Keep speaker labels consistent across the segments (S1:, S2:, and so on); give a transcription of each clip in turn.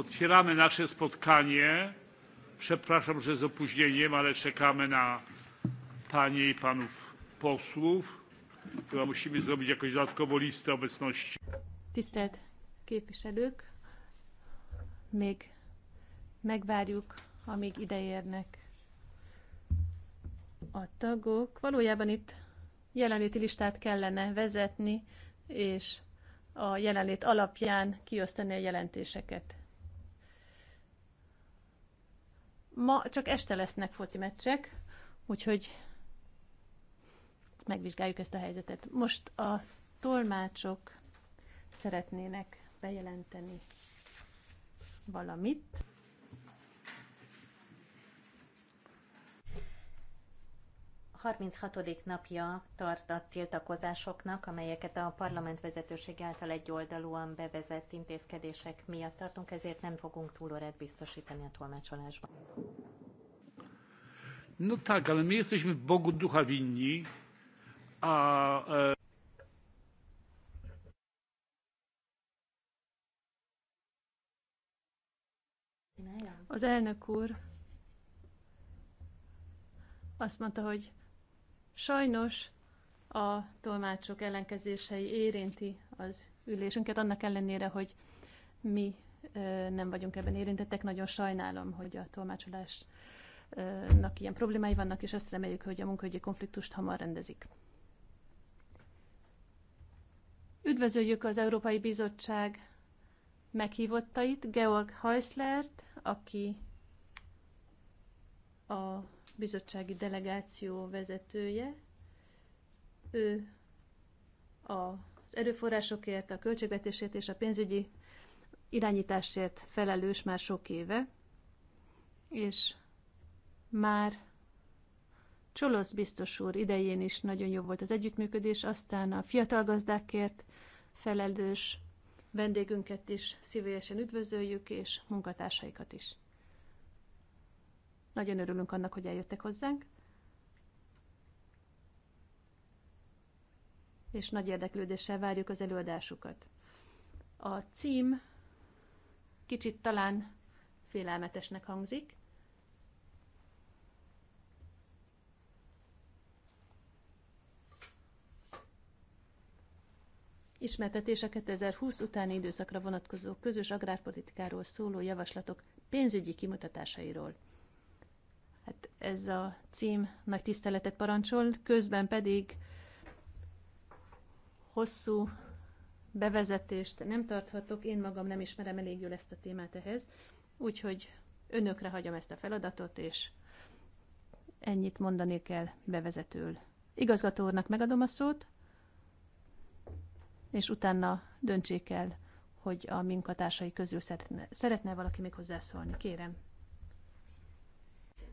S1: Otwieramy nasze spotkanie. Przepraszam, że z opóźnieniem, ale czekamy na panie i panów posłów. Chyba musimy zrobić jakąś dodatkową listę obecności.
S2: Tisztelt képviselők, még megvárjuk, amíg ide érnek a tagok. Valójában itt jelenléti listát kellene vezetni, és a jelenlét alapján kiosztani a jelentéseket. Ma csak este lesznek foci meccsek, úgyhogy megvizsgáljuk ezt a helyzetet. Most a tolmácsok szeretnének bejelenteni
S3: valamit. 36. napja tart a tiltakozásoknak, amelyeket a parlament vezetőség által egyoldalúan bevezett intézkedések miatt tartunk, ezért nem fogunk túlórát biztosítani a tolmácsolásban.
S1: No tak, ale my jesteśmy Bogu ducha winni, a... E...
S2: Az elnök úr azt mondta, hogy Sajnos a tolmácsok ellenkezései érinti az ülésünket, annak ellenére, hogy mi nem vagyunk ebben érintettek. Nagyon sajnálom, hogy a tolmácsolásnak ilyen problémái vannak, és azt reméljük, hogy a munkahogyi konfliktust hamar rendezik. Üdvözöljük az Európai Bizottság meghívottait, Georg Heuslert, aki a bizottsági delegáció vezetője. Ő az erőforrásokért, a költségvetésért és a pénzügyi irányításért felelős már sok éve, és már Csolosz biztos úr idején is nagyon jó volt az együttműködés, aztán a fiatal gazdákért felelős vendégünket is szívélyesen üdvözöljük, és munkatársaikat is. Nagyon örülünk annak, hogy eljöttek hozzánk. És nagy érdeklődéssel várjuk az előadásukat. A cím kicsit talán félelmetesnek hangzik, Ismertetés a 2020 utáni időszakra vonatkozó közös agrárpolitikáról szóló javaslatok pénzügyi kimutatásairól hát ez a cím nagy tiszteletet parancsol, közben pedig hosszú bevezetést nem tarthatok, én magam nem ismerem elég jól ezt a témát ehhez, úgyhogy önökre hagyom ezt a feladatot, és ennyit mondani kell bevezetőül. Igazgató úrnak megadom a szót, és utána döntsék el, hogy a minkatársai közül szeretne, szeretne valaki még hozzászólni. Kérem.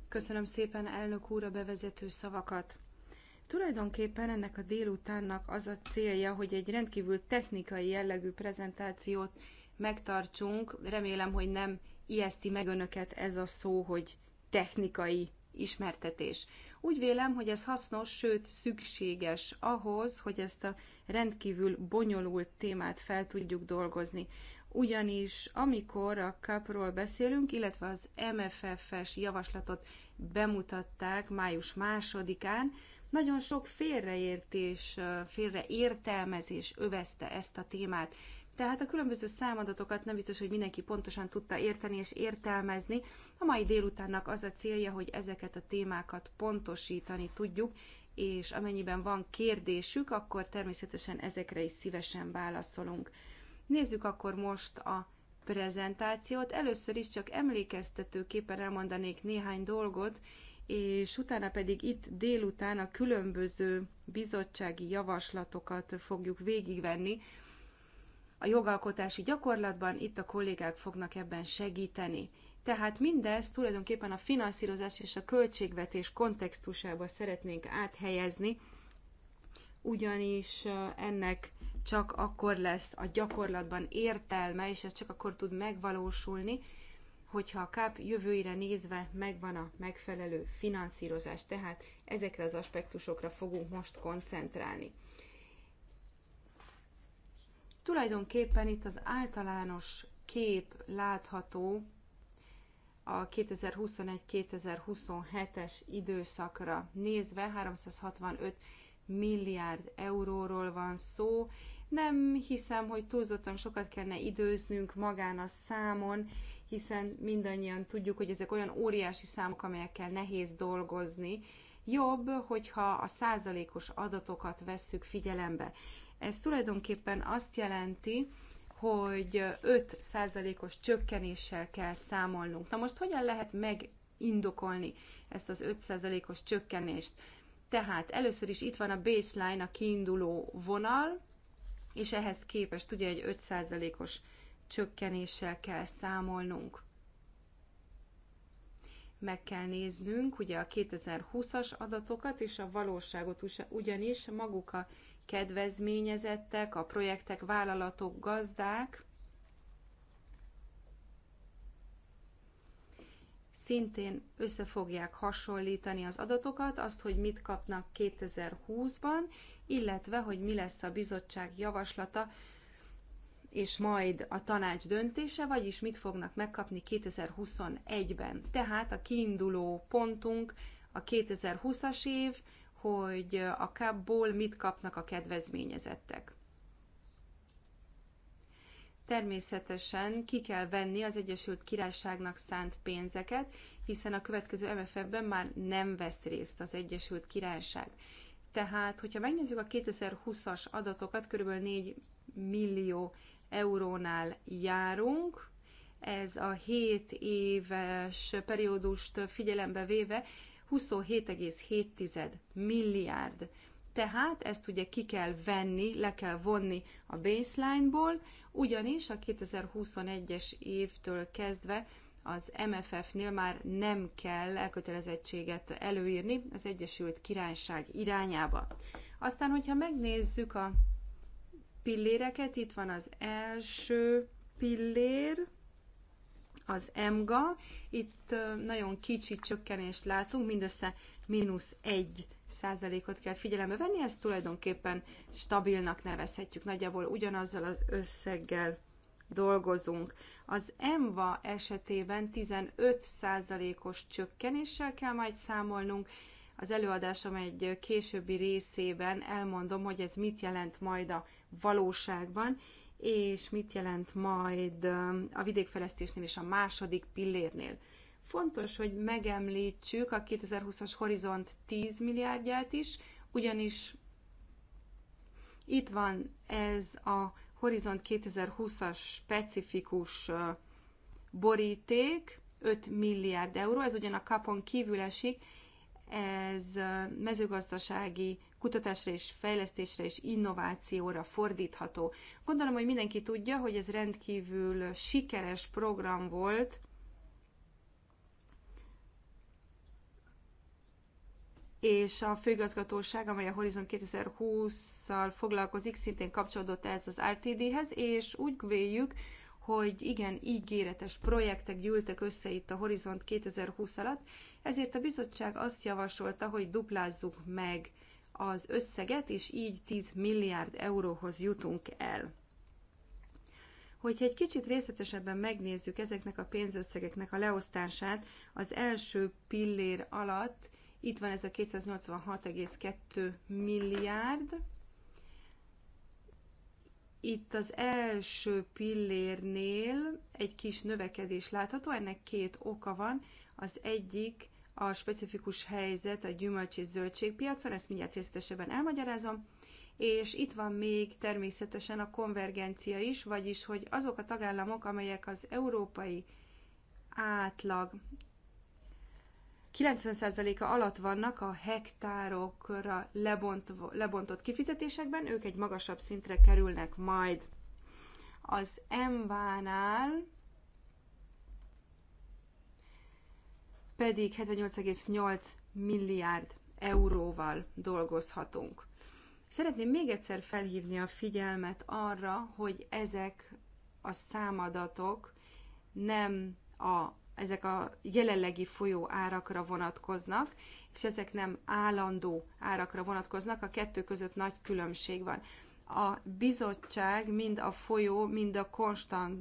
S2: Köszönöm
S4: szépen, elnök úr, a bevezető szavakat. Tulajdonképpen ennek a délutánnak az a célja, hogy egy rendkívül technikai jellegű prezentációt megtartsunk. Remélem, hogy nem ijeszti meg önöket ez a szó, hogy technikai ismertetés. Úgy vélem, hogy ez hasznos, sőt szükséges ahhoz, hogy ezt a rendkívül bonyolult témát fel tudjuk dolgozni ugyanis amikor a kapról beszélünk, illetve az MFF-es javaslatot bemutatták május másodikán, nagyon sok félreértés, félreértelmezés övezte ezt a témát. Tehát a különböző számadatokat nem biztos, hogy mindenki pontosan tudta érteni és értelmezni. A mai délutánnak az a célja, hogy ezeket a témákat pontosítani tudjuk, és amennyiben van kérdésük, akkor természetesen ezekre is szívesen válaszolunk. Nézzük akkor most a prezentációt. Először is csak emlékeztetőképpen elmondanék néhány dolgot, és utána pedig itt délután a különböző bizottsági javaslatokat fogjuk végigvenni. A jogalkotási gyakorlatban itt a kollégák fognak ebben segíteni. Tehát mindezt tulajdonképpen a finanszírozás és a költségvetés kontextusába szeretnénk áthelyezni, ugyanis ennek csak akkor lesz a gyakorlatban értelme, és ez csak akkor tud megvalósulni, hogyha a KAP jövőire nézve megvan a megfelelő finanszírozás. Tehát ezekre az aspektusokra fogunk most koncentrálni. Tulajdonképpen itt az általános kép látható a 2021-2027-es időszakra nézve 365 milliárd euróról van szó, nem hiszem, hogy túlzottan sokat kellene időznünk magán a számon, hiszen mindannyian tudjuk, hogy ezek olyan óriási számok, amelyekkel nehéz dolgozni. Jobb, hogyha a százalékos adatokat vesszük figyelembe. Ez tulajdonképpen azt jelenti, hogy 5 százalékos csökkenéssel kell számolnunk. Na most hogyan lehet megindokolni ezt az 5 százalékos csökkenést? Tehát először is itt van a baseline, a kiinduló vonal, és ehhez képest ugye egy 5%-os csökkenéssel kell számolnunk. Meg kell néznünk ugye a 2020-as adatokat és a valóságot, ugyanis maguk a kedvezményezettek, a projektek, vállalatok, gazdák szintén össze fogják hasonlítani az adatokat, azt, hogy mit kapnak 2020-ban, illetve, hogy mi lesz a bizottság javaslata, és majd a tanács döntése, vagyis mit fognak megkapni 2021-ben. Tehát a kiinduló pontunk a 2020-as év, hogy a kapból mit kapnak a kedvezményezettek természetesen ki kell venni az Egyesült Királyságnak szánt pénzeket, hiszen a következő MFF-ben már nem vesz részt az Egyesült Királyság. Tehát, hogyha megnézzük a 2020-as adatokat, kb. 4 millió eurónál járunk, ez a 7 éves periódust figyelembe véve 27,7 milliárd tehát ezt ugye ki kell venni, le kell vonni a baseline-ból, ugyanis a 2021-es évtől kezdve az MFF-nél már nem kell elkötelezettséget előírni az Egyesült Királyság irányába. Aztán, hogyha megnézzük a pilléreket, itt van az első pillér, az EMGA, itt nagyon kicsi csökkenést látunk, mindössze mínusz egy százalékot kell figyelembe venni, ezt tulajdonképpen stabilnak nevezhetjük, nagyjából ugyanazzal az összeggel dolgozunk. Az EMVA esetében 15 százalékos csökkenéssel kell majd számolnunk, az előadásom egy későbbi részében elmondom, hogy ez mit jelent majd a valóságban, és mit jelent majd a vidékfejlesztésnél és a második pillérnél. Fontos, hogy megemlítsük a 2020-as horizont 10 milliárdját is, ugyanis itt van ez a Horizont 2020-as specifikus boríték, 5 milliárd euró, ez ugyan a kapon kívül esik, ez mezőgazdasági kutatásra és fejlesztésre és innovációra fordítható. Gondolom, hogy mindenki tudja, hogy ez rendkívül sikeres program volt, és a főigazgatóság, amely a Horizon 2020-szal foglalkozik, szintén kapcsolódott ez az RTD-hez, és úgy véljük, hogy igen, ígéretes projektek gyűltek össze itt a Horizont 2020 alatt, ezért a bizottság azt javasolta, hogy duplázzuk meg az összeget, és így 10 milliárd euróhoz jutunk el. Hogyha egy kicsit részletesebben megnézzük ezeknek a pénzösszegeknek a leosztását, az első pillér alatt itt van ez a 286,2 milliárd. Itt az első pillérnél egy kis növekedés látható, ennek két oka van. Az egyik a specifikus helyzet a gyümölcs és zöldségpiacon, ezt mindjárt részletesebben elmagyarázom, és itt van még természetesen a konvergencia is, vagyis hogy azok a tagállamok, amelyek az európai átlag 90%-a alatt vannak a hektárokra lebont, lebontott kifizetésekben, ők egy magasabb szintre kerülnek majd. Az MVA-nál pedig 78,8 milliárd euróval dolgozhatunk. Szeretném még egyszer felhívni a figyelmet arra, hogy ezek a számadatok nem a ezek a jelenlegi folyó árakra vonatkoznak, és ezek nem állandó árakra vonatkoznak, a kettő között nagy különbség van. A bizottság mind a folyó, mind a konstans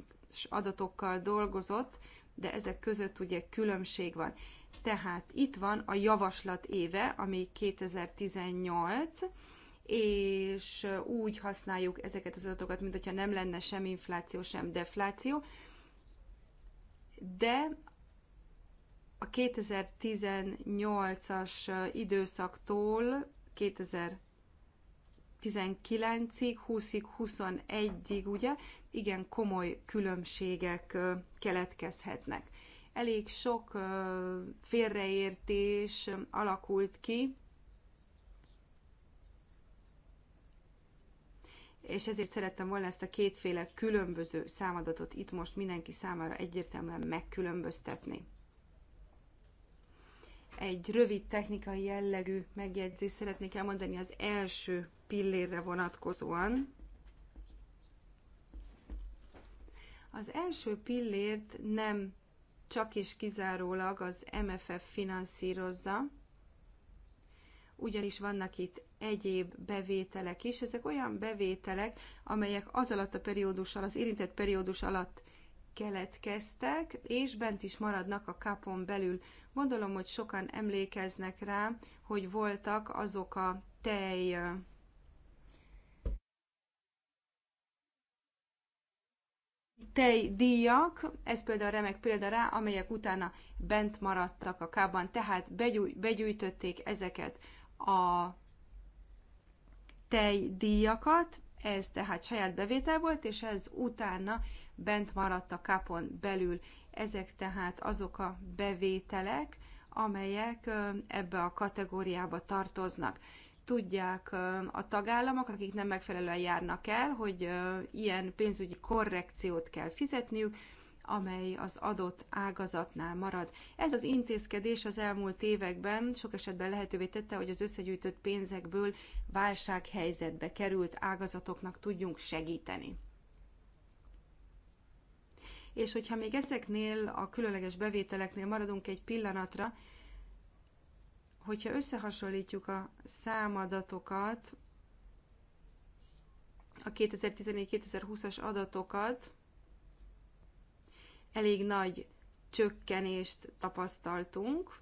S4: adatokkal dolgozott, de ezek között ugye különbség van. Tehát itt van a javaslat éve, ami 2018, és úgy használjuk ezeket az adatokat, mint nem lenne sem infláció, sem defláció, de a 2018-as időszaktól 2019-ig, 20-ig, 21-ig, ugye, igen komoly különbségek keletkezhetnek. Elég sok félreértés alakult ki és ezért szerettem volna ezt a kétféle különböző számadatot itt most mindenki számára egyértelműen megkülönböztetni. Egy rövid technikai jellegű megjegyzést szeretnék elmondani az első pillérre vonatkozóan. Az első pillért nem csak és kizárólag az MFF finanszírozza, ugyanis vannak itt egyéb bevételek is. Ezek olyan bevételek, amelyek az alatt a periódus alatt, az érintett periódus alatt keletkeztek, és bent is maradnak a kapon belül. Gondolom, hogy sokan emlékeznek rá, hogy voltak azok a tej tejdíjak, ez például remek példa rá, amelyek utána bent maradtak a kában, tehát begyűjtötték ezeket a tejdíjakat, ez tehát saját bevétel volt, és ez utána bent maradt a kapon belül. Ezek tehát azok a bevételek, amelyek ebbe a kategóriába tartoznak. Tudják a tagállamok, akik nem megfelelően járnak el, hogy ilyen pénzügyi korrekciót kell fizetniük, amely az adott ágazatnál marad. Ez az intézkedés az elmúlt években sok esetben lehetővé tette, hogy az összegyűjtött pénzekből válsághelyzetbe került ágazatoknak tudjunk segíteni. És hogyha még ezeknél a különleges bevételeknél maradunk egy pillanatra, hogyha összehasonlítjuk a számadatokat, a 2014-2020-as adatokat, elég nagy csökkenést tapasztaltunk.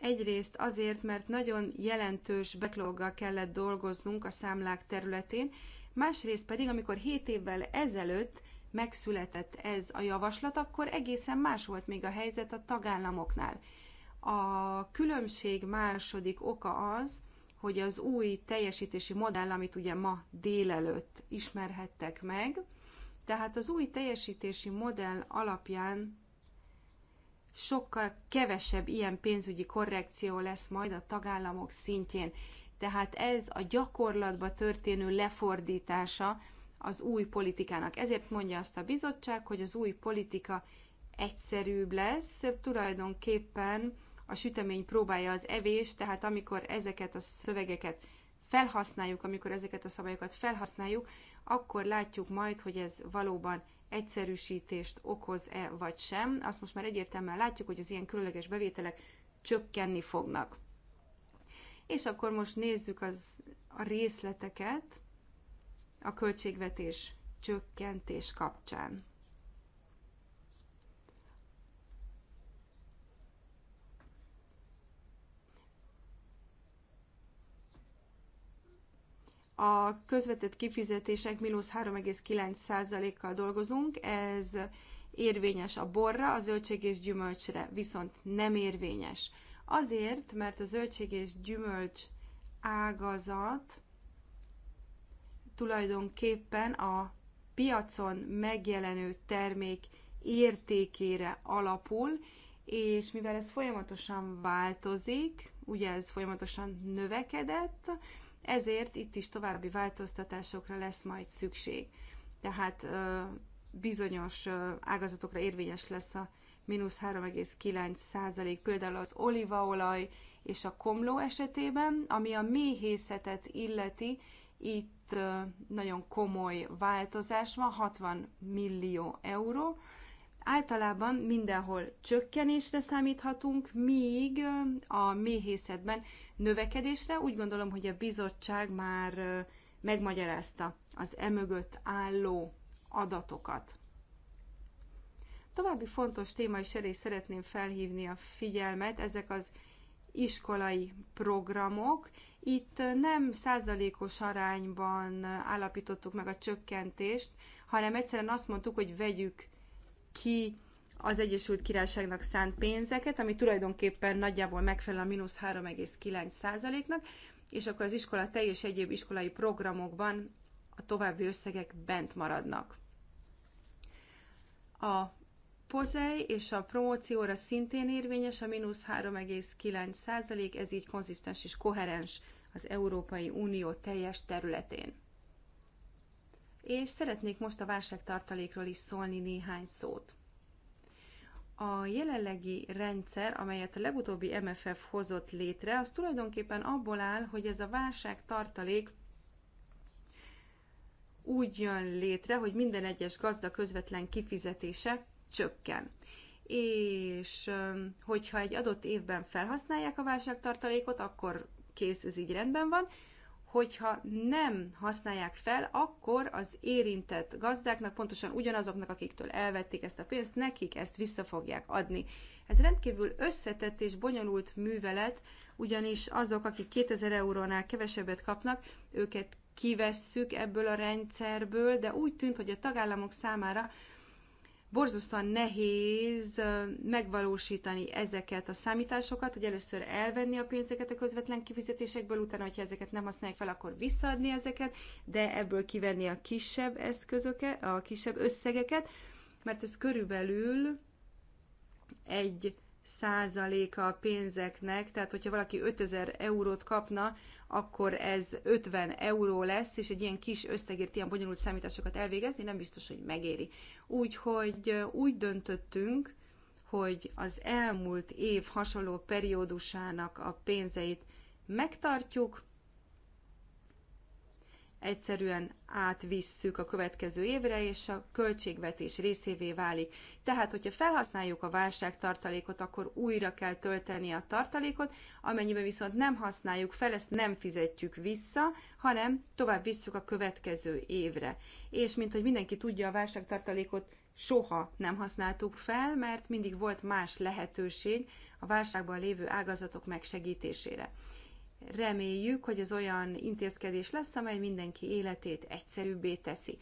S4: Egyrészt azért, mert nagyon jelentős backloggal kellett dolgoznunk a számlák területén, másrészt pedig, amikor 7 évvel ezelőtt megszületett ez a javaslat, akkor egészen más volt még a helyzet a tagállamoknál. A különbség második oka az, hogy az új teljesítési modell, amit ugye ma délelőtt ismerhettek meg, tehát az új teljesítési modell alapján sokkal kevesebb ilyen pénzügyi korrekció lesz majd a tagállamok szintjén. Tehát ez a gyakorlatba történő lefordítása az új politikának. Ezért mondja azt a bizottság, hogy az új politika egyszerűbb lesz, tulajdonképpen a sütemény próbálja az evés, tehát amikor ezeket a szövegeket felhasználjuk, amikor ezeket a szabályokat felhasználjuk, akkor látjuk majd, hogy ez valóban egyszerűsítést okoz-e vagy sem. Azt most már egyértelműen látjuk, hogy az ilyen különleges bevételek csökkenni fognak. És akkor most nézzük az, a részleteket a költségvetés csökkentés kapcsán. a közvetett kifizetések mínusz 3,9%-kal dolgozunk, ez érvényes a borra, a zöldség és gyümölcsre viszont nem érvényes. Azért, mert a zöldség és gyümölcs ágazat tulajdonképpen a piacon megjelenő termék értékére alapul, és mivel ez folyamatosan változik, ugye ez folyamatosan növekedett, ezért itt is további változtatásokra lesz majd szükség. Tehát bizonyos ágazatokra érvényes lesz a mínusz 3,9 százalék, például az olívaolaj és a komló esetében, ami a méhészetet illeti, itt nagyon komoly változás van, 60 millió euró, általában mindenhol csökkenésre számíthatunk, míg a méhészetben növekedésre. Úgy gondolom, hogy a bizottság már megmagyarázta az emögött álló adatokat. További fontos téma is elé szeretném felhívni a figyelmet, ezek az iskolai programok. Itt nem százalékos arányban állapítottuk meg a csökkentést, hanem egyszerűen azt mondtuk, hogy vegyük ki az Egyesült Királyságnak szánt pénzeket, ami tulajdonképpen nagyjából megfelel a mínusz 3,9%-nak, és akkor az iskola teljes egyéb iskolai programokban a további összegek bent maradnak. A pozei és a promócióra szintén érvényes a mínusz 3,9%, ez így konzisztens és koherens az Európai Unió teljes területén és szeretnék most a válságtartalékról is szólni néhány szót. A jelenlegi rendszer, amelyet a legutóbbi MFF hozott létre, az tulajdonképpen abból áll, hogy ez a válságtartalék úgy jön létre, hogy minden egyes gazda közvetlen kifizetése csökken. És hogyha egy adott évben felhasználják a válságtartalékot, akkor kész, ez így rendben van, hogyha nem használják fel, akkor az érintett gazdáknak, pontosan ugyanazoknak, akiktől elvették ezt a pénzt, nekik ezt vissza fogják adni. Ez rendkívül összetett és bonyolult művelet, ugyanis azok, akik 2000 eurónál kevesebbet kapnak, őket kivesszük ebből a rendszerből, de úgy tűnt, hogy a tagállamok számára borzasztóan nehéz megvalósítani ezeket a számításokat, hogy először elvenni a pénzeket a közvetlen kifizetésekből, utána, hogyha ezeket nem használják fel, akkor visszaadni ezeket, de ebből kivenni a kisebb eszközöket, a kisebb összegeket, mert ez körülbelül egy százaléka a pénzeknek, tehát hogyha valaki 5000 eurót kapna, akkor ez 50 euró lesz, és egy ilyen kis összegért ilyen bonyolult számításokat elvégezni nem biztos, hogy megéri. Úgyhogy úgy döntöttünk, hogy az elmúlt év hasonló periódusának a pénzeit megtartjuk, egyszerűen átvisszük a következő évre, és a költségvetés részévé válik. Tehát, hogyha felhasználjuk a válságtartalékot, akkor újra kell tölteni a tartalékot, amennyiben viszont nem használjuk fel, ezt nem fizetjük vissza, hanem tovább visszük a következő évre. És mint hogy mindenki tudja, a válságtartalékot soha nem használtuk fel, mert mindig volt más lehetőség a válságban lévő ágazatok megsegítésére. Reméljük, hogy ez olyan intézkedés lesz, amely mindenki életét egyszerűbbé teszi.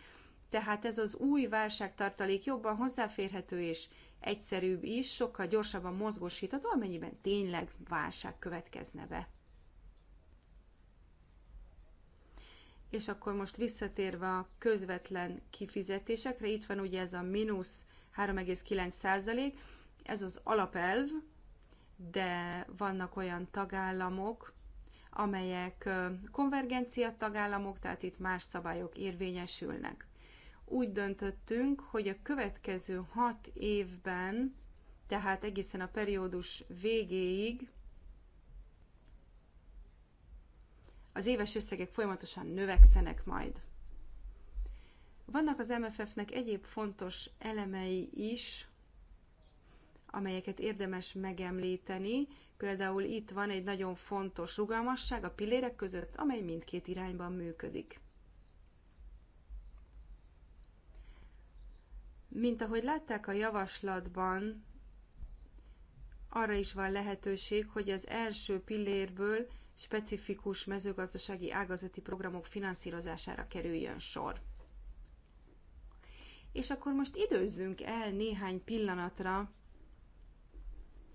S4: Tehát ez az új válságtartalék jobban hozzáférhető és egyszerűbb is, sokkal gyorsabban mozgósítható, amennyiben tényleg válság következne be. És akkor most visszatérve a közvetlen kifizetésekre, itt van ugye ez a mínusz 3,9 százalék, ez az alapelv, de vannak olyan tagállamok, amelyek konvergencia tagállamok, tehát itt más szabályok érvényesülnek. Úgy döntöttünk, hogy a következő hat évben, tehát egészen a periódus végéig az éves összegek folyamatosan növekszenek majd. Vannak az MFF-nek egyéb fontos elemei is, amelyeket érdemes megemlíteni, Például itt van egy nagyon fontos rugalmasság a pillérek között, amely mindkét irányban működik. Mint ahogy látták a javaslatban, arra is van lehetőség, hogy az első pillérből specifikus mezőgazdasági ágazati programok finanszírozására kerüljön sor. És akkor most időzzünk el néhány pillanatra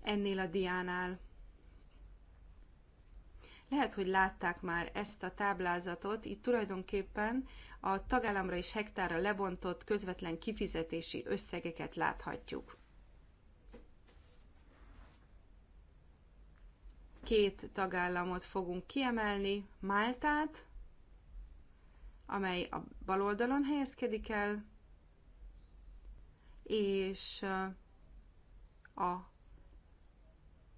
S4: ennél a diánál. Lehet, hogy látták már ezt a táblázatot, itt tulajdonképpen a tagállamra és hektára lebontott közvetlen kifizetési összegeket láthatjuk. Két tagállamot fogunk kiemelni, Máltát, amely a bal oldalon helyezkedik el, és a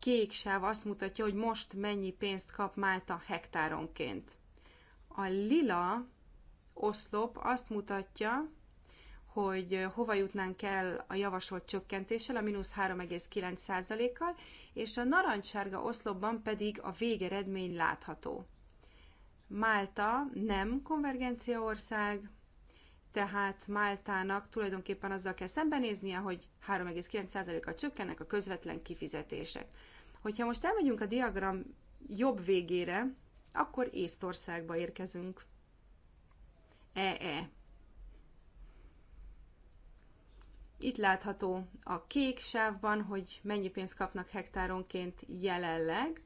S4: kék sáv azt mutatja, hogy most mennyi pénzt kap Málta hektáronként. A lila oszlop azt mutatja, hogy hova jutnánk el a javasolt csökkentéssel, a mínusz 3,9%-kal, és a narancssárga oszlopban pedig a végeredmény látható. Málta nem konvergencia ország, tehát Máltának tulajdonképpen azzal kell szembenéznie, hogy 3,9%-kal csökkennek a közvetlen kifizetések. Hogyha most elmegyünk a diagram jobb végére, akkor Észtországba érkezünk. EE. Itt látható a kék sávban, hogy mennyi pénzt kapnak hektáronként jelenleg.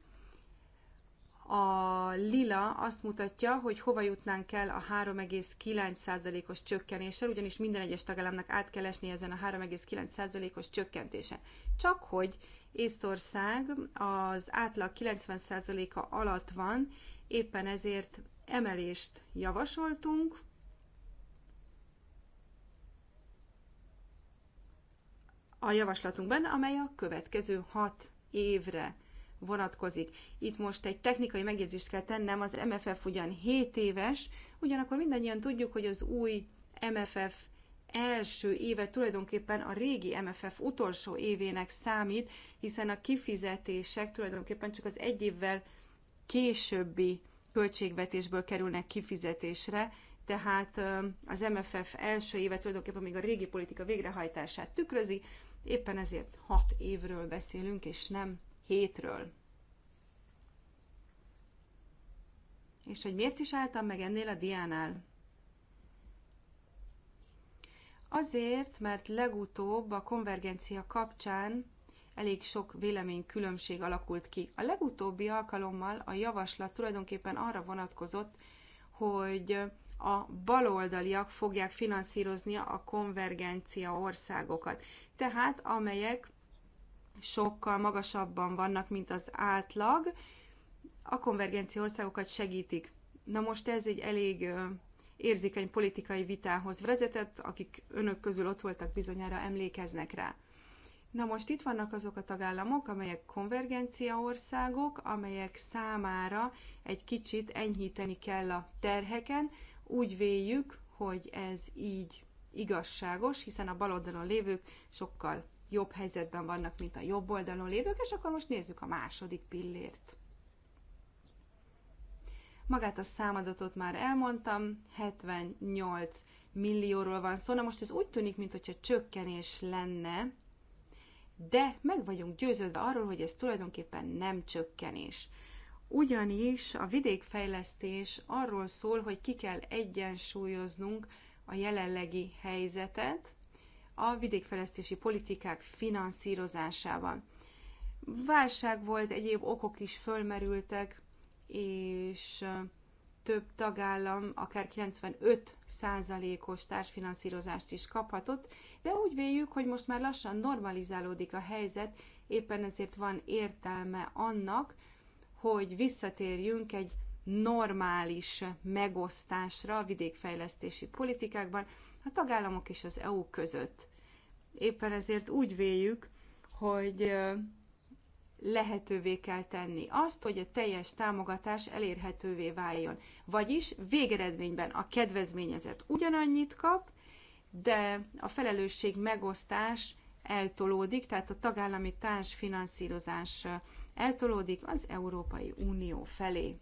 S4: A lila azt mutatja, hogy hova jutnánk el a 3,9%-os csökkenéssel, ugyanis minden egyes tagállamnak át kell esni ezen a 3,9%-os csökkentése. Csak hogy Észtország az átlag 90%-a alatt van, éppen ezért emelést javasoltunk, a javaslatunkban, amely a következő hat évre vonatkozik. Itt most egy technikai megjegyzést kell tennem, az MFF ugyan 7 éves, ugyanakkor mindannyian tudjuk, hogy az új MFF első éve tulajdonképpen a régi MFF utolsó évének számít, hiszen a kifizetések tulajdonképpen csak az egy évvel későbbi költségvetésből kerülnek kifizetésre, tehát az MFF első éve tulajdonképpen még a régi politika végrehajtását tükrözi, éppen ezért hat évről beszélünk, és nem hétről. És hogy miért is álltam meg ennél a diánál? Azért, mert legutóbb a konvergencia kapcsán elég sok véleménykülönbség alakult ki. A legutóbbi alkalommal a javaslat tulajdonképpen arra vonatkozott, hogy a baloldaliak fogják finanszírozni a konvergencia országokat, tehát amelyek sokkal magasabban vannak, mint az átlag, a konvergencia országokat segítik. Na most ez egy elég érzékeny politikai vitához vezetett, akik önök közül ott voltak bizonyára emlékeznek rá. Na most itt vannak azok a tagállamok, amelyek konvergencia országok, amelyek számára egy kicsit enyhíteni kell a terheken. Úgy véljük, hogy ez így igazságos, hiszen a bal oldalon lévők sokkal jobb helyzetben vannak, mint a jobb oldalon lévők, és akkor most nézzük a második pillért. Magát a számadatot már elmondtam, 78 millióról van szó. Na most ez úgy tűnik, mintha csökkenés lenne, de meg vagyunk győződve arról, hogy ez tulajdonképpen nem csökkenés. Ugyanis a vidékfejlesztés arról szól, hogy ki kell egyensúlyoznunk a jelenlegi helyzetet a vidékfejlesztési politikák finanszírozásában. Válság volt, egyéb okok is fölmerültek, és több tagállam akár 95 százalékos társfinanszírozást is kaphatott, de úgy véljük, hogy most már lassan normalizálódik a helyzet, éppen ezért van értelme annak, hogy visszatérjünk egy normális megosztásra a vidékfejlesztési politikákban a tagállamok és az EU között. Éppen ezért úgy véljük, hogy lehetővé kell tenni azt, hogy a teljes támogatás elérhetővé váljon. Vagyis végeredményben a kedvezményezett ugyanannyit kap, de a felelősség megosztás eltolódik, tehát a tagállami társfinanszírozás eltolódik az Európai Unió felé.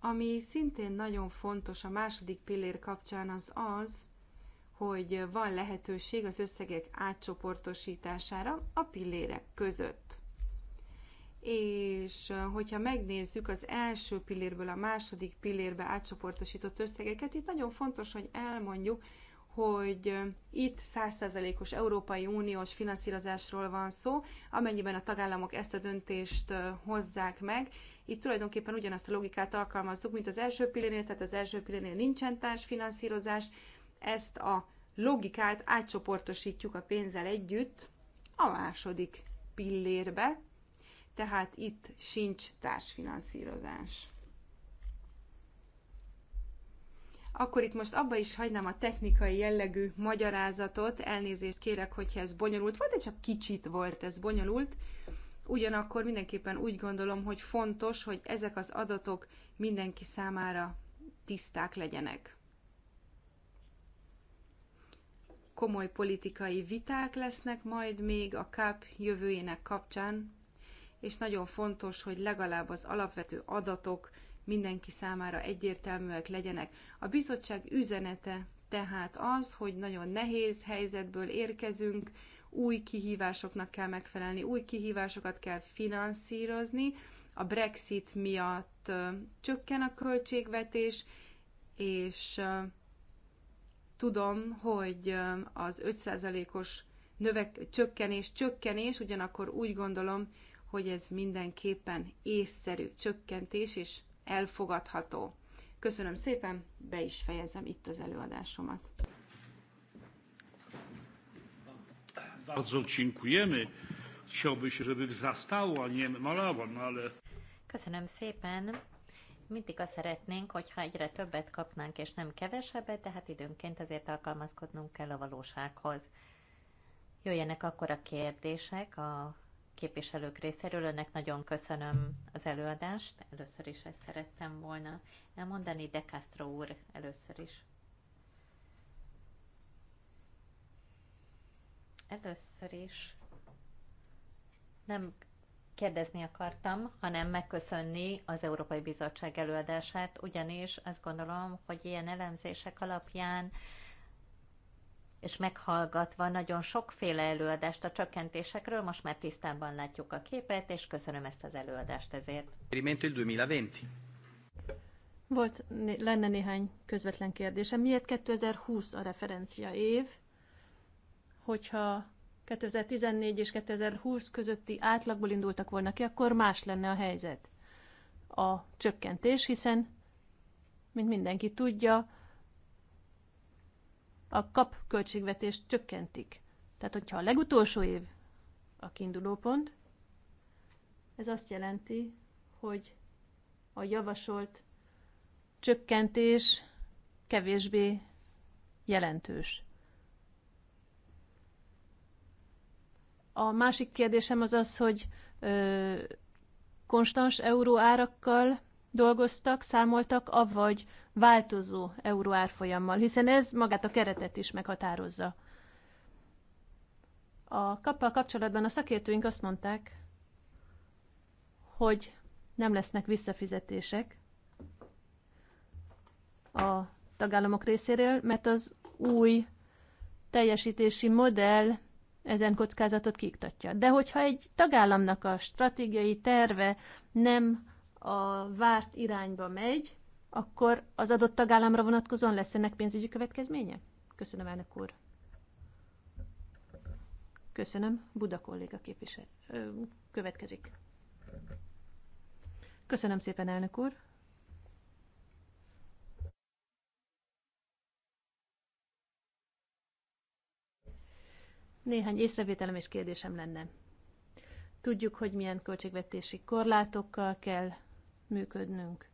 S4: Ami szintén nagyon fontos a második pillér kapcsán az az, hogy van lehetőség az összegek átcsoportosítására a pillérek között. És hogyha megnézzük az első pillérből a második pillérbe átcsoportosított összegeket, itt nagyon fontos, hogy elmondjuk, hogy itt 100%-os Európai Uniós finanszírozásról van szó, amennyiben a tagállamok ezt a döntést hozzák meg. Itt tulajdonképpen ugyanazt a logikát alkalmazzuk, mint az első pillérnél, tehát az első pillérnél nincsen társfinanszírozás, ezt a logikát átcsoportosítjuk a pénzzel együtt a második pillérbe, tehát itt sincs társfinanszírozás. Akkor itt most abba is hagynám a technikai jellegű magyarázatot, elnézést kérek, hogyha ez bonyolult volt, de csak kicsit volt ez bonyolult. Ugyanakkor mindenképpen úgy gondolom, hogy fontos, hogy ezek az adatok mindenki számára tiszták legyenek. komoly politikai viták lesznek majd még a KAP jövőjének kapcsán, és nagyon fontos, hogy legalább az alapvető adatok mindenki számára egyértelműek legyenek. A bizottság üzenete tehát az, hogy nagyon nehéz helyzetből érkezünk, új kihívásoknak kell megfelelni, új kihívásokat kell finanszírozni, a Brexit miatt csökken a költségvetés, és Tudom, hogy az 5%-os növek, csökkenés, csökkenés, ugyanakkor úgy gondolom, hogy ez mindenképpen észszerű csökkentés és elfogadható. Köszönöm szépen, be is fejezem itt az előadásomat.
S1: Bardzo żeby no ale...
S3: Köszönöm szépen. Mindig azt szeretnénk, hogyha egyre többet kapnánk, és nem kevesebbet, de hát időnként azért alkalmazkodnunk kell a valósághoz. Jöjjenek akkor a kérdések a képviselők részéről. Önnek nagyon köszönöm az előadást. Először is ezt szerettem volna elmondani, de Castro úr először is. Először is nem kérdezni akartam, hanem megköszönni az Európai Bizottság előadását, ugyanis azt gondolom, hogy ilyen elemzések alapján és meghallgatva nagyon sokféle előadást a csökkentésekről, most már tisztában látjuk a képet, és köszönöm ezt az előadást ezért. Volt,
S2: lenne néhány közvetlen kérdésem. Miért 2020 a referencia év, hogyha 2014 és 2020 közötti átlagból indultak volna ki, akkor más lenne a helyzet. A csökkentés, hiszen, mint mindenki tudja, a kap költségvetést csökkentik. Tehát, hogyha a legutolsó év a kiinduló pont, ez azt jelenti, hogy a javasolt csökkentés kevésbé jelentős. A másik kérdésem az az, hogy ö, konstans euró árakkal dolgoztak, számoltak, avagy változó euró árfolyammal, hiszen ez magát a keretet is meghatározza. A kappal kapcsolatban a szakértőink azt mondták, hogy nem lesznek visszafizetések a tagállamok részéről, mert az új teljesítési modell ezen kockázatot kiiktatja. De hogyha egy tagállamnak a stratégiai terve nem a várt irányba megy, akkor az adott tagállamra vonatkozóan lesz ennek pénzügyi következménye? Köszönöm, elnök úr. Köszönöm, Buda kolléga képvisel. Következik. Köszönöm szépen, elnök úr. Néhány észrevételem és kérdésem lenne. Tudjuk, hogy milyen költségvetési korlátokkal kell működnünk.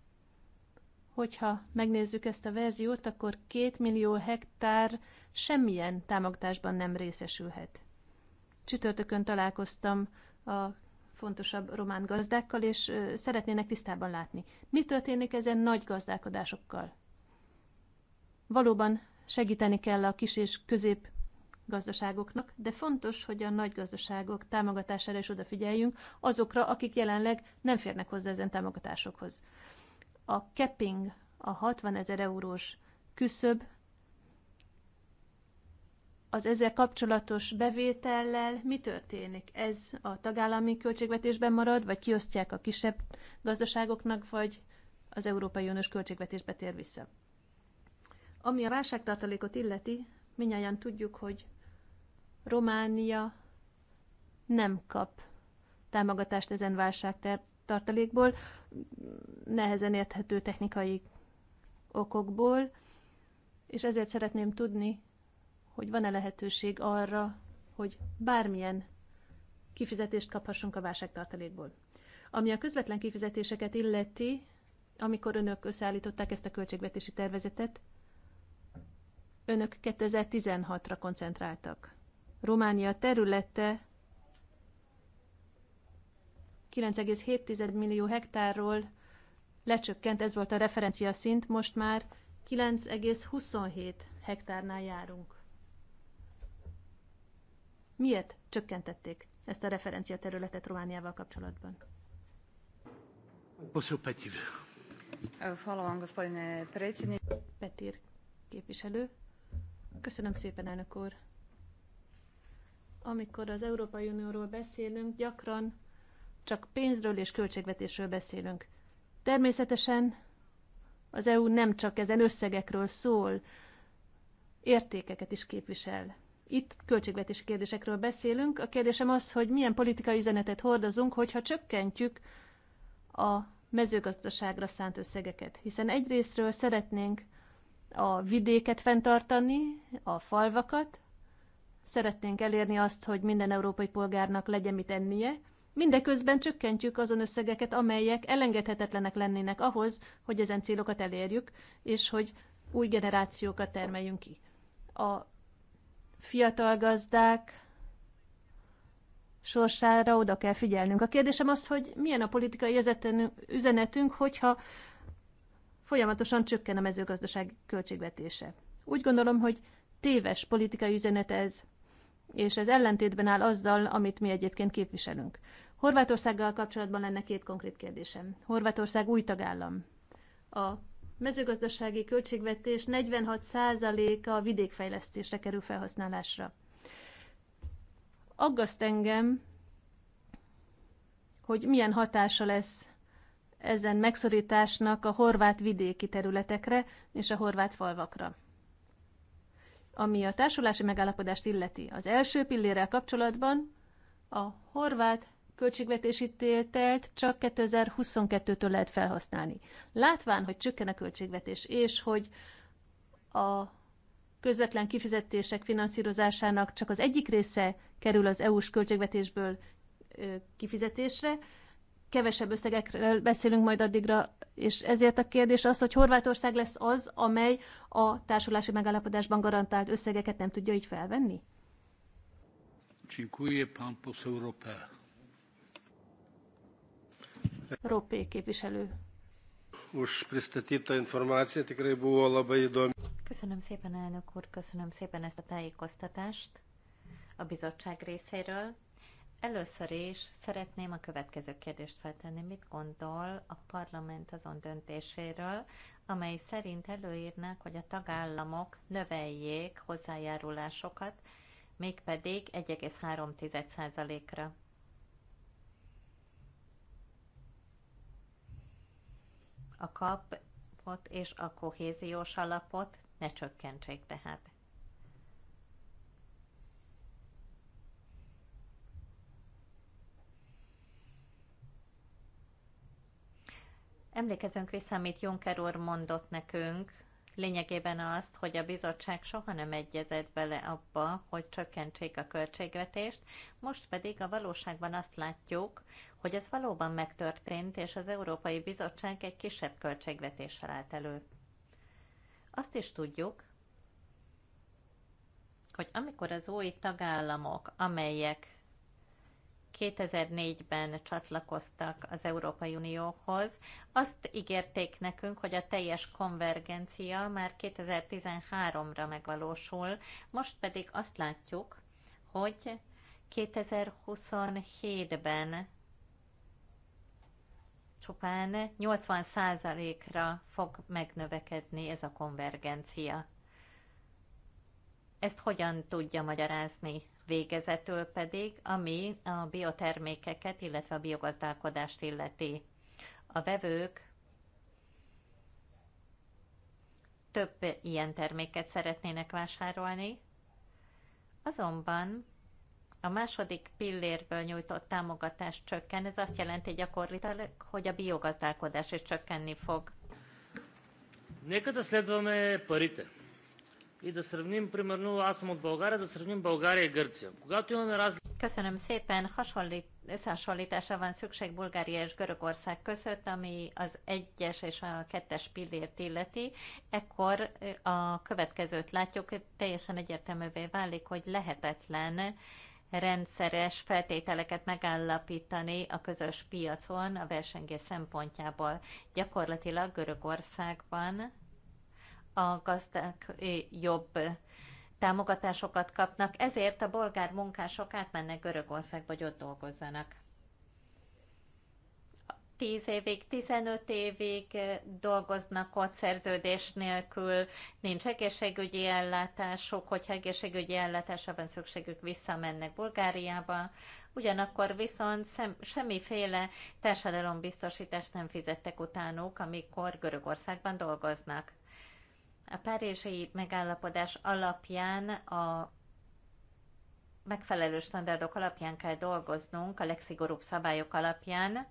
S2: Hogyha megnézzük ezt a verziót, akkor két millió hektár semmilyen támogatásban nem részesülhet. Csütörtökön találkoztam a fontosabb román gazdákkal, és szeretnének tisztában látni. Mi történik ezen nagy gazdálkodásokkal? Valóban segíteni kell a kis és közép gazdaságoknak, de fontos, hogy a nagy gazdaságok támogatására is odafigyeljünk azokra, akik jelenleg nem férnek hozzá ezen támogatásokhoz. A capping, a 60 ezer eurós küszöb az ezzel kapcsolatos bevétellel mi történik? Ez a tagállami költségvetésben marad, vagy kiosztják a kisebb gazdaságoknak, vagy az Európai Uniós költségvetésbe tér vissza? Ami a válságtartalékot illeti, minnyáján tudjuk, hogy Románia nem kap támogatást ezen válság tartalékból, nehezen érthető technikai okokból, és ezért szeretném tudni, hogy van-e lehetőség arra, hogy bármilyen kifizetést kaphassunk a válságtartalékból. Ami a közvetlen kifizetéseket illeti, amikor önök összeállították ezt a költségvetési tervezetet, önök 2016-ra koncentráltak. Románia területe 9,7 millió hektárról lecsökkent, ez volt a referencia szint, most már 9,27 hektárnál járunk. Miért csökkentették ezt a referencia területet Romániával kapcsolatban?
S1: Poszó Petir.
S2: Petir képviselő. Köszönöm szépen, elnök úr amikor az Európai Unióról beszélünk, gyakran csak pénzről és költségvetésről beszélünk. Természetesen az EU nem csak ezen összegekről szól, értékeket is képvisel. Itt költségvetési kérdésekről beszélünk. A kérdésem az, hogy milyen politikai üzenetet hordozunk, hogyha csökkentjük a mezőgazdaságra szánt összegeket. Hiszen egyrésztről szeretnénk a vidéket fenntartani, a falvakat, Szeretnénk elérni azt, hogy minden európai polgárnak legyen mit ennie, mindeközben csökkentjük azon összegeket, amelyek elengedhetetlenek lennének ahhoz, hogy ezen célokat elérjük, és hogy új generációkat termeljünk ki. A fiatal gazdák sorsára oda kell figyelnünk. A kérdésem az, hogy milyen a politikai üzenetünk, hogyha folyamatosan csökken a mezőgazdaság költségvetése. Úgy gondolom, hogy téves politikai üzenet ez és ez ellentétben áll azzal, amit mi egyébként képviselünk. Horvátországgal kapcsolatban lenne két konkrét kérdésem. Horvátország új tagállam. A mezőgazdasági költségvetés 46%-a vidékfejlesztésre kerül felhasználásra. Aggaszt engem, hogy milyen hatása lesz ezen megszorításnak a horvát vidéki területekre és a horvát falvakra. Ami a társulási megállapodást illeti, az első pillérrel kapcsolatban a horvát költségvetési tételt csak 2022-től lehet felhasználni. Látván, hogy csökken a költségvetés, és hogy a közvetlen kifizetések finanszírozásának csak az egyik része kerül az EU-s költségvetésből kifizetésre, kevesebb összegekről beszélünk majd addigra, és ezért a kérdés az, hogy Horvátország lesz az, amely a társulási megállapodásban garantált összegeket nem tudja így felvenni?
S1: Dziękuję, pampos Európa.
S3: Ropé képviselő.
S1: Už pristatyta információ tikrai buvo labai įdomi.
S3: Köszönöm szépen, elnök úr, köszönöm szépen ezt a tájékoztatást a bizottság részéről. Először is szeretném a következő kérdést feltenni. Mit gondol a parlament azon döntéséről, amely szerint előírnák, hogy a tagállamok növeljék hozzájárulásokat, mégpedig 1,3%-ra? A kapot és a kohéziós alapot ne csökkentsék tehát. Emlékezünk vissza, amit Juncker úr mondott nekünk, lényegében azt, hogy a bizottság soha nem egyezett bele abba, hogy csökkentsék a költségvetést, most pedig a valóságban azt látjuk, hogy ez valóban megtörtént, és az Európai Bizottság egy kisebb költségvetéssel állt elő. Azt is tudjuk, hogy amikor az új tagállamok, amelyek 2004-ben csatlakoztak az Európai Unióhoz, azt ígérték nekünk, hogy a teljes konvergencia már 2013-ra megvalósul, most pedig azt látjuk, hogy 2027-ben csupán 80%-ra fog megnövekedni ez a konvergencia. Ezt hogyan tudja magyarázni? Végezetül pedig, ami a biotermékeket, illetve a biogazdálkodást illeti. A vevők több ilyen terméket szeretnének vásárolni, azonban a második pillérből nyújtott támogatás csökken, ez azt jelenti gyakorlatilag, hogy a biogazdálkodás is csökkenni fog.
S1: Нека a следваме парите и да сравним, примерно, аз съм от България, да сравним България и Гърция.
S3: Когато имаме разлика... Köszönöm szépen, hasonlít, összehasonlításra van szükség Bulgária és Görögország között, ami az egyes és a kettes pillért illeti. Ekkor a következőt látjuk, teljesen egyértelművé válik, hogy lehetetlen rendszeres feltételeket megállapítani a közös piacon a versengés szempontjából. Gyakorlatilag Görögországban a gazdák jobb támogatásokat kapnak, ezért a bolgár munkások átmennek Görögországba, hogy ott dolgozzanak. 10 évig, 15 évig dolgoznak ott szerződés nélkül, nincs egészségügyi ellátásuk, hogyha egészségügyi ellátásra van szükségük, visszamennek Bulgáriába, ugyanakkor viszont sem, semmiféle társadalombiztosítást nem fizettek utánuk, amikor Görögországban dolgoznak a párizsi megállapodás alapján a megfelelő standardok alapján kell dolgoznunk, a legszigorúbb szabályok alapján,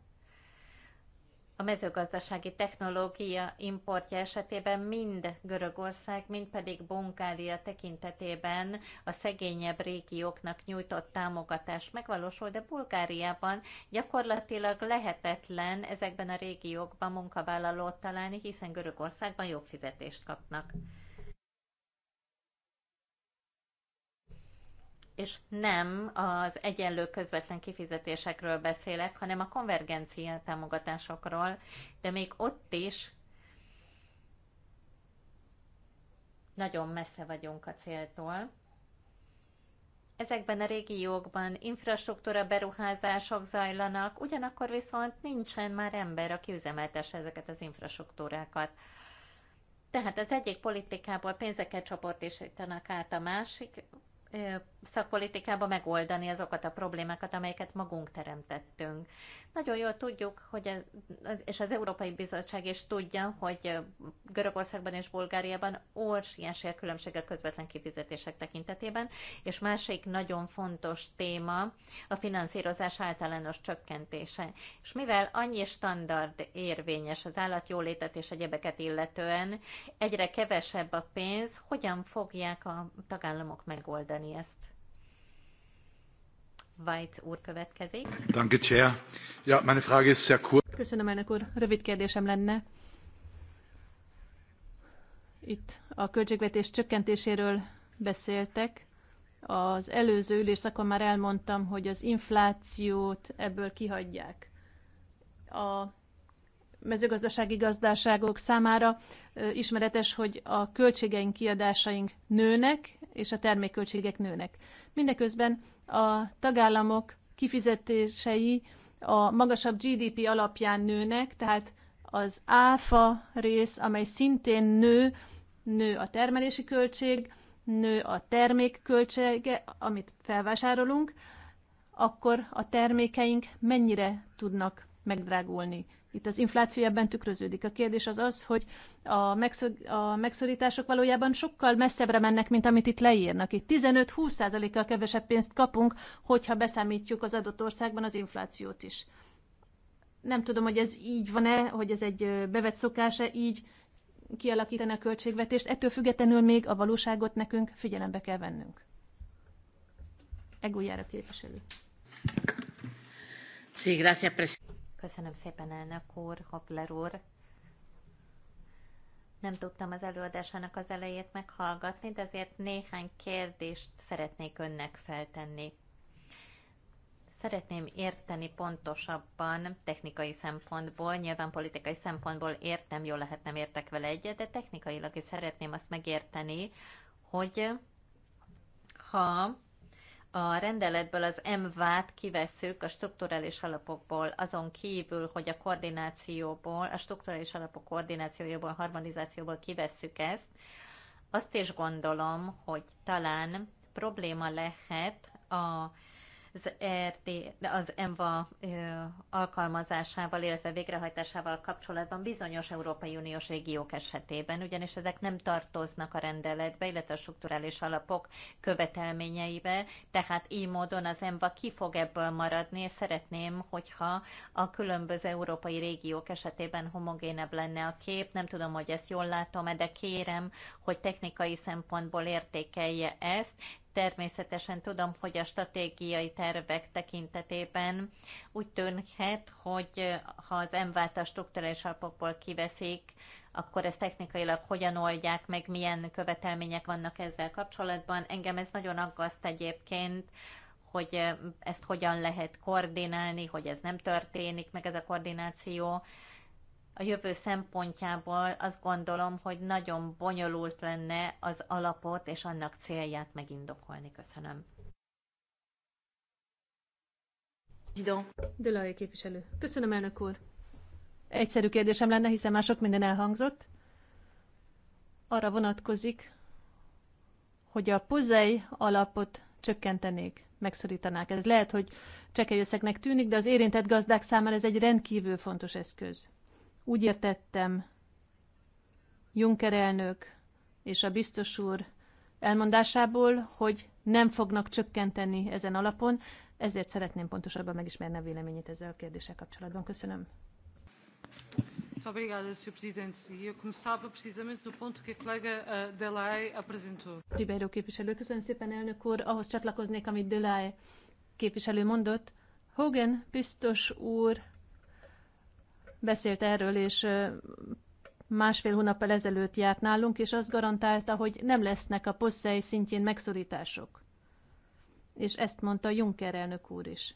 S3: a mezőgazdasági technológia importja esetében mind Görögország, mind pedig Bunkália tekintetében a szegényebb régióknak nyújtott támogatás megvalósult, de Bulgáriában gyakorlatilag lehetetlen ezekben a régiókban munkavállalót találni, hiszen Görögországban jobb fizetést kapnak. és nem az egyenlő közvetlen kifizetésekről beszélek, hanem a konvergencia támogatásokról, de még ott is nagyon messze vagyunk a céltól. Ezekben a régiókban infrastruktúra beruházások zajlanak, ugyanakkor viszont nincsen már ember, aki üzemeltesse ezeket az infrastruktúrákat. Tehát az egyik politikából pénzeket csoportosítanak át a másik szakpolitikába megoldani azokat a problémákat, amelyeket magunk teremtettünk. Nagyon jól tudjuk, hogy az, és az Európai Bizottság is tudja, hogy Görögországban és Bulgáriában óriási a különbség a közvetlen kifizetések tekintetében, és másik nagyon fontos téma a finanszírozás általános csökkentése. És mivel annyi standard érvényes az állatjólétet és egyebeket illetően, egyre kevesebb a pénz, hogyan fogják a tagállamok megoldani ezt? Weitz úr következik.
S1: Danke, Chair. Ja, meine Frage ist sehr kurz.
S2: Köszönöm, elnök úr. Rövid kérdésem lenne. Itt a költségvetés csökkentéséről beszéltek. Az előző ülésszakon már elmondtam, hogy az inflációt ebből kihagyják. A mezőgazdasági gazdaságok számára ismeretes, hogy a költségeink, kiadásaink nőnek, és a termékköltségek nőnek. Mindeközben a tagállamok kifizetései a magasabb GDP alapján nőnek, tehát az áfa rész, amely szintén nő, nő a termelési költség, nő a termék költsége, amit felvásárolunk, akkor a termékeink mennyire tudnak megdrágulni. Itt az infláció ebben tükröződik. A kérdés az az, hogy a, megszor, a megszorítások valójában sokkal messzebbre mennek, mint amit itt leírnak. Itt 15-20%-kal kevesebb pénzt kapunk, hogyha beszámítjuk az adott országban az inflációt is. Nem tudom, hogy ez így van-e, hogy ez egy bevett szokása, így kialakítani a költségvetést. Ettől függetlenül még a valóságot nekünk figyelembe kell vennünk.
S3: Egójára képviselő. Sí, gracias, presidente. Köszönöm szépen, elnök úr, Hopler úr. Nem tudtam az előadásának az elejét meghallgatni, de azért néhány kérdést szeretnék önnek feltenni. Szeretném érteni pontosabban technikai szempontból, nyilván politikai szempontból értem, jól lehet nem értek vele egyet, de technikailag is szeretném azt megérteni, hogy ha a rendeletből az MVÁT kivesszük a strukturális alapokból, azon kívül, hogy a koordinációból, a strukturális alapok koordinációjából, harmonizációból kivesszük ezt, azt is gondolom, hogy talán probléma lehet a az, e RT, az ENVA alkalmazásával, illetve végrehajtásával kapcsolatban bizonyos Európai Uniós régiók esetében, ugyanis ezek nem tartoznak a rendeletbe, illetve a strukturális alapok követelményeibe, tehát így módon az EMVA ki fog ebből maradni, és szeretném, hogyha a különböző európai régiók esetében homogénebb lenne a kép, nem tudom, hogy ezt jól látom de kérem, hogy technikai szempontból értékelje ezt, Természetesen tudom, hogy a stratégiai tervek tekintetében úgy tűnhet, hogy eh, ha az MVÁT a struktúrális alapokból kiveszik, akkor ezt technikailag hogyan oldják meg, milyen követelmények vannak ezzel kapcsolatban. Engem ez nagyon aggaszt egyébként, hogy eh, ezt hogyan lehet koordinálni, hogy ez nem történik, meg ez a koordináció a jövő szempontjából azt gondolom, hogy nagyon bonyolult lenne az alapot és annak célját megindokolni. Köszönöm. Dölai képviselő. Köszönöm,
S2: elnök úr. Egyszerű kérdésem lenne, hiszen már sok minden elhangzott. Arra vonatkozik, hogy a pozei alapot csökkentenék, megszorítanák. Ez lehet, hogy csekély összegnek tűnik, de az érintett gazdák számára ez egy rendkívül fontos eszköz. Úgy értettem, Juncker elnök és a biztos úr elmondásából, hogy nem fognak csökkenteni ezen alapon, ezért szeretném pontosabban megismerni a véleményét ezzel a kérdéssel kapcsolatban. Köszönöm. Muito obrigada, Sr. Presidente. E eu começava precisamente do ponto que a colega uh, Delay apresentou. Ribeiro képviselő, köszönöm szépen, elnök úr. Ahhoz csatlakoznék, amit Delay képviselő mondott. Hogan biztos úr beszélt erről, és másfél hónappal ezelőtt járt nálunk, és azt garantálta, hogy nem lesznek a posszei szintjén megszorítások. És ezt mondta Juncker elnök úr is.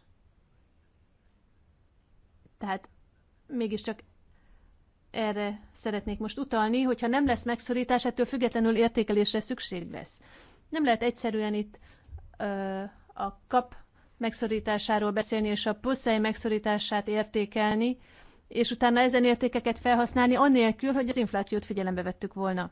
S2: Tehát mégiscsak erre szeretnék most utalni, hogyha nem lesz megszorítás, ettől függetlenül értékelésre szükség lesz. Nem lehet egyszerűen itt ö, a kap megszorításáról beszélni, és a poszei megszorítását értékelni, és utána ezen értékeket felhasználni, anélkül, hogy az inflációt figyelembe vettük volna.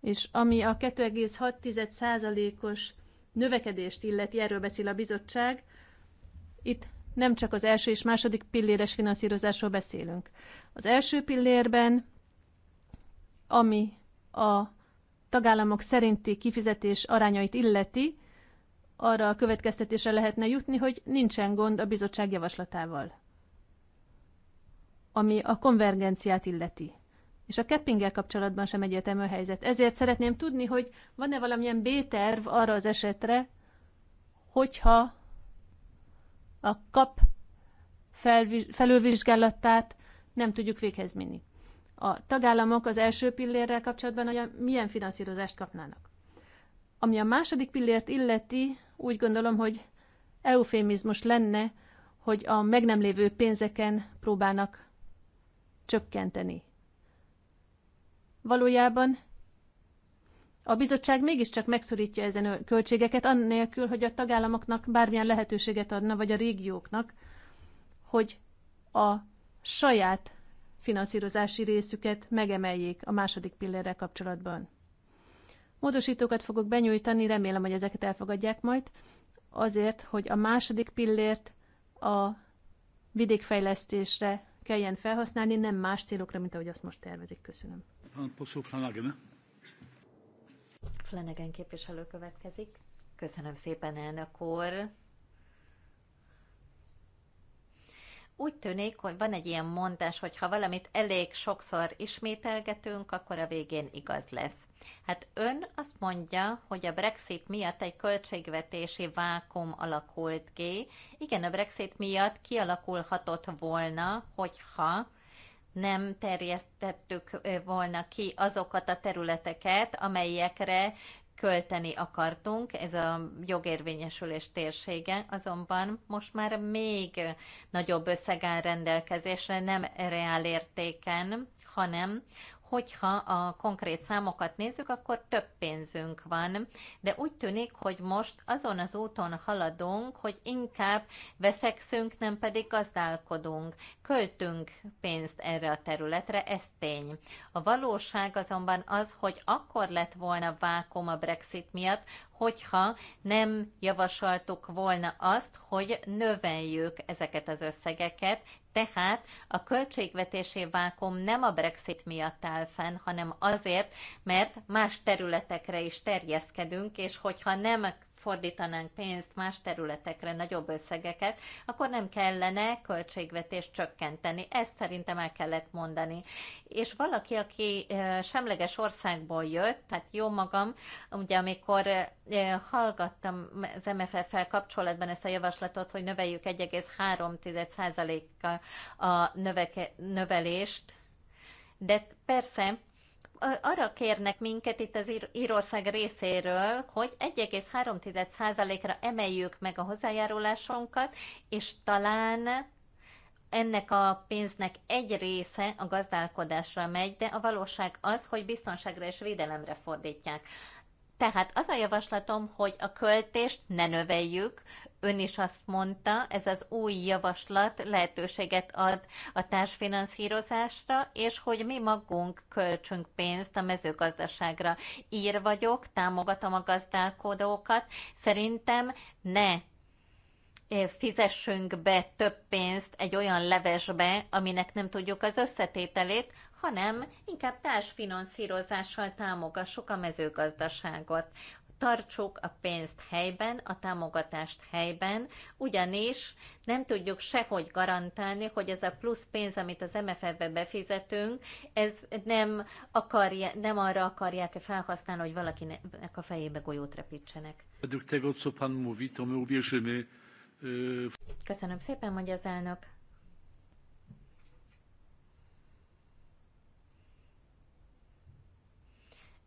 S2: És ami a 2,6%-os növekedést illeti, erről beszél a bizottság, itt nem csak az első és második pilléres finanszírozásról beszélünk. Az első pillérben, ami a tagállamok szerinti kifizetés arányait illeti, arra a következtetésre lehetne jutni, hogy nincsen gond a bizottság javaslatával, ami a konvergenciát illeti. És a keppinggel kapcsolatban sem egyetemű a helyzet. Ezért szeretném tudni, hogy van-e valamilyen B-terv arra az esetre, hogyha a kap felülvizsgálatát nem tudjuk véghez minni. A tagállamok az első pillérrel kapcsolatban olyan, milyen finanszírozást kapnának? Ami a második pillért illeti, úgy gondolom, hogy eufémizmus lenne, hogy a meg nem lévő pénzeken próbálnak csökkenteni. Valójában a bizottság mégiscsak megszorítja ezen a költségeket, annélkül, hogy a tagállamoknak bármilyen lehetőséget adna, vagy a régióknak, hogy a saját finanszírozási részüket megemeljék a második pillérrel kapcsolatban. Módosítókat fogok benyújtani, remélem, hogy ezeket elfogadják majd, azért, hogy a második pillért a vidékfejlesztésre kelljen felhasználni, nem más célokra, mint ahogy azt
S3: most tervezik. Köszönöm. Flanagan képviselő következik. Köszönöm szépen, elnök úr. úgy tűnik, hogy van egy ilyen mondás, hogy ha valamit elég sokszor ismételgetünk, akkor a végén igaz lesz. Hát ön azt mondja, hogy a Brexit miatt egy költségvetési vákum alakult ki. Igen, a Brexit miatt kialakulhatott volna, hogyha nem terjesztettük volna ki azokat a területeket, amelyekre költeni akartunk, ez a jogérvényesülés térsége, azonban most már még nagyobb összeg áll rendelkezésre, nem reál értéken, hanem hogyha a konkrét számokat nézzük, akkor több pénzünk van, de úgy tűnik, hogy most azon az úton haladunk, hogy inkább veszekszünk, nem pedig gazdálkodunk. Költünk pénzt erre a területre, ez tény. A valóság azonban az, hogy akkor lett volna vákum a Brexit miatt, hogyha nem javasoltuk volna azt, hogy növeljük ezeket az összegeket, tehát a költségvetési vákum nem a Brexit miatt áll fenn, hanem azért, mert más területekre is terjeszkedünk, és hogyha nem fordítanánk pénzt más területekre, nagyobb összegeket, akkor nem kellene költségvetést csökkenteni. Ezt szerintem el kellett mondani. És valaki, aki semleges országból jött, tehát jó magam, ugye amikor hallgattam az MFF-fel kapcsolatban ezt a javaslatot, hogy növeljük 13 kal a növeke, növelést, de persze arra kérnek minket itt az Írország részéről, hogy 1,3%-ra emeljük meg a hozzájárulásunkat, és talán ennek a pénznek egy része a gazdálkodásra megy, de a valóság az, hogy biztonságra és védelemre fordítják. Tehát az a javaslatom, hogy a költést ne növeljük, Ön is azt mondta, ez az új javaslat lehetőséget ad a társfinanszírozásra, és hogy mi magunk költsünk pénzt a mezőgazdaságra. Ír vagyok, támogatom a gazdálkodókat. Szerintem ne eh, fizessünk be több pénzt egy olyan levesbe, aminek nem tudjuk az összetételét, hanem inkább társfinanszírozással támogassuk a mezőgazdaságot tartsuk a pénzt helyben, a támogatást helyben, ugyanis nem tudjuk sehogy garantálni, hogy ez a plusz pénz, amit az MFF-be befizetünk, ez nem, akarja, nem arra akarják -e felhasználni, hogy valakinek a fejébe golyót repítsenek. Köszönöm szépen, mondja az elnök.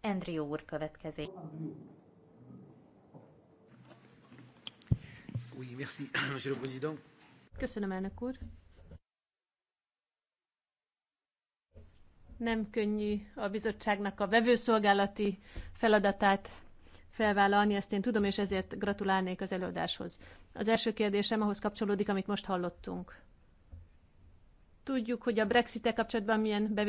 S3: Andrew úr következik.
S1: Merci, Monsieur le Président.
S2: Köszönöm, elnök úr. Nem könnyű a bizottságnak a vevőszolgálati feladatát felvállalni, ezt én tudom, és ezért gratulálnék az előadáshoz. Az első kérdésem ahhoz kapcsolódik, amit most hallottunk. Tudjuk, hogy a brexit kapcsolatban milyen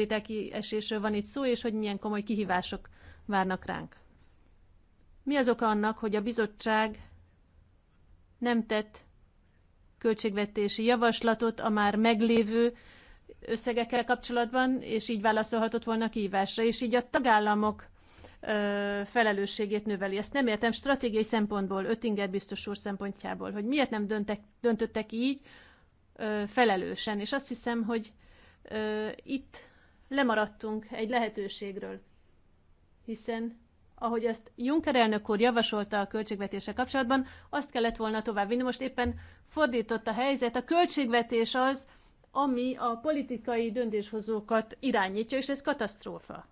S2: esésről van itt szó, és hogy milyen komoly kihívások várnak ránk. Mi az oka annak, hogy a bizottság nem tett költségvetési javaslatot a már meglévő összegekkel kapcsolatban, és így válaszolhatott volna a kihívásra, és így a tagállamok felelősségét növeli. Ezt nem értem stratégiai szempontból, Öttinger biztos úr szempontjából, hogy miért nem döntek, döntöttek így ö, felelősen. És azt hiszem, hogy ö, itt lemaradtunk egy lehetőségről, hiszen ahogy ezt Juncker elnök úr javasolta a költségvetése kapcsolatban, azt kellett volna továbbvinni. Most éppen fordított a helyzet. A költségvetés az, ami a politikai döntéshozókat irányítja, és ez katasztrófa.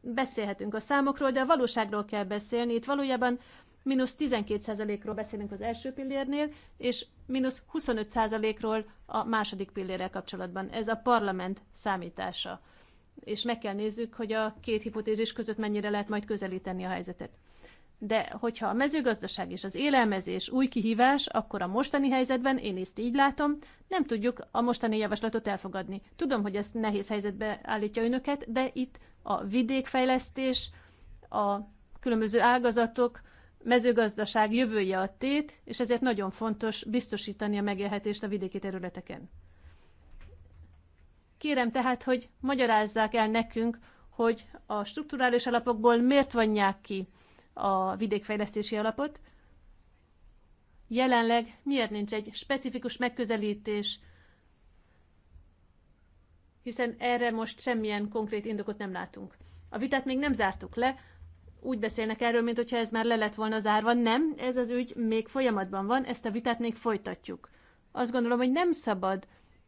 S2: Beszélhetünk a számokról, de a valóságról kell beszélni. Itt valójában mínusz 12%-ról beszélünk az első pillérnél, és mínusz 25%-ról a második pillérrel kapcsolatban. Ez a parlament számítása és meg kell nézzük, hogy a két hipotézis között mennyire lehet majd közelíteni a helyzetet. De hogyha a mezőgazdaság és az élelmezés új kihívás, akkor a mostani helyzetben, én ezt így látom, nem tudjuk a mostani javaslatot elfogadni. Tudom, hogy ez nehéz helyzetbe állítja önöket, de itt a vidékfejlesztés, a különböző ágazatok, mezőgazdaság jövője a tét, és ezért nagyon fontos biztosítani a megélhetést a vidéki területeken. Kérem tehát, hogy magyarázzák el nekünk, hogy a strukturális alapokból miért vonják ki a vidékfejlesztési alapot. Jelenleg miért nincs egy specifikus megközelítés, hiszen erre most semmilyen konkrét indokot nem látunk. A vitát még nem zártuk le, úgy beszélnek erről, mint ez már le lett volna zárva. Nem, ez az ügy még folyamatban van, ezt a vitát még folytatjuk. Azt gondolom, hogy nem szabad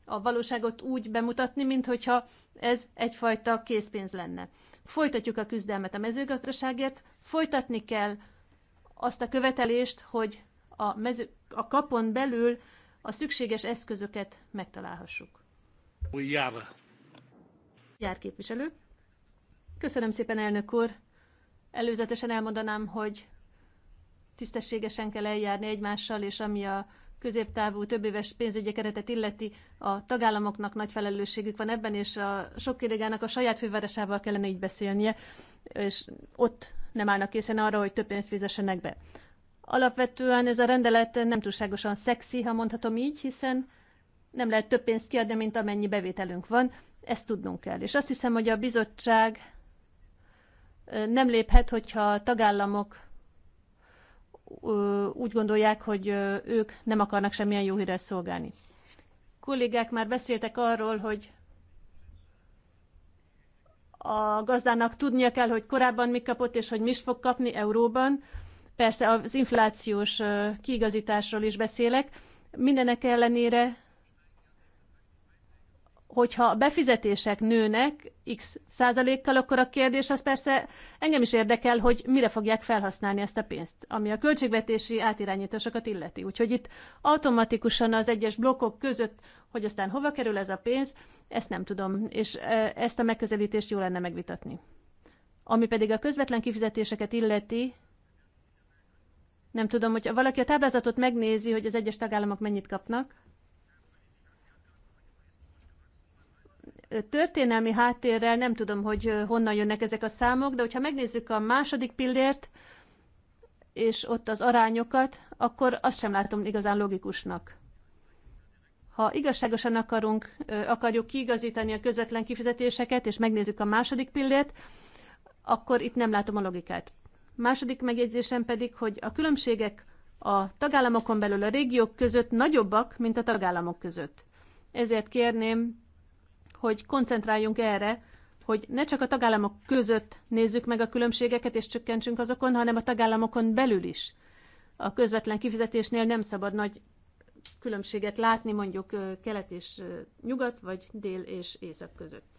S2: a valóságot úgy bemutatni, mintha ez egyfajta készpénz lenne. Folytatjuk a küzdelmet a mezőgazdaságért, folytatni kell azt a követelést, hogy a, mező, a kapon belül a szükséges eszközöket megtalálhassuk. Jár. Jár képviselő. Köszönöm szépen, elnök úr. Előzetesen elmondanám, hogy tisztességesen kell eljárni egymással, és ami a középtávú többéves pénzügyi keretet illeti, a tagállamoknak nagy felelősségük van ebben, és a sok kollégának a saját fővárosával kellene így beszélnie, és ott nem állnak készen arra, hogy több pénzt fizessenek be. Alapvetően ez a rendelet nem túlságosan szexi, ha mondhatom így, hiszen nem lehet több pénzt kiadni, mint amennyi bevételünk van, ezt tudnunk kell. És azt hiszem, hogy a bizottság nem léphet, hogyha a tagállamok úgy gondolják, hogy ők nem akarnak semmilyen jó hírrel szolgálni. Kollégák már beszéltek arról, hogy a gazdának tudnia kell, hogy korábban mi kapott, és hogy mi is fog kapni euróban. Persze az inflációs kiigazításról is beszélek. Mindenek ellenére hogyha a befizetések nőnek x százalékkal, akkor a kérdés az persze engem is érdekel, hogy mire fogják felhasználni ezt a pénzt, ami a költségvetési átirányításokat illeti. Úgyhogy itt automatikusan az egyes blokkok között, hogy aztán hova kerül ez a pénz, ezt nem tudom, és e, ezt a megközelítést jó lenne megvitatni. Ami pedig a közvetlen kifizetéseket illeti, nem tudom, hogy valaki a táblázatot megnézi, hogy az egyes tagállamok mennyit kapnak, történelmi háttérrel nem tudom, hogy honnan jönnek ezek a számok, de hogyha megnézzük a második pillért, és ott az arányokat, akkor azt sem látom igazán logikusnak. Ha igazságosan akarunk, akarjuk kiigazítani a közvetlen kifizetéseket, és megnézzük a második pillért, akkor itt nem látom a logikát. Második megjegyzésem pedig, hogy a különbségek a tagállamokon belül a régiók között nagyobbak, mint a tagállamok között. Ezért kérném hogy koncentráljunk erre, hogy ne csak a tagállamok között nézzük meg a különbségeket és csökkentsünk azokon, hanem a tagállamokon belül is. A közvetlen kifizetésnél nem szabad nagy különbséget látni mondjuk kelet és nyugat, vagy dél és észak között.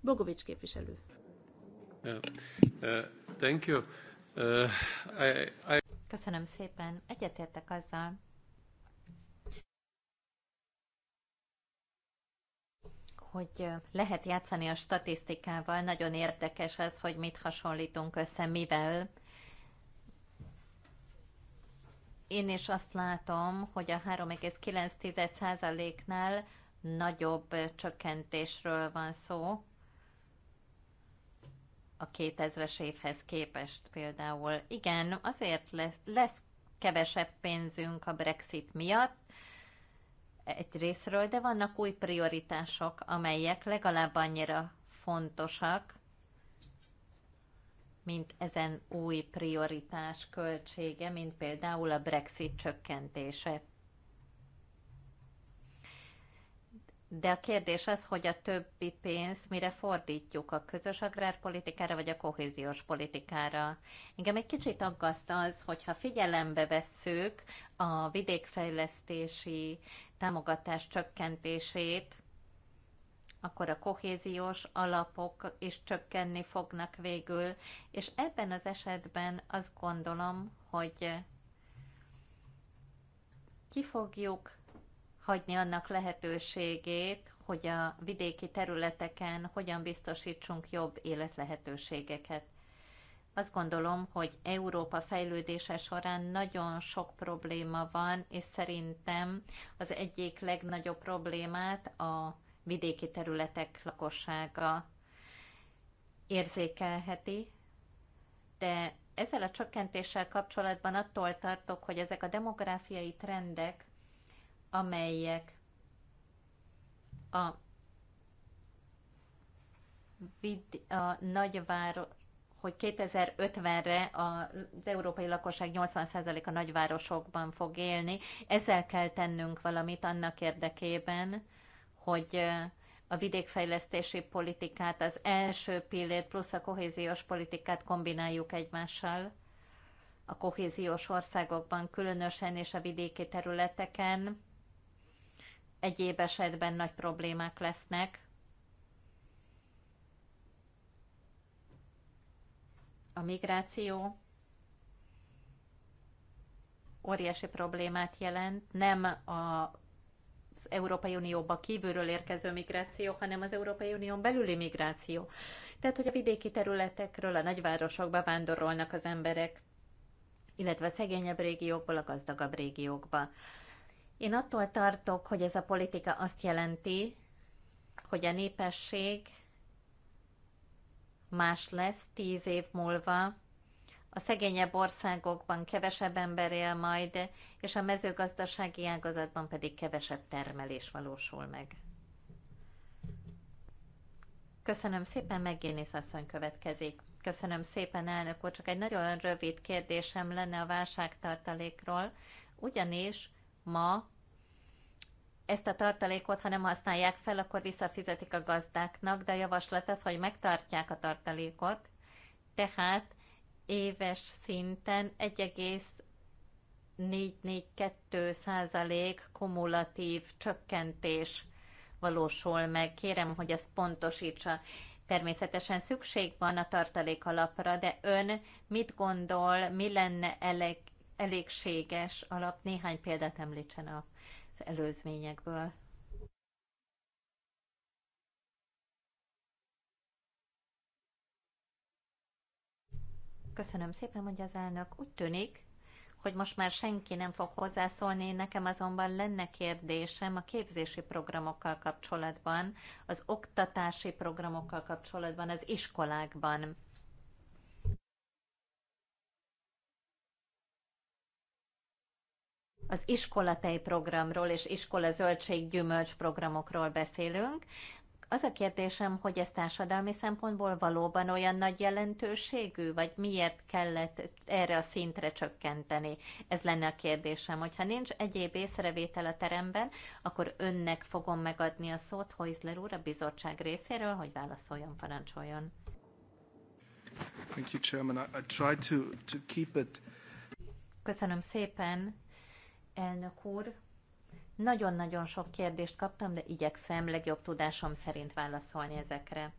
S2: Bogovics
S3: képviselő.
S1: Uh, uh,
S3: Köszönöm szépen. Egyetértek azzal, hogy lehet játszani a statisztikával, nagyon érdekes az, hogy mit hasonlítunk össze, mivel. Én is azt látom, hogy a 3,9%-nál nagyobb csökkentésről van szó a 2000-es évhez képest például. Igen, azért lesz, lesz kevesebb pénzünk a Brexit miatt, egy részről, de vannak új prioritások, amelyek legalább annyira fontosak, mint ezen új prioritás költsége, mint például a Brexit csökkentése. De a kérdés az, hogy a többi pénzt mire fordítjuk, a közös agrárpolitikára vagy a kohéziós politikára. Engem egy kicsit aggaszt az, hogyha figyelembe vesszük a vidékfejlesztési támogatás csökkentését, akkor a kohéziós alapok is csökkenni fognak végül, és ebben az esetben azt gondolom, hogy ki fogjuk hagyni annak lehetőségét, hogy a vidéki területeken hogyan biztosítsunk jobb életlehetőségeket. Azt gondolom, hogy Európa fejlődése során nagyon sok probléma van, és szerintem az egyik legnagyobb problémát a vidéki területek lakossága érzékelheti, de ezzel a csökkentéssel kapcsolatban attól tartok, hogy ezek a demográfiai trendek, amelyek a, vid, a nagyváros, hogy 2050-re az európai lakosság 80%-a nagyvárosokban fog élni. Ezzel kell tennünk valamit annak érdekében, hogy a vidékfejlesztési politikát, az első pillért plusz a kohéziós politikát kombináljuk egymással a kohéziós országokban, különösen és a vidéki területeken. Egyéb esetben nagy problémák lesznek a migráció óriási problémát jelent, nem a az Európai Unióba kívülről érkező migráció, hanem az Európai Unión belüli migráció. Tehát, hogy a vidéki területekről a nagyvárosokba vándorolnak az emberek, illetve a szegényebb régiókból a gazdagabb régiókba. Én attól tartok, hogy ez a politika azt jelenti, hogy a népesség más lesz tíz év múlva. A szegényebb országokban kevesebb ember él majd, és a mezőgazdasági ágazatban pedig kevesebb termelés valósul meg. Köszönöm szépen, Meggénész asszony következik. Köszönöm szépen, elnök úr. Csak egy nagyon rövid kérdésem lenne a válságtartalékról, ugyanis ma ezt a tartalékot, ha nem használják fel, akkor visszafizetik a gazdáknak, de a javaslat az, hogy megtartják a tartalékot, tehát éves szinten 1,442 kumulatív csökkentés valósul meg. Kérem, hogy ezt pontosítsa. Természetesen szükség van a tartalék alapra, de ön mit gondol, mi lenne elég, elégséges alap? Néhány példát említsen a előzményekből. Köszönöm szépen, mondja az elnök. Úgy tűnik, hogy most már senki nem fog hozzászólni, nekem azonban lenne kérdésem a képzési programokkal kapcsolatban, az oktatási programokkal kapcsolatban, az iskolákban. az iskolatej programról és iskola zöldség-gyümölcs programokról beszélünk. Az a kérdésem, hogy ez társadalmi szempontból valóban olyan nagy jelentőségű, vagy miért kellett erre a szintre csökkenteni? Ez lenne a kérdésem, hogyha nincs egyéb észrevétel a teremben, akkor önnek fogom megadni a szót Hoizler úr a bizottság részéről, hogy válaszoljon, parancsoljon.
S1: Thank you, Chairman. I, I to, to keep it...
S3: Köszönöm szépen elnök úr. Nagyon-nagyon sok kérdést kaptam, de igyekszem legjobb tudásom szerint válaszolni ezekre.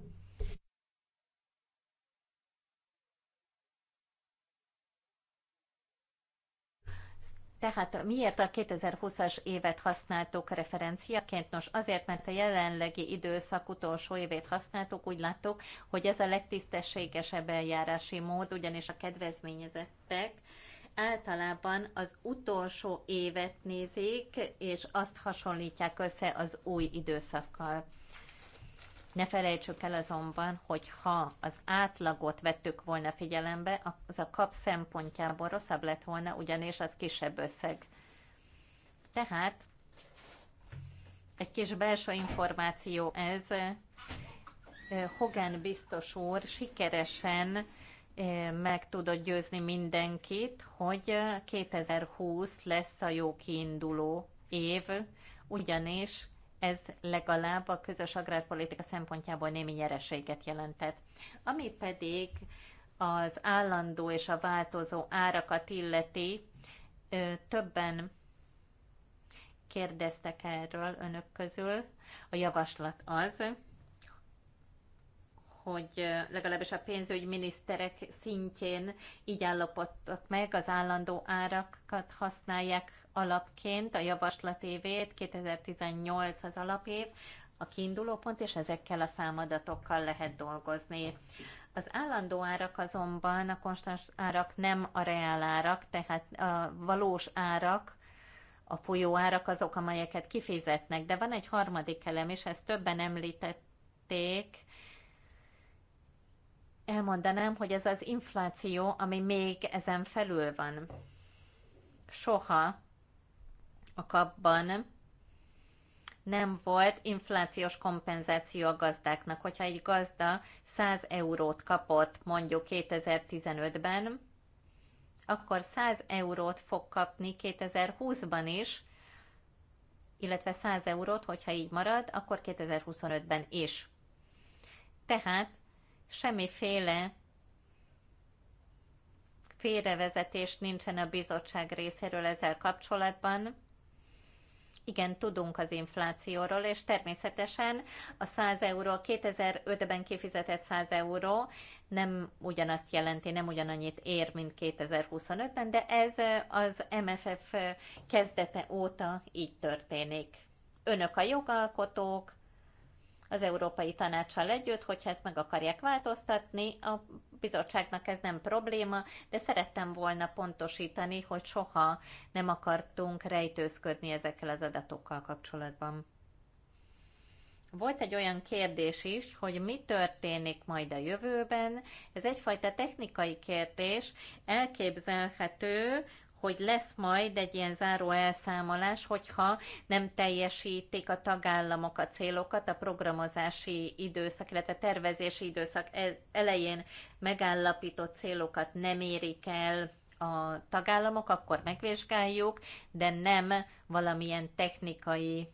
S3: Tehát miért a 2020-as évet használtuk referenciaként? Nos, azért, mert a jelenlegi időszak utolsó évét használtuk, úgy láttuk, hogy ez a legtisztességesebb eljárási mód, ugyanis a kedvezményezettek általában az utolsó évet nézik, és azt hasonlítják össze az új időszakkal. Ne felejtsük el azonban, hogy ha az átlagot vettük volna figyelembe, az a kap szempontjából rosszabb lett volna, ugyanis az kisebb összeg. Tehát egy kis belső információ ez. Hogan biztos úr sikeresen meg tudod győzni mindenkit, hogy 2020 lesz a jó kiinduló év, ugyanis ez legalább a közös agrárpolitika szempontjából némi nyereséget jelentett. Ami pedig az állandó és a változó árakat illeti, többen kérdeztek erről önök közül. A javaslat az, hogy legalábbis a pénzügyi miniszterek szintjén így állapodtak meg, az állandó árakat használják alapként, a javaslat évét, 2018 az alapév, a pont, és ezekkel a számadatokkal lehet dolgozni. Az állandó árak azonban, a konstans árak nem a reál árak, tehát a valós árak, a folyó árak azok, amelyeket kifizetnek, de van egy harmadik elem, és ezt többen említették, elmondanám, hogy ez az infláció, ami még ezen felül van. Soha a kapban nem volt inflációs kompenzáció a gazdáknak. Hogyha egy gazda 100 eurót kapott mondjuk 2015-ben, akkor 100 eurót fog kapni 2020-ban is, illetve 100 eurót, hogyha így marad, akkor 2025-ben is. Tehát Semmiféle félrevezetés nincsen a bizottság részéről ezzel kapcsolatban. Igen, tudunk az inflációról, és természetesen a 100 euró, 2005-ben kifizetett 100 euró nem ugyanazt jelenti, nem ugyanannyit ér, mint 2025-ben, de ez az MFF kezdete óta így történik. Önök a jogalkotók, az Európai Tanácssal együtt, hogyha ezt meg akarják változtatni, a bizottságnak ez nem probléma, de szerettem volna pontosítani, hogy soha nem akartunk rejtőzködni ezekkel az adatokkal kapcsolatban. Volt egy olyan kérdés is, hogy mi történik majd a jövőben. Ez egyfajta technikai kérdés. Elképzelhető, hogy lesz majd egy ilyen záró elszámolás, hogyha nem teljesítik a tagállamok a célokat a programozási időszak, illetve tervezési időszak elején megállapított célokat nem érik el a tagállamok, akkor megvizsgáljuk, de nem valamilyen technikai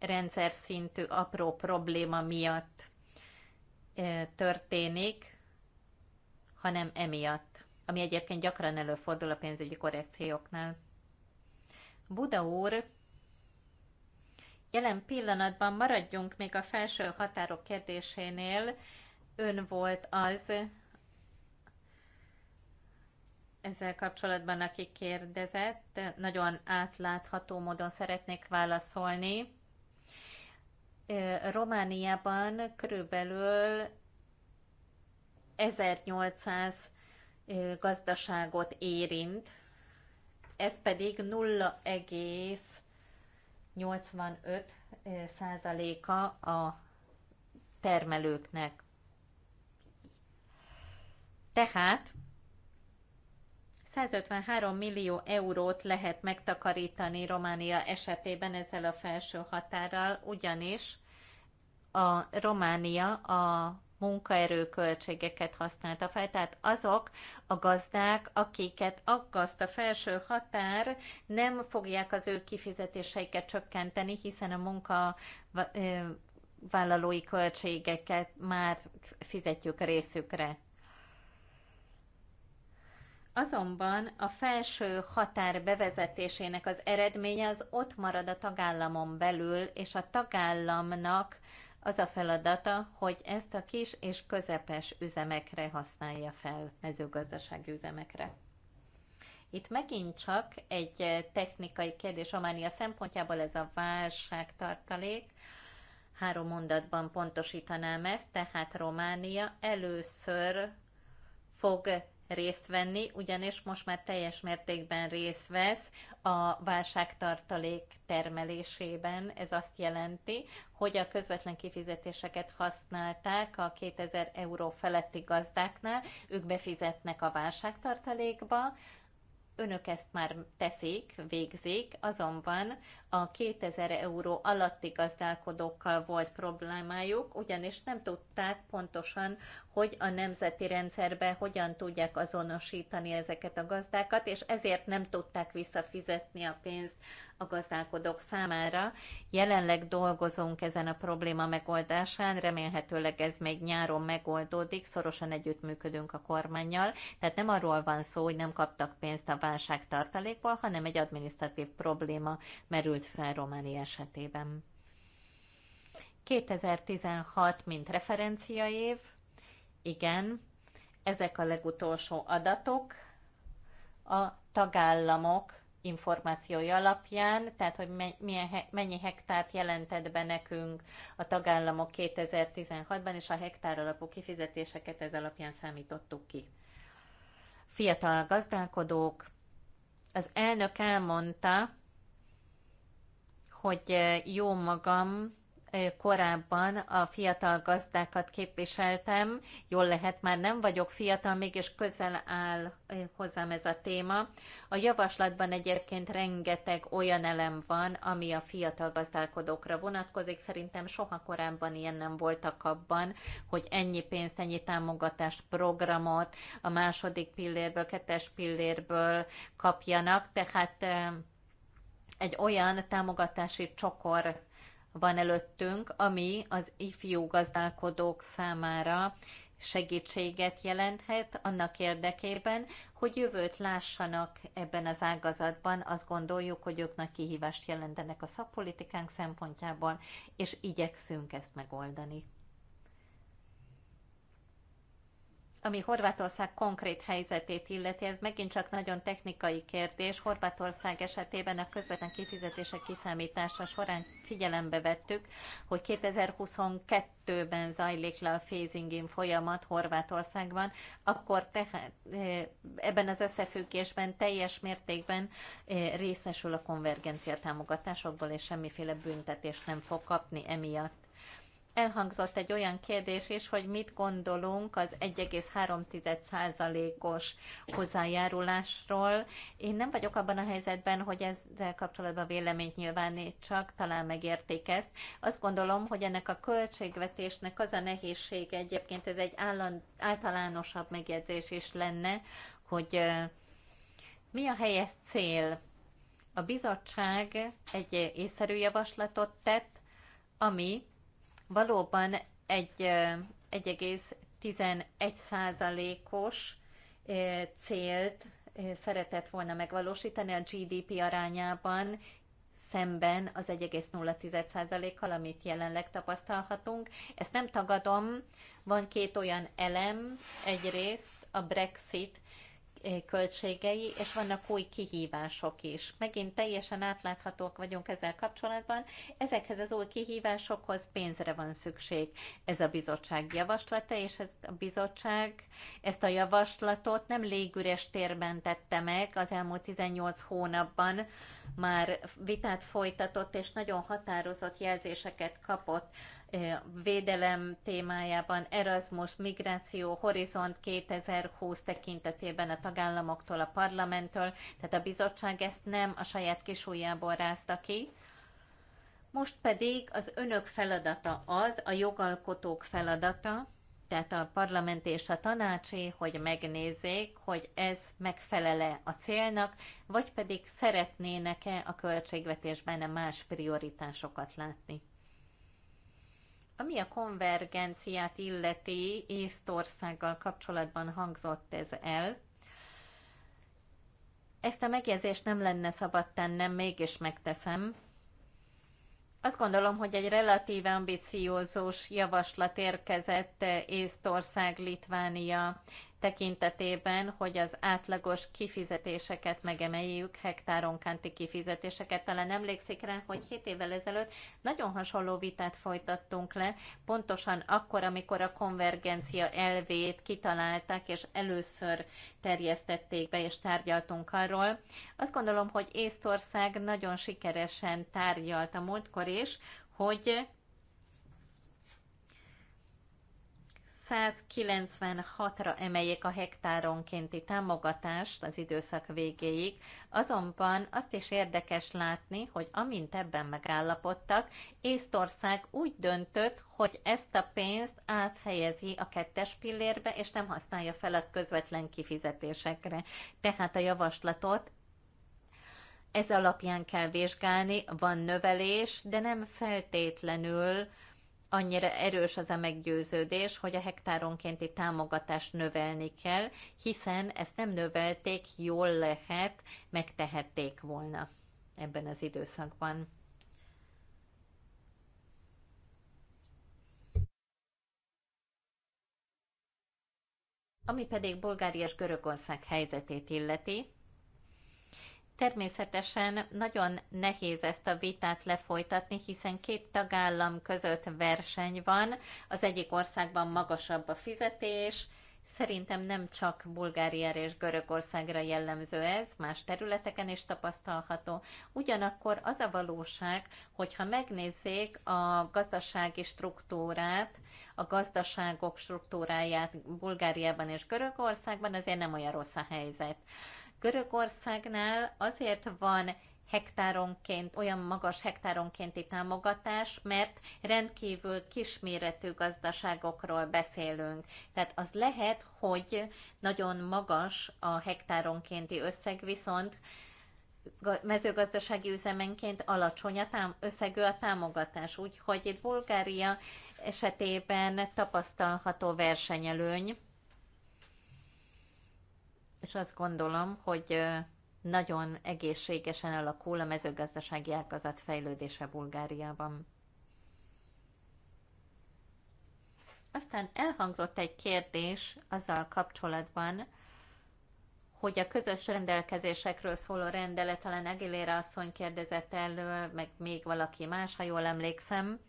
S3: rendszer szintű apró probléma miatt e, történik, hanem emiatt ami egyébként gyakran előfordul a pénzügyi korrekcióknál. Buda úr, jelen pillanatban maradjunk még a felső határok kérdésénél. Ön volt az, ezzel kapcsolatban, aki kérdezett, nagyon átlátható módon szeretnék válaszolni. Romániában körülbelül 1800 gazdaságot érint, ez pedig 0,85 százaléka a termelőknek. Tehát 153 millió eurót lehet megtakarítani Románia esetében ezzel a felső határral, ugyanis a Románia a munkaerőköltségeket használta fel, tehát azok a gazdák, akiket aggaszt a felső határ, nem fogják az ő kifizetéseiket csökkenteni, hiszen a munka vállalói költségeket már fizetjük részükre. Azonban a felső határ bevezetésének az eredménye az ott marad a tagállamon belül, és a tagállamnak az a feladata, hogy ezt a kis és közepes üzemekre használja fel, mezőgazdasági üzemekre. Itt megint csak egy eh, technikai kérdés, Románia szempontjából ez a válságtartalék, három mondatban pontosítanám ezt, tehát Románia először fog részt venni, ugyanis most már teljes mértékben részt vesz a válságtartalék termelésében. Ez azt jelenti, hogy a közvetlen kifizetéseket használták a 2000 euró feletti gazdáknál, ők befizetnek a válságtartalékba, önök ezt már teszik, végzik, azonban a 2000 euró alatti gazdálkodókkal volt problémájuk, ugyanis nem tudták pontosan, hogy a nemzeti rendszerbe hogyan tudják azonosítani ezeket a gazdákat, és ezért nem tudták visszafizetni a pénzt a gazdálkodók számára. Jelenleg dolgozunk ezen a probléma megoldásán, remélhetőleg ez még nyáron megoldódik, szorosan együttműködünk a kormányjal, tehát nem arról van szó, hogy nem kaptak pénzt a válság tartalékból, hanem egy adminisztratív probléma merül került fel Románi esetében. 2016, mint év, igen, ezek a legutolsó adatok a tagállamok információi alapján, tehát hogy milyen, mennyi hektárt jelentett be nekünk a tagállamok 2016-ban, és a hektár alapú kifizetéseket ez alapján számítottuk ki. Fiatal gazdálkodók, az elnök elmondta, hogy jó magam korábban a fiatal gazdákat képviseltem, jól lehet már nem vagyok fiatal, mégis közel áll hozzám ez a téma. A javaslatban egyébként rengeteg olyan elem van, ami a fiatal gazdálkodókra vonatkozik. Szerintem soha korábban ilyen nem voltak abban, hogy ennyi pénzt, ennyi támogatást, programot a második pillérből, kettes pillérből kapjanak, tehát egy olyan támogatási csokor van előttünk, ami az ifjú gazdálkodók számára segítséget jelenthet annak érdekében, hogy jövőt lássanak ebben az ágazatban. Azt gondoljuk, hogy ők nagy kihívást jelentenek a szakpolitikánk szempontjából, és igyekszünk ezt megoldani. ami Horvátország konkrét helyzetét illeti, ez megint csak nagyon technikai kérdés. Horvátország esetében a közvetlen kifizetések kiszámítása során figyelembe vettük, hogy 2022-ben zajlik le a phasing in folyamat Horvátországban, akkor tehát eh, ebben az összefüggésben teljes mértékben eh, részesül a konvergencia támogatásokból, és semmiféle büntetést nem fog kapni emiatt. Elhangzott egy olyan kérdés is, hogy mit gondolunk az 1,3%-os hozzájárulásról. Én nem vagyok abban a helyzetben, hogy ezzel kapcsolatban véleményt nyilvánítsak, talán megérték ezt. Azt gondolom, hogy ennek a költségvetésnek az a nehézsége, egyébként ez egy álland, általánosabb megjegyzés is lenne, hogy mi a helyes cél? A bizottság egy észszerű javaslatot tett, ami valóban egy 1,11%-os célt szeretett volna megvalósítani a GDP arányában, szemben az 1,0%-kal, amit jelenleg tapasztalhatunk. Ezt nem tagadom, van két olyan elem, egyrészt a Brexit költségei, és vannak új kihívások is. Megint teljesen átláthatók vagyunk ezzel kapcsolatban. Ezekhez az új kihívásokhoz pénzre van szükség. Ez a bizottság javaslata, és ez a bizottság ezt a javaslatot nem légüres térben tette meg az elmúlt 18 hónapban, már vitát folytatott, és nagyon határozott jelzéseket kapott védelem témájában, Erasmus, migráció, Horizont 2020 tekintetében a tagállamoktól, a parlamenttől, tehát a bizottság ezt nem a saját kisújjából rázta ki, most pedig az önök feladata az, a jogalkotók feladata, tehát a parlament és a tanácsé, hogy megnézzék, hogy ez megfelele a célnak, vagy pedig szeretnének-e a költségvetésben más prioritásokat látni. Ami a konvergenciát illeti, Észtországgal kapcsolatban hangzott ez el, ezt a megjegyzést nem lenne szabad tennem, mégis megteszem. Azt gondolom, hogy egy relatíve ambiciózus javaslat érkezett Észtország, Litvánia tekintetében, hogy az átlagos kifizetéseket megemeljük, hektáronkénti kifizetéseket. Talán emlékszik rá, hogy 7 évvel ezelőtt nagyon hasonló vitát folytattunk le, pontosan akkor, amikor a konvergencia elvét kitalálták, és először terjesztették be, és tárgyaltunk arról. Azt gondolom, hogy Észtország nagyon sikeresen tárgyalt a múltkor is, hogy 196-ra emeljék a hektáronkénti támogatást az időszak végéig, azonban azt is érdekes látni, hogy amint ebben megállapodtak, Észtország úgy döntött, hogy ezt a pénzt áthelyezi a kettes pillérbe, és nem használja fel azt közvetlen kifizetésekre. Tehát a javaslatot ez alapján kell vizsgálni, van növelés, de nem feltétlenül annyira erős az a meggyőződés, hogy a hektáronkénti támogatást növelni kell, hiszen ezt nem növelték, jól lehet, megtehették volna ebben az időszakban. Ami pedig Bulgária és Görögország helyzetét illeti, Természetesen nagyon nehéz ezt a vitát lefolytatni, hiszen két tagállam között verseny van, az egyik országban magasabb a fizetés, Szerintem nem csak Bulgáriára és Görögországra jellemző ez, más területeken is tapasztalható. Ugyanakkor az a valóság, hogyha megnézzék a gazdasági struktúrát, a gazdaságok struktúráját Bulgáriában és Görögországban, azért nem olyan rossz a helyzet. Görögországnál azért van hektáronként, olyan magas hektáronkénti támogatás, mert rendkívül kisméretű gazdaságokról beszélünk. Tehát az lehet, hogy nagyon magas a hektáronkénti összeg, viszont mezőgazdasági üzemenként alacsony a tám- összegű a támogatás. Úgyhogy itt Bulgária esetében tapasztalható versenyelőny és azt gondolom, hogy nagyon egészségesen alakul a mezőgazdasági ágazat fejlődése Bulgáriában. Aztán elhangzott egy kérdés azzal kapcsolatban, hogy a közös rendelkezésekről szóló rendelet, talán Egilére asszony kérdezett elől, meg még valaki más, ha jól emlékszem.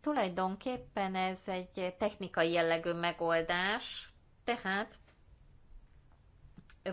S3: Tulajdonképpen ez egy technikai jellegű megoldás, tehát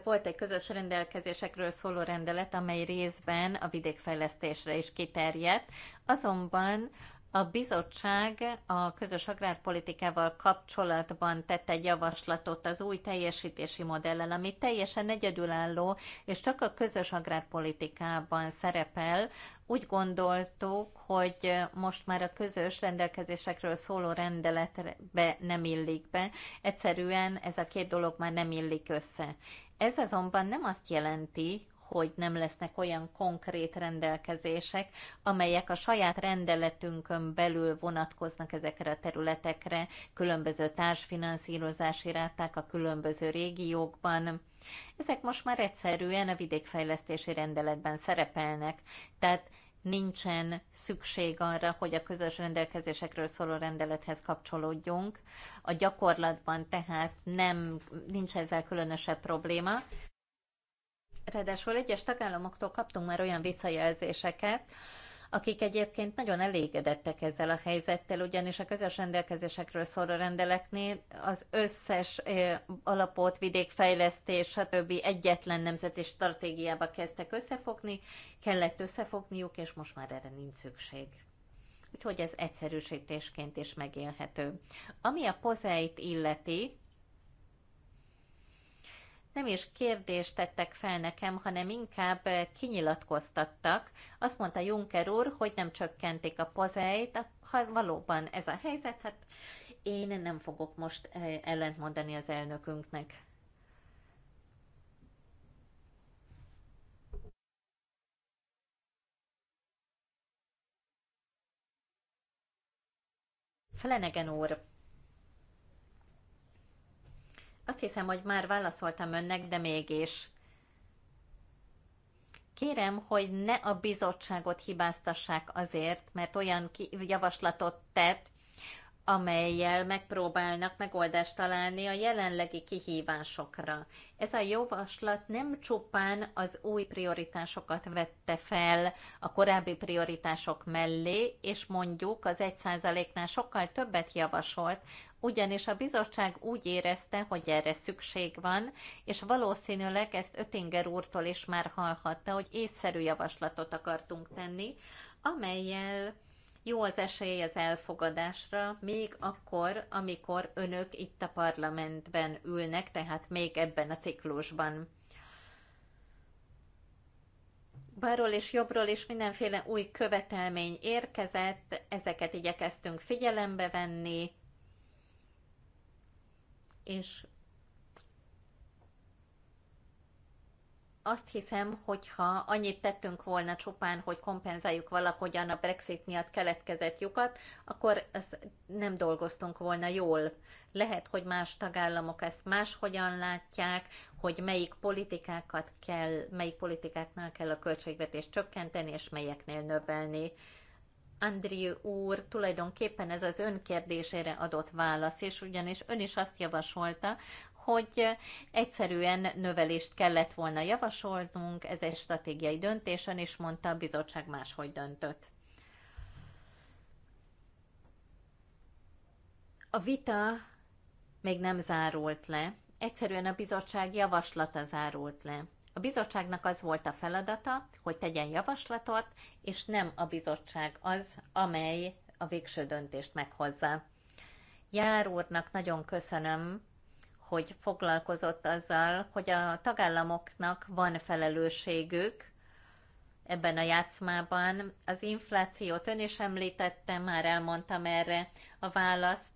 S3: volt egy közös rendelkezésekről szóló rendelet, amely részben a vidékfejlesztésre is kiterjedt, azonban a bizottság a közös agrárpolitikával kapcsolatban tett egy javaslatot az új teljesítési modellel, ami teljesen egyedülálló, és csak a közös agrárpolitikában szerepel. Úgy gondoltuk, hogy most már a közös rendelkezésekről szóló rendeletbe nem illik be. Egyszerűen ez a két dolog már nem illik össze. Ez azonban nem azt jelenti, hogy nem lesznek olyan konkrét rendelkezések, amelyek a saját rendeletünkön belül vonatkoznak ezekre a területekre, különböző társfinanszírozási ráták a különböző régiókban. Ezek most már egyszerűen a vidékfejlesztési rendeletben szerepelnek, tehát nincsen szükség arra, hogy a közös rendelkezésekről szóló rendelethez kapcsolódjunk. A gyakorlatban tehát nem, nincs ezzel különösebb probléma. Ráadásul egyes tagállamoktól kaptunk már olyan visszajelzéseket, akik egyébként nagyon elégedettek ezzel a helyzettel, ugyanis a közös rendelkezésekről szóló rendeleknél az összes alapot, vidékfejlesztés, stb. egyetlen nemzeti stratégiába kezdtek összefogni, kellett összefogniuk, és most már erre nincs szükség. Úgyhogy ez egyszerűsítésként is megélhető. Ami a pozeit illeti, nem is kérdést tettek fel nekem, hanem inkább eh, kinyilatkoztattak. Azt mondta Juncker úr, hogy nem csökkentik a pozeit, ha valóban ez a helyzet, hát én nem fogok most eh, ellentmondani az elnökünknek. Flanagan úr, azt hiszem, hogy már válaszoltam önnek, de mégis. Kérem, hogy ne a bizottságot hibáztassák azért, mert olyan javaslatot tett, amelyel megpróbálnak megoldást találni a jelenlegi kihívásokra. Ez a javaslat nem csupán az új prioritásokat vette fel a korábbi prioritások mellé, és mondjuk az 1%-nál sokkal többet javasolt, ugyanis a bizottság úgy érezte, hogy erre szükség van, és valószínűleg ezt Ötinger úrtól is már hallhatta, hogy észszerű javaslatot akartunk tenni, amelyel jó az esély az elfogadásra, még akkor, amikor önök itt a parlamentben ülnek, tehát még ebben a ciklusban. Balról és jobbról is mindenféle új követelmény érkezett, ezeket igyekeztünk figyelembe venni, és azt hiszem, hogyha annyit tettünk volna csupán, hogy kompenzáljuk valahogyan a Brexit miatt keletkezett lyukat, akkor ezt nem dolgoztunk volna jól. Lehet, hogy más tagállamok ezt máshogyan látják, hogy melyik politikákat kell, melyik politikáknál kell a költségvetést csökkenteni, és melyeknél növelni. Andrió úr tulajdonképpen ez az ön kérdésére adott válasz, és ugyanis ön is azt javasolta, hogy egyszerűen növelést kellett volna javasolnunk, ez egy stratégiai döntésen, és mondta a bizottság máshogy döntött. A vita még nem zárult le, egyszerűen a bizottság javaslata zárult le. A bizottságnak az volt a feladata, hogy tegyen javaslatot, és nem a bizottság az, amely a végső döntést meghozza. Jár úrnak nagyon köszönöm hogy foglalkozott azzal, hogy a tagállamoknak van felelősségük ebben a játszmában. Az inflációt ön is említette, már elmondtam erre a választ.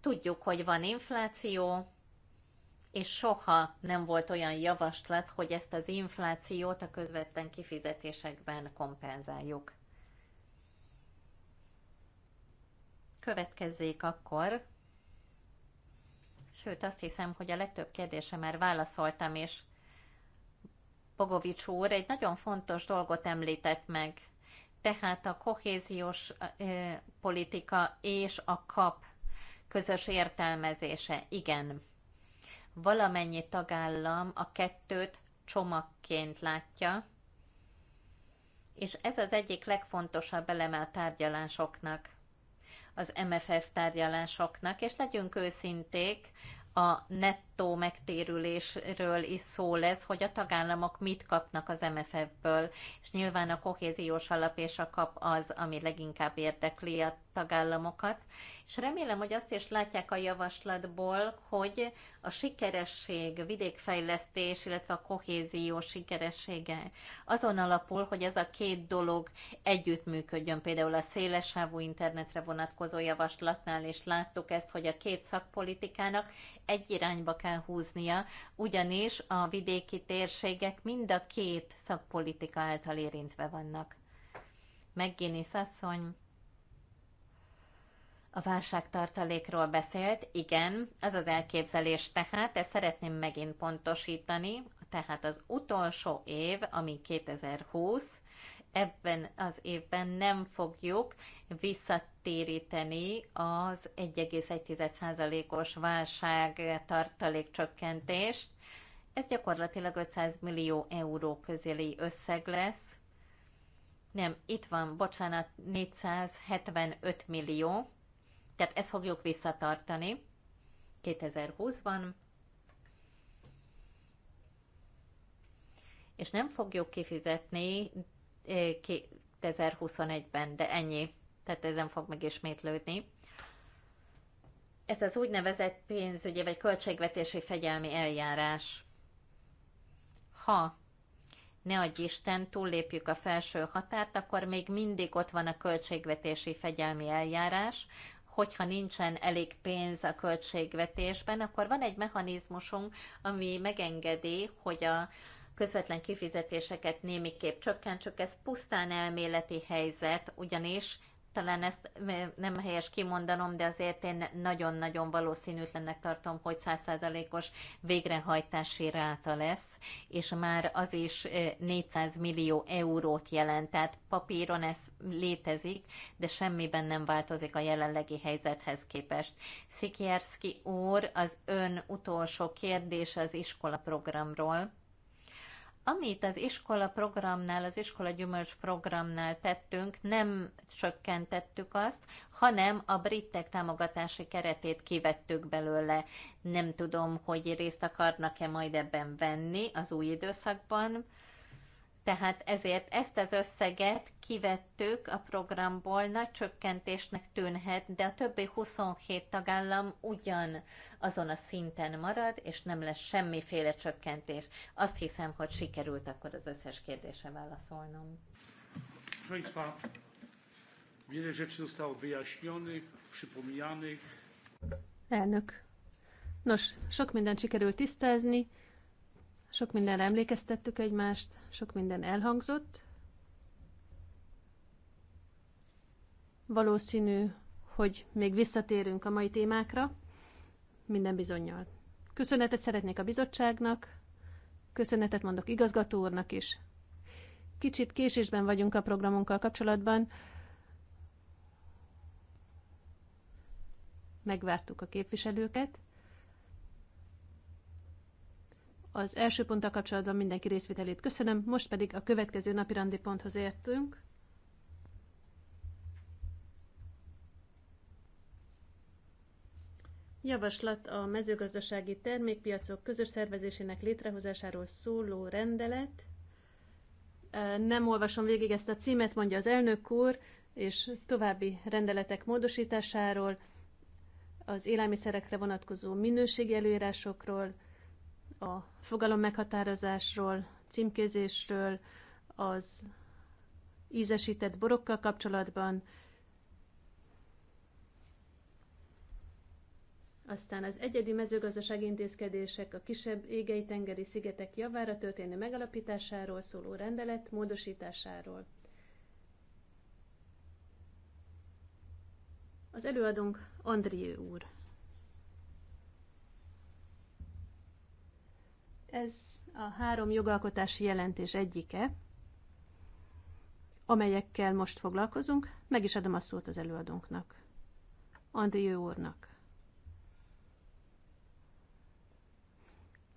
S3: Tudjuk, hogy van infláció, és soha nem volt olyan javaslat, hogy ezt az inflációt a közvetlen kifizetésekben kompenzáljuk. Következzék akkor Sőt, azt hiszem, hogy a legtöbb kérdése már válaszoltam és Bogovics úr egy nagyon fontos dolgot említett meg, tehát a kohéziós ö, politika és a kap közös értelmezése. Igen, valamennyi tagállam a kettőt csomagként látja, és ez az egyik legfontosabb eleme a tárgyalásoknak az MFF tárgyalásoknak, és legyünk őszinték, a net nettó megtérülésről is szó lesz, hogy a tagállamok mit kapnak az MFF-ből, és nyilván a kohéziós alap és a kap az, ami leginkább érdekli a tagállamokat, és remélem, hogy azt is látják a javaslatból, hogy a sikeresség, vidékfejlesztés, illetve a kohézió sikeressége azon alapul, hogy ez a két dolog együttműködjön, például a szélesávú internetre vonatkozó javaslatnál, és láttuk ezt, hogy a két szakpolitikának egy irányba kell kell húznia, ugyanis a vidéki térségek mind a két szakpolitika által érintve vannak. Meggénisz asszony a válságtartalékról beszélt, igen, az az elképzelés tehát, ezt szeretném megint pontosítani, tehát az utolsó év, ami 2020, ebben az évben nem fogjuk visszatéríteni az 1,1%-os válság tartalékcsökkentést. Ez gyakorlatilag 500 millió euró közeli összeg lesz. Nem, itt van, bocsánat, 475 millió. Tehát ezt fogjuk visszatartani 2020-ban. És nem fogjuk kifizetni 2021-ben, de ennyi. Tehát ezen fog megismétlődni. Ez az úgynevezett pénzügyi vagy költségvetési fegyelmi eljárás. Ha ne adj Isten, túllépjük a felső határt, akkor még mindig ott van a költségvetési fegyelmi eljárás, hogyha nincsen elég pénz a költségvetésben, akkor van egy mechanizmusunk, ami megengedi, hogy a közvetlen kifizetéseket némiképp csak ez pusztán elméleti helyzet, ugyanis talán ezt nem helyes kimondanom, de azért én nagyon-nagyon valószínűtlennek tartom, hogy százszázalékos végrehajtási ráta lesz, és már az is 400 millió eurót jelent, tehát papíron ez létezik, de semmiben nem változik a jelenlegi helyzethez képest. Szikierszki úr, az ön utolsó kérdés az iskola programról. Amit az iskola programnál, az iskola gyümölcs programnál tettünk, nem csökkentettük azt, hanem a britek támogatási keretét kivettük belőle. Nem tudom, hogy részt akarnak-e majd ebben venni az új időszakban, tehát ezért ezt az összeget kivettük a programból, nagy csökkentésnek tűnhet, de a többi 27 tagállam ugyan azon a szinten marad, és nem lesz semmiféle csökkentés. Azt hiszem, hogy sikerült akkor az összes kérdése válaszolnom.
S1: Państwa, wiele rzeczy zostało wyjaśnionych, przypomnianych.
S2: Elnök. Nos, sok mindent sikerült tisztázni, sok minden emlékeztettük egymást, sok minden elhangzott. Valószínű, hogy még visszatérünk a mai témákra, minden bizonyal. Köszönetet szeretnék a bizottságnak, köszönetet mondok igazgató úrnak is. Kicsit késésben vagyunk a programunkkal kapcsolatban. Megvártuk a képviselőket. Az első ponttal kapcsolatban mindenki részvételét köszönöm, most pedig a következő napi randi ponthoz értünk. Javaslat a mezőgazdasági termékpiacok közös szervezésének létrehozásáról szóló rendelet. Nem olvasom végig ezt a címet, mondja az elnök úr, és további rendeletek módosításáról, az élelmiszerekre vonatkozó minőségi előírásokról, a fogalom meghatározásról, címkézésről, az ízesített borokkal kapcsolatban, aztán az egyedi mezőgazdasági intézkedések a kisebb égei tengeri szigetek javára történő megalapításáról szóló rendelet módosításáról. Az előadónk Andrié úr. Ez a három jogalkotási jelentés egyike, amelyekkel most foglalkozunk. Meg is adom a szót az előadónknak, Andrió úrnak.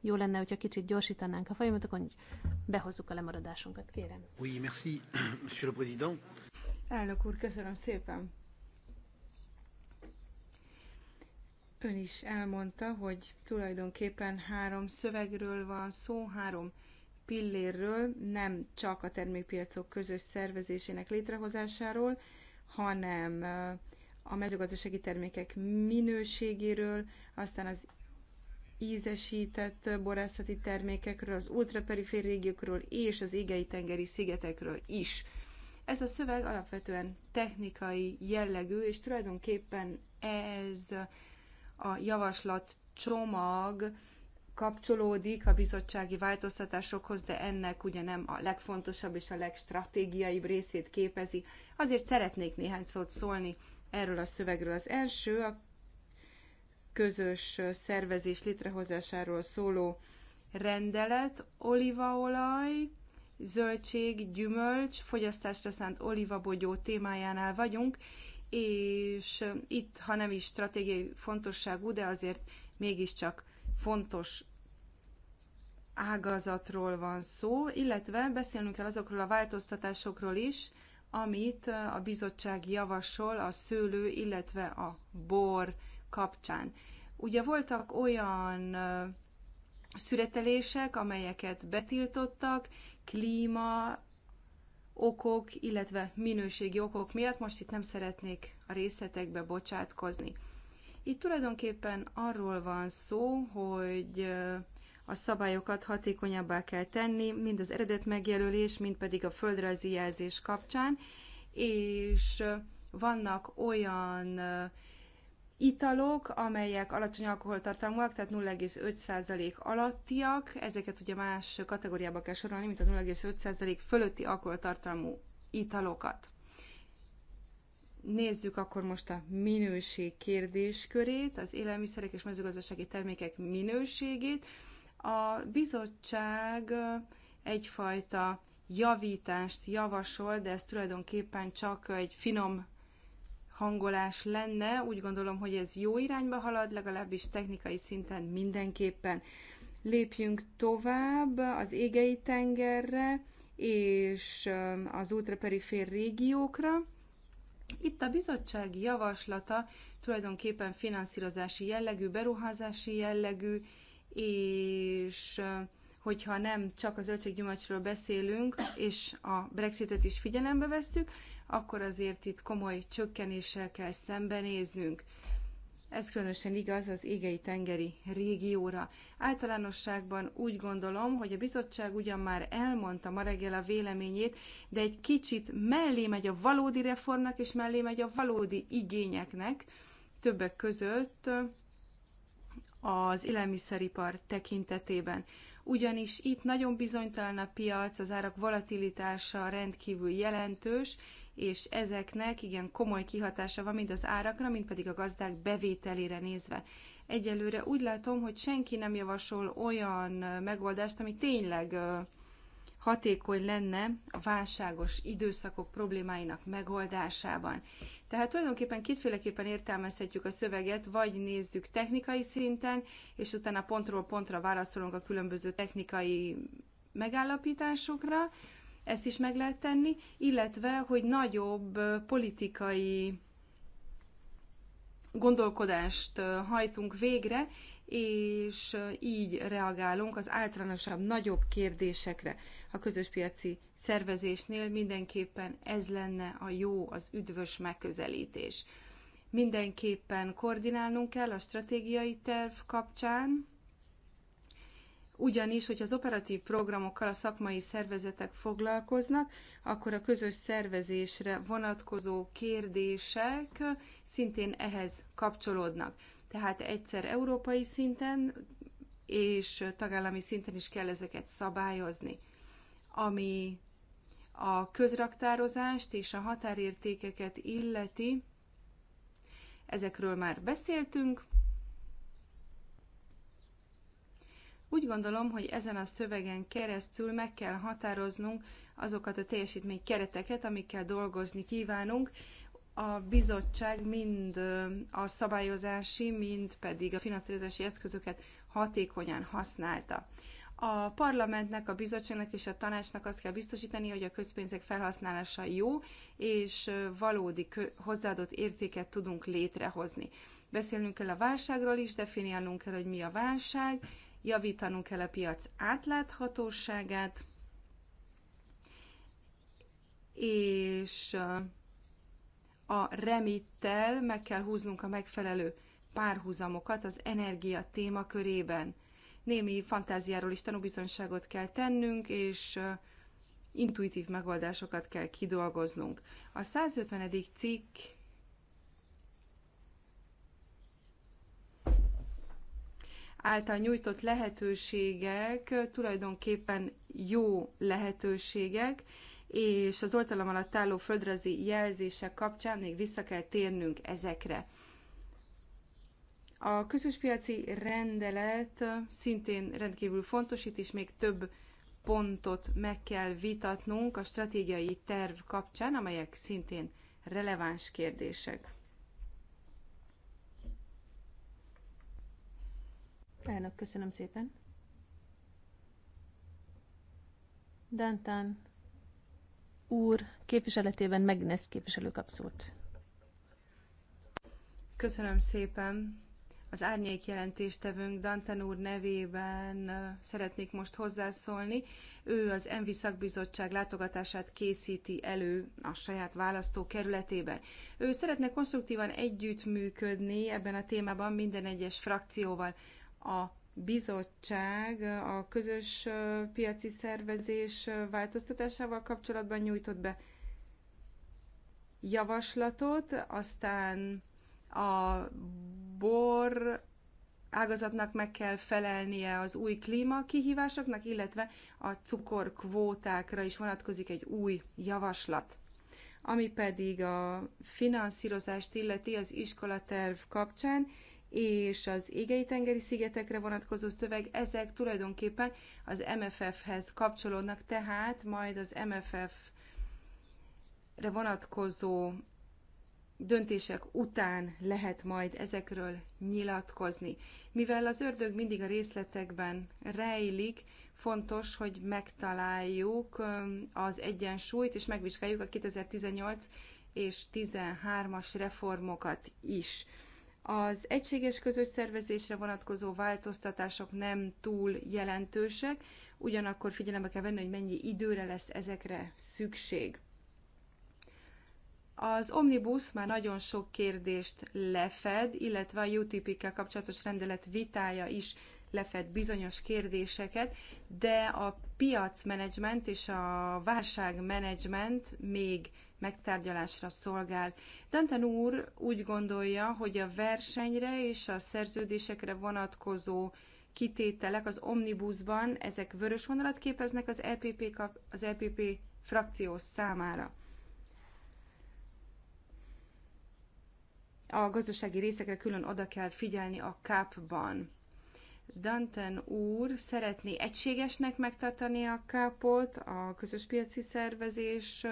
S2: Jó lenne, hogyha kicsit gyorsítanánk a folyamatokon, hogy behozzuk a lemaradásunkat, kérem. Oui,
S1: merci, monsieur le président.
S2: Elnök úr, köszönöm szépen.
S4: Ön is elmondta, hogy tulajdonképpen három szövegről van szó, három pillérről, nem csak a termékpiacok közös szervezésének létrehozásáról, hanem a mezőgazdasági termékek minőségéről, aztán az ízesített borászati termékekről, az ultraperifér régiókról és az égei tengeri szigetekről is. Ez a szöveg alapvetően technikai jellegű, és tulajdonképpen ez a javaslat csomag kapcsolódik a bizottsági változtatásokhoz, de ennek ugye nem a legfontosabb és a legstratégiaibb részét képezi. Azért szeretnék néhány szót szólni erről a szövegről. Az első a közös szervezés létrehozásáról szóló rendelet, olívaolaj, zöldség, gyümölcs, fogyasztásra szánt olivabogyó témájánál vagyunk, és itt, ha nem is stratégiai fontosságú, de azért mégiscsak fontos ágazatról van szó, illetve beszélnünk kell azokról a változtatásokról is, amit a bizottság javasol a szőlő, illetve a bor kapcsán. Ugye voltak olyan szüretelések, amelyeket betiltottak, klíma okok, illetve minőségi okok miatt, most itt nem szeretnék a részletekbe bocsátkozni. Itt tulajdonképpen arról van szó, hogy a szabályokat hatékonyabbá kell tenni, mind az eredet megjelölés, mind pedig a földrajzi jelzés kapcsán, és vannak olyan italok, amelyek alacsony alkoholtartalmúak, tehát 0,5% alattiak, ezeket ugye más kategóriába kell sorolni, mint a 0,5% fölötti alkoholtartalmú italokat. Nézzük akkor most a minőség kérdéskörét, az élelmiszerek és mezőgazdasági termékek minőségét. A bizottság egyfajta javítást javasol, de ez tulajdonképpen csak egy finom hangolás lenne. Úgy gondolom, hogy ez jó irányba halad, legalábbis technikai szinten mindenképpen. Lépjünk tovább az égei tengerre és az ultraperifér régiókra. Itt a bizottság javaslata tulajdonképpen finanszírozási jellegű, beruházási jellegű, és hogyha nem csak a zöldséggyümölcsről beszélünk, és a Brexitet is figyelembe vesszük, akkor azért itt komoly csökkenéssel kell szembenéznünk. Ez különösen igaz az égei tengeri régióra. Általánosságban úgy gondolom, hogy a bizottság ugyan már elmondta ma reggel a véleményét, de egy kicsit mellé megy a valódi reformnak, és mellé megy a valódi igényeknek, többek között az élelmiszeripar tekintetében ugyanis itt nagyon bizonytalan a piac, az árak volatilitása rendkívül jelentős, és ezeknek igen komoly kihatása van mind az árakra, mind pedig a gazdák bevételére nézve. Egyelőre úgy látom, hogy senki nem javasol olyan megoldást, ami tényleg hatékony lenne a válságos időszakok problémáinak megoldásában. Tehát tulajdonképpen kétféleképpen értelmezhetjük a szöveget, vagy nézzük technikai szinten, és utána pontról pontra válaszolunk a különböző technikai megállapításokra, ezt is meg lehet tenni, illetve, hogy nagyobb politikai gondolkodást hajtunk végre, és így reagálunk az általánosabb, nagyobb kérdésekre a közös piaci szervezésnél mindenképpen ez lenne a jó, az üdvös megközelítés. Mindenképpen koordinálnunk kell a stratégiai terv kapcsán, ugyanis, hogy az operatív programokkal a szakmai szervezetek foglalkoznak, akkor a közös szervezésre vonatkozó kérdések szintén ehhez kapcsolódnak. Tehát egyszer európai szinten és tagállami szinten is kell ezeket szabályozni ami a közraktározást és a határértékeket illeti. Ezekről már beszéltünk. Úgy gondolom, hogy ezen a szövegen keresztül meg kell határoznunk azokat a teljesítmény kereteket, amikkel dolgozni kívánunk. A bizottság mind a szabályozási, mind pedig a finanszírozási eszközöket hatékonyan használta. A parlamentnek, a bizottságnak és a tanácsnak azt kell biztosítani, hogy a közpénzek felhasználása jó, és valódi hozzáadott értéket tudunk létrehozni. Beszélnünk kell a válságról is, definiálnunk kell, hogy mi a válság, javítanunk kell a piac átláthatóságát, és a remittel meg kell húznunk a megfelelő párhuzamokat az energia témakörében. körében némi fantáziáról is tanúbizonyságot kell tennünk, és intuitív megoldásokat kell kidolgoznunk. A 150. cikk által nyújtott lehetőségek tulajdonképpen jó lehetőségek, és az oltalom alatt álló földrajzi jelzések kapcsán még vissza kell térnünk ezekre. A közös piaci rendelet szintén rendkívül fontos, itt is még több pontot meg kell vitatnunk a stratégiai terv kapcsán, amelyek szintén releváns kérdések.
S2: Elnök, köszönöm szépen. Dantán úr képviseletében Megnesz képviselő kap
S4: Köszönöm szépen az árnyék jelentéstevőnk Dantan úr nevében szeretnék most hozzászólni. Ő az Envi szakbizottság látogatását készíti elő a saját választókerületében. Ő szeretne konstruktívan együttműködni ebben a témában minden egyes frakcióval. A bizottság a közös piaci szervezés változtatásával kapcsolatban nyújtott be javaslatot, aztán a bor ágazatnak meg kell felelnie az új klíma kihívásoknak, illetve a cukorkvótákra is vonatkozik egy új javaslat. Ami pedig a finanszírozást illeti az iskolaterv kapcsán, és az égei tengeri szigetekre vonatkozó szöveg, ezek tulajdonképpen az MFF-hez kapcsolódnak, tehát majd az MFF re vonatkozó döntések után lehet majd ezekről nyilatkozni. Mivel az ördög mindig a részletekben rejlik, fontos, hogy megtaláljuk um, az egyensúlyt, és megvizsgáljuk a 2018 és 13-as reformokat is. Az egységes közös szervezésre vonatkozó változtatások nem túl jelentősek, ugyanakkor figyelembe kell venni, hogy mennyi időre lesz ezekre szükség. Az Omnibus már nagyon sok kérdést lefed, illetve a UTP-kkel kapcsolatos rendelet vitája is lefed bizonyos kérdéseket, de a piacmenedzsment és a válságmenedzsment még megtárgyalásra szolgál. Danten úr úgy gondolja, hogy a versenyre és a szerződésekre vonatkozó kitételek az omnibusban, ezek vörös vonalat képeznek az EPP, kap, az EPP frakció számára. a gazdasági részekre külön oda kell figyelni a kápban. Danten úr szeretné egységesnek megtartani a kápot, a közös piaci szervezés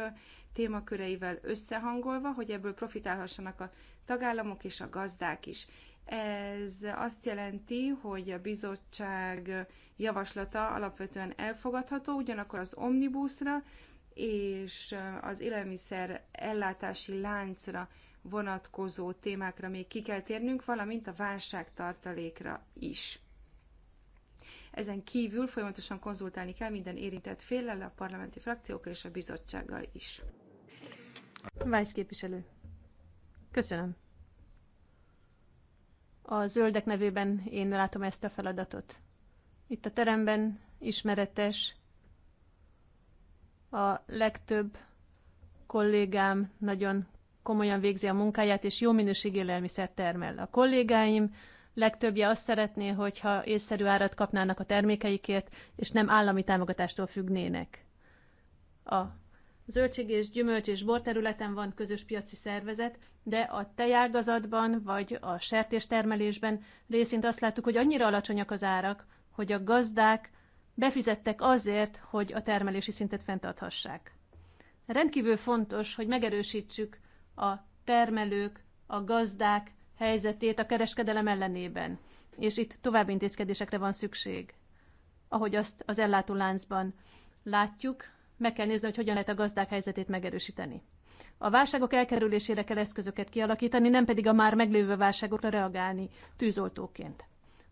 S4: témaköreivel összehangolva, hogy ebből profitálhassanak a tagállamok és a gazdák is. Ez azt jelenti, hogy a bizottság javaslata alapvetően elfogadható, ugyanakkor az omnibuszra és az élelmiszer ellátási láncra vonatkozó témákra még ki kell térnünk, valamint a válságtartalékra is. Ezen kívül folyamatosan konzultálni kell minden érintett féllel, a parlamenti frakciókkal és a bizottsággal is.
S2: Vájsz képviselő. Köszönöm. A zöldek nevében én látom ezt a feladatot. Itt a teremben ismeretes a legtöbb kollégám nagyon komolyan végzi a munkáját, és jó minőség élelmiszer termel. A kollégáim legtöbbje azt szeretné, hogyha észszerű árat kapnának a termékeikért, és nem állami támogatástól függnének. A zöldség és gyümölcs és bor területen van közös piaci szervezet, de a tejágazatban vagy a sertéstermelésben részint azt láttuk, hogy annyira alacsonyak az árak, hogy a gazdák befizettek azért, hogy a termelési szintet fenntarthassák. Rendkívül fontos, hogy megerősítsük a termelők, a gazdák helyzetét a kereskedelem ellenében. És itt további intézkedésekre van szükség. Ahogy azt az ellátóláncban látjuk, meg kell nézni, hogy hogyan lehet a gazdák helyzetét megerősíteni. A válságok elkerülésére kell eszközöket kialakítani, nem pedig a már meglévő válságokra reagálni tűzoltóként.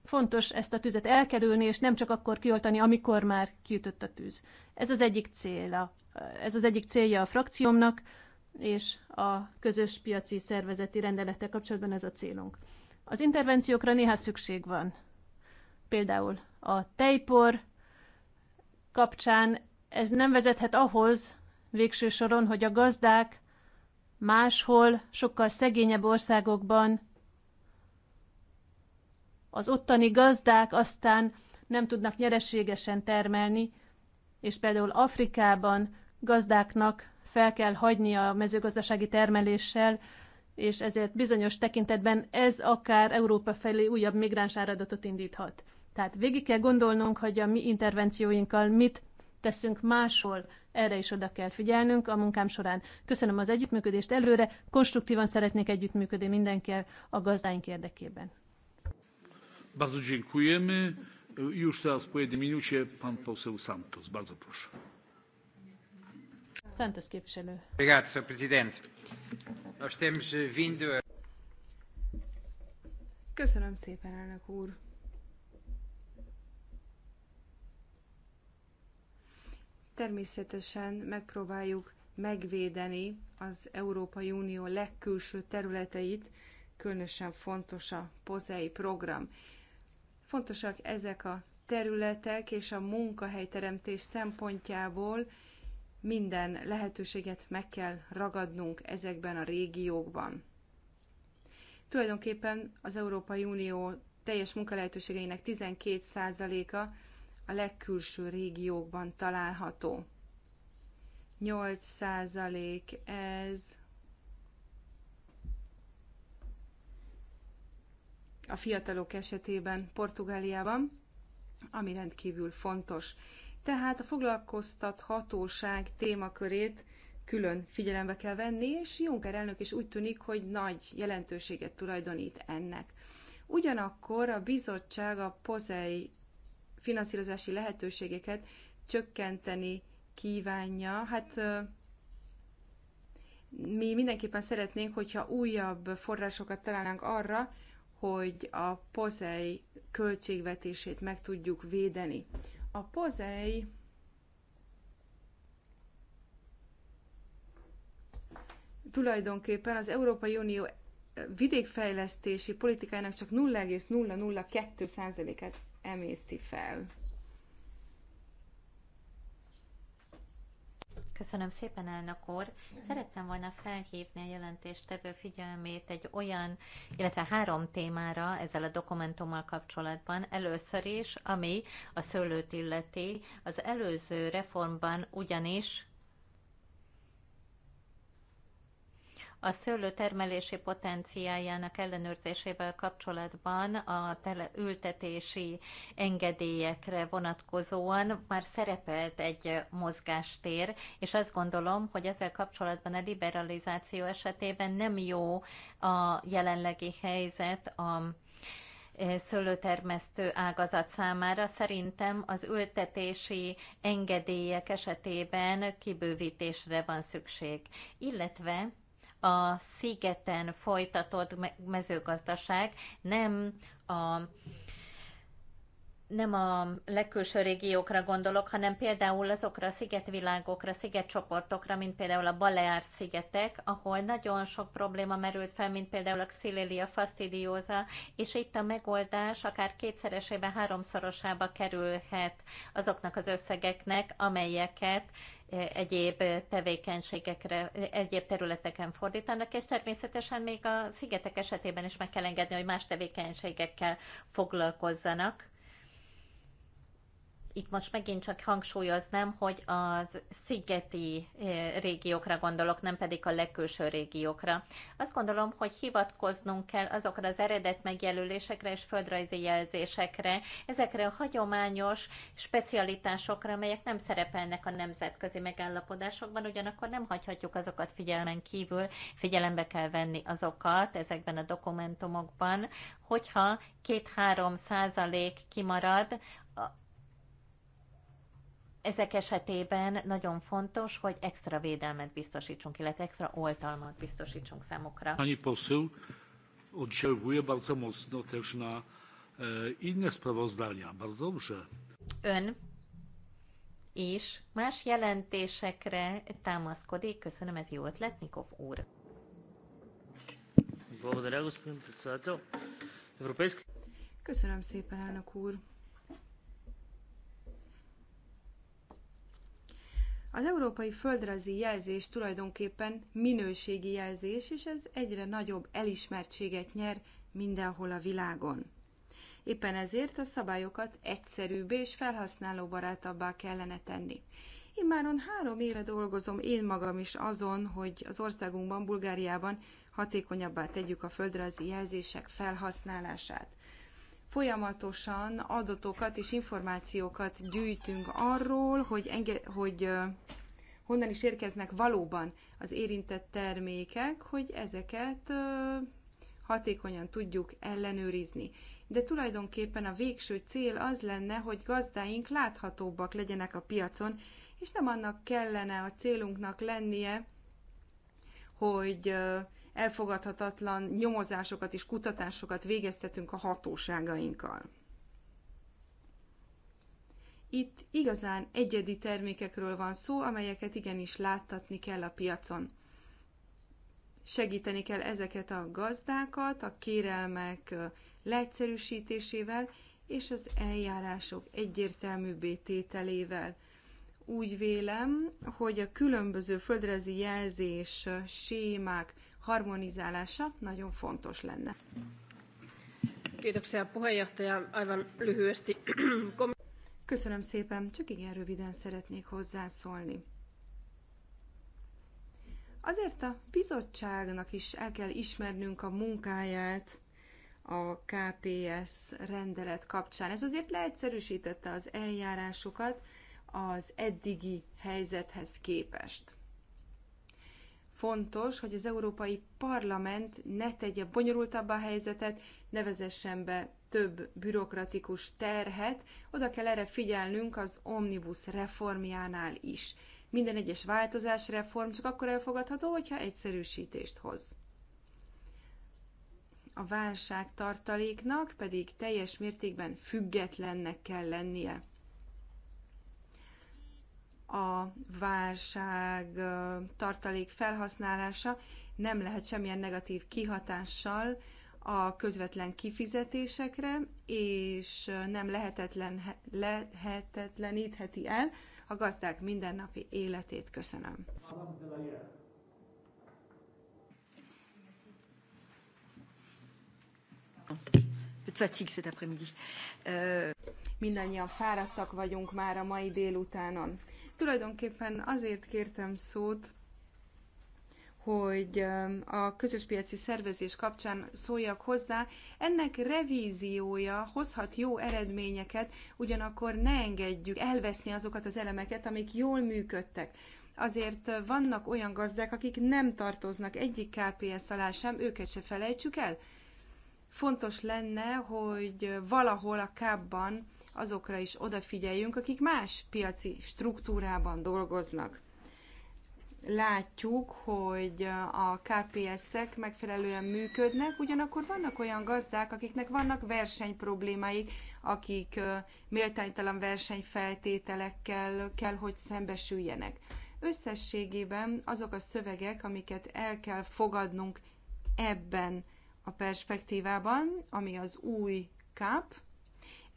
S2: Fontos ezt a tüzet elkerülni, és nem csak akkor kioltani, amikor már kiütött a tűz. Ez az egyik célja. Ez az egyik célja a frakciómnak, és a közös piaci szervezeti rendelete kapcsolatban ez a célunk. Az intervenciókra néha szükség van. Például a tejpor kapcsán ez nem vezethet ahhoz végső soron, hogy a gazdák máshol, sokkal szegényebb országokban az ottani gazdák aztán nem tudnak nyereségesen termelni, és például Afrikában gazdáknak fel kell hagyni a mezőgazdasági termeléssel, és ezért bizonyos tekintetben ez akár Európa felé újabb migráns áradatot indíthat. Tehát végig kell gondolnunk, hogy a mi intervencióinkkal mit teszünk máshol, erre is oda kell figyelnünk a munkám során. Köszönöm az együttműködést előre, konstruktívan szeretnék együttműködni mindenkivel a gazdáink érdekében.
S1: Bardzo dziękujemy. Już teraz po jednej minucie pan poseł Santos. Bardzo proszę.
S2: Santos képviselő.
S3: Obrigado, Sr. Presidente. Nós temos eh, vindo a...
S4: Köszönöm szépen, elnök úr. Természetesen megpróbáljuk megvédeni az Európai Unió legkülső területeit, különösen fontos a pozei program. Fontosak ezek a területek és a munkahelyteremtés szempontjából minden lehetőséget meg kell ragadnunk ezekben a régiókban. Tulajdonképpen az Európai Unió teljes munkalehetőségeinek 12%-a a legkülső régiókban található. 8% ez a fiatalok esetében Portugáliában, ami rendkívül fontos tehát a foglalkoztathatóság témakörét külön figyelembe kell venni, és Juncker elnök is úgy tűnik, hogy nagy jelentőséget tulajdonít ennek. Ugyanakkor a bizottság a pozei finanszírozási lehetőségeket csökkenteni kívánja. Hát mi mindenképpen szeretnénk, hogyha újabb forrásokat találnánk arra, hogy a pozei költségvetését meg tudjuk védeni. A pozei tulajdonképpen az Európai Unió eh, vidékfejlesztési politikájának csak 0,002%-át emészti fel.
S3: Köszönöm szépen, elnök úr. Szerettem volna felhívni a jelentéstevő figyelmét egy olyan, illetve három témára ezzel a dokumentummal kapcsolatban. Először is, ami a szőlőt illeti, az előző reformban ugyanis A szőlő termelési potenciáljának ellenőrzésével kapcsolatban a tele ültetési engedélyekre vonatkozóan már szerepelt egy mozgástér, és azt gondolom, hogy ezzel kapcsolatban a liberalizáció esetében nem jó a jelenlegi helyzet a e, szőlőtermesztő ágazat számára. Szerintem az ültetési engedélyek esetében kibővítésre van szükség, illetve a szigeten folytatott mezőgazdaság nem a nem a legkülső régiókra gondolok, hanem például azokra a szigetvilágokra, szigetcsoportokra, mint például a Balear-szigetek, ahol nagyon sok probléma merült fel, mint például a Xylilia fastidiosa, és itt a megoldás akár kétszeresébe, háromszorosába kerülhet azoknak az összegeknek, amelyeket egyéb tevékenységekre, egyéb területeken fordítanak, és természetesen még a szigetek esetében is meg kell engedni, hogy más tevékenységekkel foglalkozzanak itt most megint csak hangsúlyoznám, hogy az szigeti régiókra gondolok, nem pedig a legkülső régiókra. Azt gondolom, hogy hivatkoznunk kell azokra az eredet megjelölésekre és földrajzi jelzésekre, ezekre a hagyományos specialitásokra, amelyek nem szerepelnek a nemzetközi megállapodásokban, ugyanakkor nem hagyhatjuk azokat figyelmen kívül, figyelembe kell venni azokat ezekben a dokumentumokban, hogyha 2-3 százalék kimarad, ezek esetében nagyon fontos, hogy extra védelmet biztosítsunk, illetve extra oltalmat biztosítsunk számukra. Pani
S1: poseł oddziałuje bardzo mocno też na e, inne sprawozdania. Bardzo dobrze.
S3: Ön és más jelentésekre támaszkodik. Köszönöm, ez jó ötlet, Nikov úr.
S4: Köszönöm szépen, elnök úr. Az európai földrajzi jelzés tulajdonképpen minőségi jelzés, és ez egyre nagyobb elismertséget nyer mindenhol a világon. Éppen ezért a szabályokat egyszerűbb és felhasználóbarátabbá kellene tenni. Én Immáron három éve dolgozom én magam is azon, hogy az országunkban, Bulgáriában hatékonyabbá tegyük a földrajzi jelzések felhasználását folyamatosan adatokat és információkat gyűjtünk arról, hogy, enge- hogy honnan is érkeznek valóban az érintett termékek, hogy ezeket hatékonyan tudjuk ellenőrizni. De tulajdonképpen a végső cél az lenne, hogy gazdáink láthatóbbak legyenek a piacon, és nem annak kellene a célunknak lennie, hogy elfogadhatatlan nyomozásokat és kutatásokat végeztetünk a hatóságainkkal. Itt igazán egyedi termékekről van szó, amelyeket igenis láttatni kell a piacon. Segíteni kell ezeket a gazdákat a kérelmek leegyszerűsítésével és az eljárások egyértelműbbé tételével úgy vélem, hogy a különböző földrajzi jelzés sémák harmonizálása nagyon fontos lenne.
S2: Kiitoksia puheenjohtaja. Aivan lyhyesti.
S4: Köszönöm szépen, csak igen röviden szeretnék hozzászólni. Azért a bizottságnak is el kell ismernünk a munkáját a KPS rendelet kapcsán. Ez azért leegyszerűsítette az eljárásokat az eddigi helyzethez képest. Fontos, hogy az Európai Parlament ne tegye bonyolultabbá a helyzetet, ne vezessen be több bürokratikus terhet, oda kell erre figyelnünk az omnibus reformjánál is. Minden egyes változás reform csak akkor elfogadható, hogyha egyszerűsítést hoz. A válság tartaléknak pedig teljes mértékben függetlennek kell lennie a válság tartalék felhasználása nem lehet semmilyen negatív kihatással a közvetlen kifizetésekre, és nem lehetetlen, lehetetlenítheti el a gazdák mindennapi életét. Köszönöm. Euh, Mindannyian fáradtak vagyunk már a mai délutánon. Tulajdonképpen azért kértem szót, hogy um, a közös piaci szervezés kapcsán szóljak hozzá. Ennek revíziója hozhat jó eredményeket, ugyanakkor ne engedjük elveszni azokat az elemeket, amik jól működtek. Azért vannak olyan gazdák, akik nem tartoznak egyik KPS alá sem, őket se felejtsük el. Fontos lenne, hogy valahol a kábban azokra is odafigyeljünk, akik más piaci struktúrában dolgoznak. Látjuk, hogy a KPS-ek megfelelően működnek, ugyanakkor vannak olyan gazdák, akiknek vannak versenyproblémáik, akik méltánytalan versenyfeltételekkel kell, hogy szembesüljenek. Összességében azok a szövegek, amiket el kell fogadnunk ebben a perspektívában, ami az új KAP,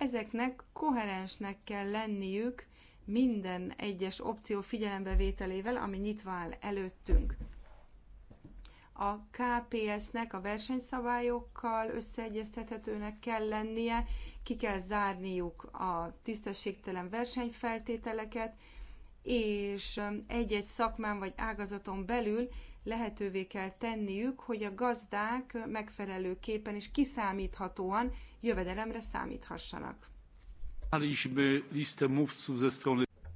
S4: ezeknek koherensnek kell lenniük minden egyes opció figyelembevételével, ami nyitva áll előttünk. A KPS-nek a versenyszabályokkal összeegyeztethetőnek kell lennie, ki kell zárniuk a tisztességtelen versenyfeltételeket, és egy-egy szakmán vagy ágazaton belül lehetővé kell tenniük, hogy a gazdák megfelelőképpen és kiszámíthatóan jövedelemre számíthassanak.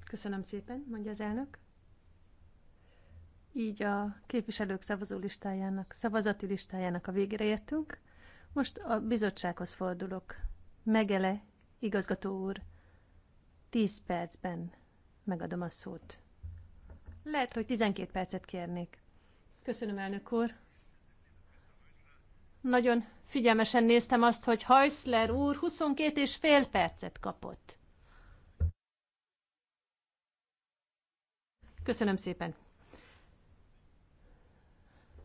S2: Köszönöm szépen, mondja az elnök. Így a képviselők szavazó listájának, szavazati listájának a végére értünk. Most a bizottsághoz fordulok. Megele, igazgató úr, 10 percben megadom a szót. Lehet, hogy 12 percet kérnék. Köszönöm, elnök úr. Nagyon Figyelmesen néztem azt, hogy Heisler úr 22 és fél percet kapott. Köszönöm szépen.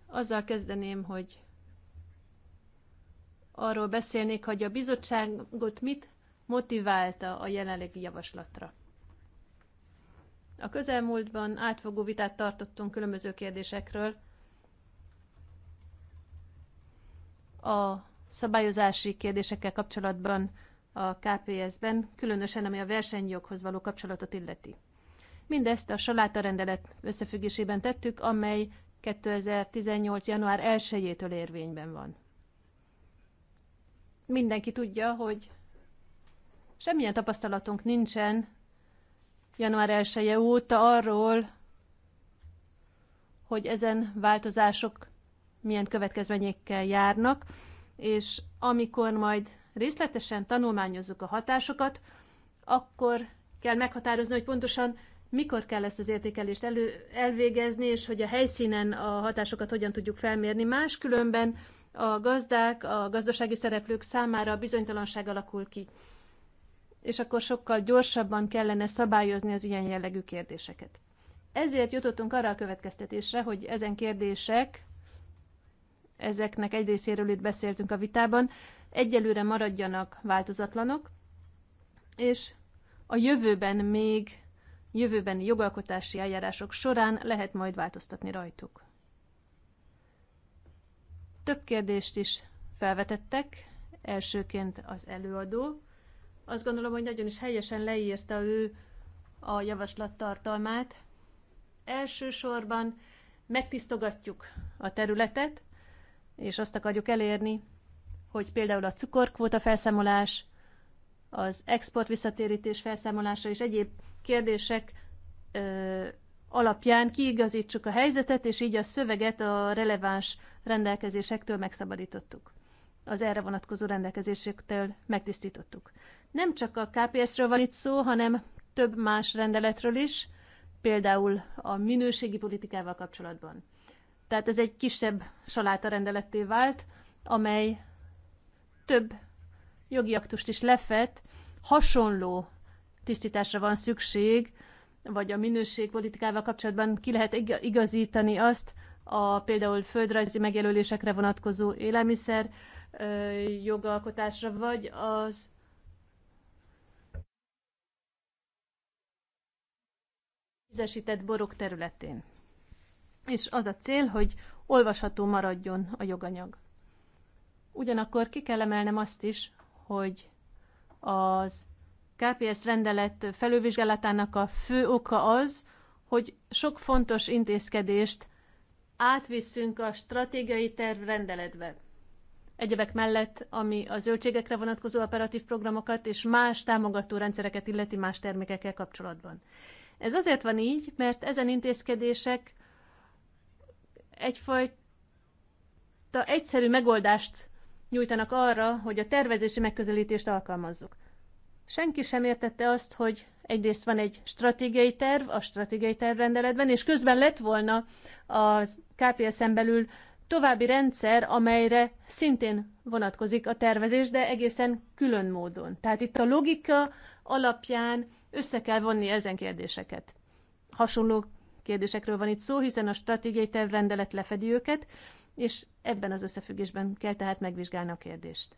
S2: Azzal kezdeném, hogy arról beszélnék, hogy a bizottságot mit motiválta a jelenlegi javaslatra. A közelmúltban átfogó vitát tartottunk különböző kérdésekről, a szabályozási kérdésekkel kapcsolatban a KPS-ben, különösen ami a versenyjoghoz való kapcsolatot illeti. Mindezt a saláta rendelet összefüggésében tettük, amely 2018. január 1-től érvényben van. Mindenki tudja, hogy semmilyen tapasztalatunk nincsen január 1 -e óta arról, hogy ezen változások milyen következményekkel járnak, és amikor majd részletesen tanulmányozzuk a hatásokat, akkor kell meghatározni, hogy pontosan mikor kell ezt az értékelést elő, elvégezni, és hogy a helyszínen a hatásokat hogyan tudjuk felmérni. Máskülönben a gazdák, a gazdasági szereplők számára bizonytalanság alakul ki. És akkor sokkal gyorsabban kellene szabályozni az ilyen jellegű kérdéseket. Ezért jutottunk arra a következtetésre, hogy ezen kérdések ezeknek egy részéről itt beszéltünk a vitában, egyelőre maradjanak változatlanok, és a jövőben még jövőbeni jogalkotási eljárások során lehet majd változtatni rajtuk. Több kérdést is felvetettek, elsőként az előadó. Azt gondolom, hogy nagyon is helyesen leírta ő a javaslat tartalmát. Elsősorban megtisztogatjuk a területet, és azt akarjuk elérni, hogy például a cukorkvóta felszámolás, az export visszatérítés felszámolása és egyéb kérdések ö, alapján kiigazítsuk a helyzetet, és így a szöveget a releváns rendelkezésektől megszabadítottuk. Az erre vonatkozó rendelkezésektől megtisztítottuk. Nem csak a KPS-ről van itt szó, hanem több más rendeletről is, például a minőségi politikával kapcsolatban. Tehát ez egy kisebb saláta rendeletté vált, amely több jogi aktust is lefett, hasonló tisztításra van szükség, vagy a minőségpolitikával kapcsolatban ki lehet igazítani azt, a például földrajzi megjelölésekre vonatkozó élelmiszer jogalkotásra, vagy az vizesített borok területén és az a cél, hogy olvasható maradjon a joganyag. Ugyanakkor ki kell emelnem azt is, hogy az KPS rendelet felővizsgálatának a fő oka az, hogy sok fontos intézkedést átvisszünk a stratégiai terv rendeletbe. Egyebek mellett, ami a zöldségekre vonatkozó operatív programokat és más támogató rendszereket illeti más termékekkel kapcsolatban. Ez azért van így, mert ezen intézkedések egyfajta egyszerű megoldást nyújtanak arra, hogy a tervezési megközelítést alkalmazzuk. Senki sem értette azt, hogy egyrészt van egy stratégiai terv a stratégiai tervrendeletben, és közben lett volna a KPSZ-en belül további rendszer, amelyre szintén vonatkozik a tervezés, de egészen külön módon. Tehát itt a logika alapján össze kell vonni ezen kérdéseket. Hasonló kérdésekről van itt szó, hiszen a stratégiai tervrendelet lefedi őket, és ebben az összefüggésben kell tehát megvizsgálni a kérdést.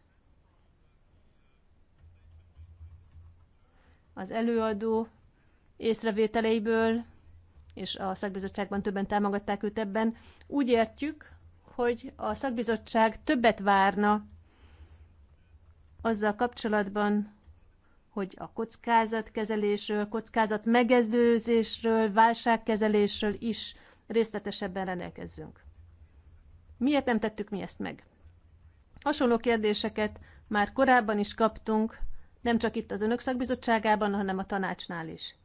S2: Az előadó észrevételeiből, és a szakbizottságban többen támogatták őt ebben, úgy értjük, hogy a szakbizottság többet várna azzal kapcsolatban, hogy a kockázatkezelésről, kockázat megezdőzésről, válságkezelésről is részletesebben rendelkezzünk. Miért nem tettük mi ezt meg? Hasonló kérdéseket már korábban is kaptunk, nem csak itt az Önök szakbizottságában, hanem a tanácsnál is.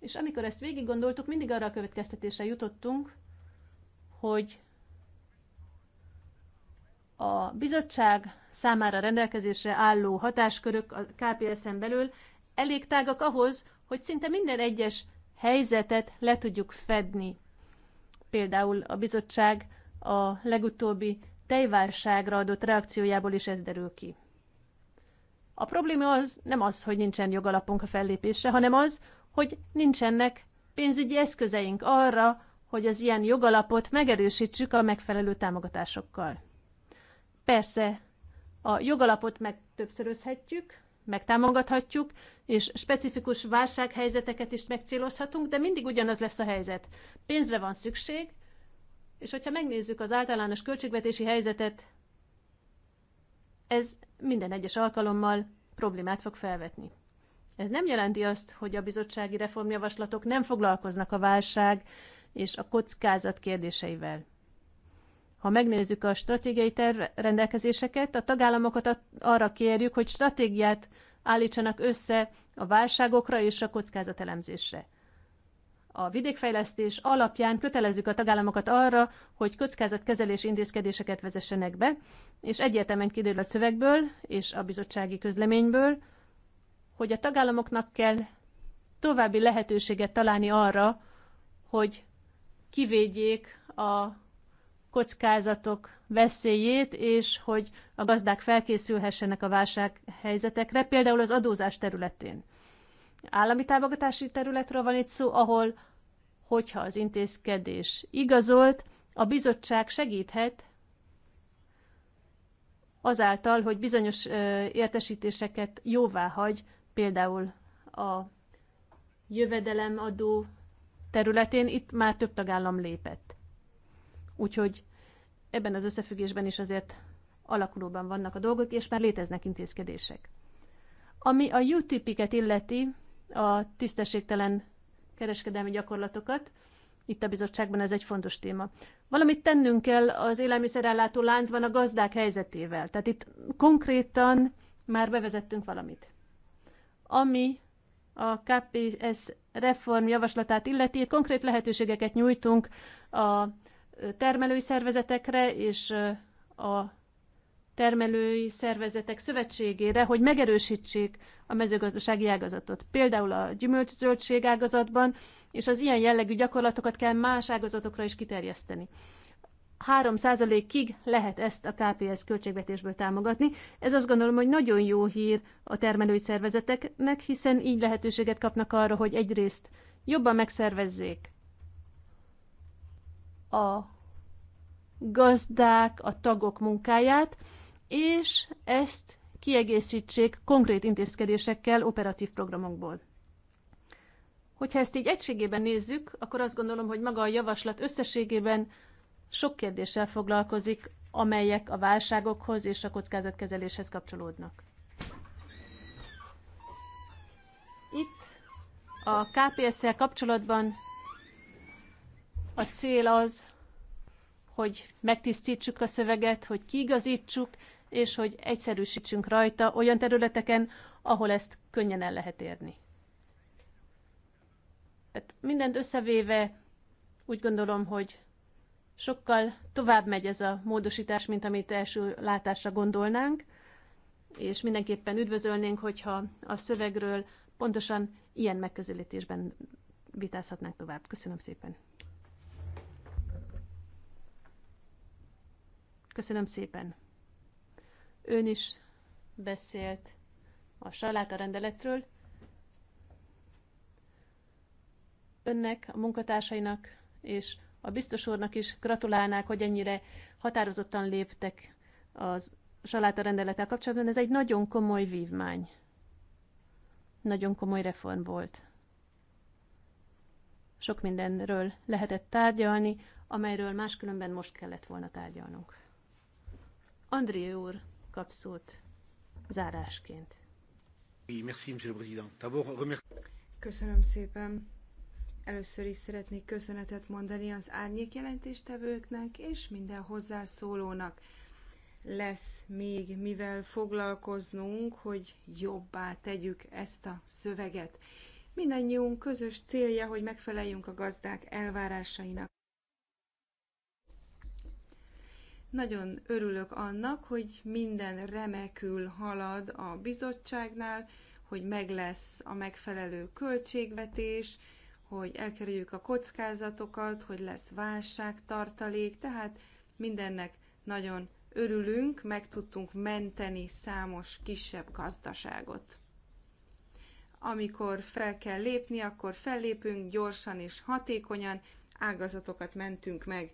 S2: És amikor ezt végig gondoltuk, mindig arra a következtetésre jutottunk, hogy a bizottság számára rendelkezésre álló hatáskörök a KPSZ-en belül elég tágak ahhoz, hogy szinte minden egyes helyzetet le tudjuk fedni. Például a bizottság a legutóbbi tejválságra adott reakciójából is ez derül ki. A probléma az nem az, hogy nincsen jogalapunk a fellépésre, hanem az, hogy nincsenek pénzügyi eszközeink arra, hogy az ilyen jogalapot megerősítsük a megfelelő támogatásokkal. Persze, a jogalapot meg többszörözhetjük, megtámogathatjuk, és specifikus válsághelyzeteket is megcélozhatunk, de mindig ugyanaz lesz a helyzet. Pénzre van szükség, és hogyha megnézzük az általános költségvetési helyzetet, ez minden egyes alkalommal problémát fog felvetni. Ez nem jelenti azt, hogy a bizottsági reformjavaslatok nem foglalkoznak a válság és a kockázat kérdéseivel. Ha megnézzük a stratégiai terv rendelkezéseket, a tagállamokat arra kérjük, hogy stratégiát állítsanak össze a válságokra és a kockázatelemzésre. A vidékfejlesztés alapján kötelezzük a tagállamokat arra, hogy kockázatkezelés intézkedéseket vezessenek be, és egyértelműen kiderül a szövegből és a bizottsági közleményből, hogy a tagállamoknak kell további lehetőséget találni arra, hogy kivédjék a kockázatok veszélyét, és hogy a gazdák felkészülhessenek a válsághelyzetekre, például az adózás területén. Állami támogatási területről van itt szó, ahol, hogyha az intézkedés igazolt, a bizottság segíthet azáltal, hogy bizonyos értesítéseket jóvá hagy, például a jövedelemadó területén, itt már több tagállam lépett. Úgyhogy ebben az összefüggésben is azért alakulóban vannak a dolgok, és már léteznek intézkedések. Ami a UTP-ket illeti, a tisztességtelen kereskedelmi gyakorlatokat, itt a bizottságban ez egy fontos téma. Valamit tennünk kell az élelmiszerellátó láncban a gazdák helyzetével. Tehát itt konkrétan már bevezettünk valamit. Ami a KPS reform javaslatát illeti, konkrét lehetőségeket nyújtunk a termelői szervezetekre és a termelői szervezetek szövetségére, hogy megerősítsék a mezőgazdasági ágazatot. Például a gyümölcs-zöldség ágazatban, és az ilyen jellegű gyakorlatokat kell más ágazatokra is kiterjeszteni. 3%-ig lehet ezt a KPS költségvetésből támogatni. Ez azt gondolom, hogy nagyon jó hír a termelői szervezeteknek, hiszen így lehetőséget kapnak arra, hogy egyrészt jobban megszervezzék a gazdák, a tagok munkáját, és ezt kiegészítsék konkrét intézkedésekkel, operatív programokból. Hogyha ezt így egységében nézzük, akkor azt gondolom, hogy maga a javaslat összességében sok kérdéssel foglalkozik, amelyek a válságokhoz és a kockázatkezeléshez kapcsolódnak. Itt a KPS-szel kapcsolatban a cél az, hogy megtisztítsuk a szöveget, hogy kiigazítsuk, és hogy egyszerűsítsünk rajta olyan területeken, ahol ezt könnyen el lehet érni. Tehát mindent összevéve úgy gondolom, hogy sokkal tovább megy ez a módosítás, mint amit első látásra gondolnánk, és mindenképpen üdvözölnénk, hogyha a szövegről pontosan ilyen megközelítésben vitázhatnánk tovább. Köszönöm szépen! Köszönöm szépen. Ön is beszélt a saláta rendeletről. Önnek, a munkatársainak és a biztos úrnak is gratulálnák, hogy ennyire határozottan léptek az saláta rendelettel kapcsolatban. Ez egy nagyon komoly vívmány. Nagyon komoly reform volt. Sok mindenről lehetett tárgyalni, amelyről máskülönben most kellett volna tárgyalnunk. André úr kap szót zárásként.
S4: Köszönöm szépen. Először is szeretnék köszönetet mondani az árnyék jelentéstevőknek és minden hozzászólónak. Lesz még mivel foglalkoznunk, hogy jobbá tegyük ezt a szöveget. Mindannyiunk közös célja, hogy megfeleljünk a gazdák elvárásainak. Nagyon örülök annak, hogy minden remekül halad a bizottságnál, hogy meg lesz a megfelelő költségvetés, hogy elkerüljük a kockázatokat, hogy lesz válságtartalék, tehát mindennek nagyon örülünk, meg tudtunk menteni számos kisebb gazdaságot. Amikor fel kell lépni, akkor fellépünk gyorsan és hatékonyan, ágazatokat mentünk meg.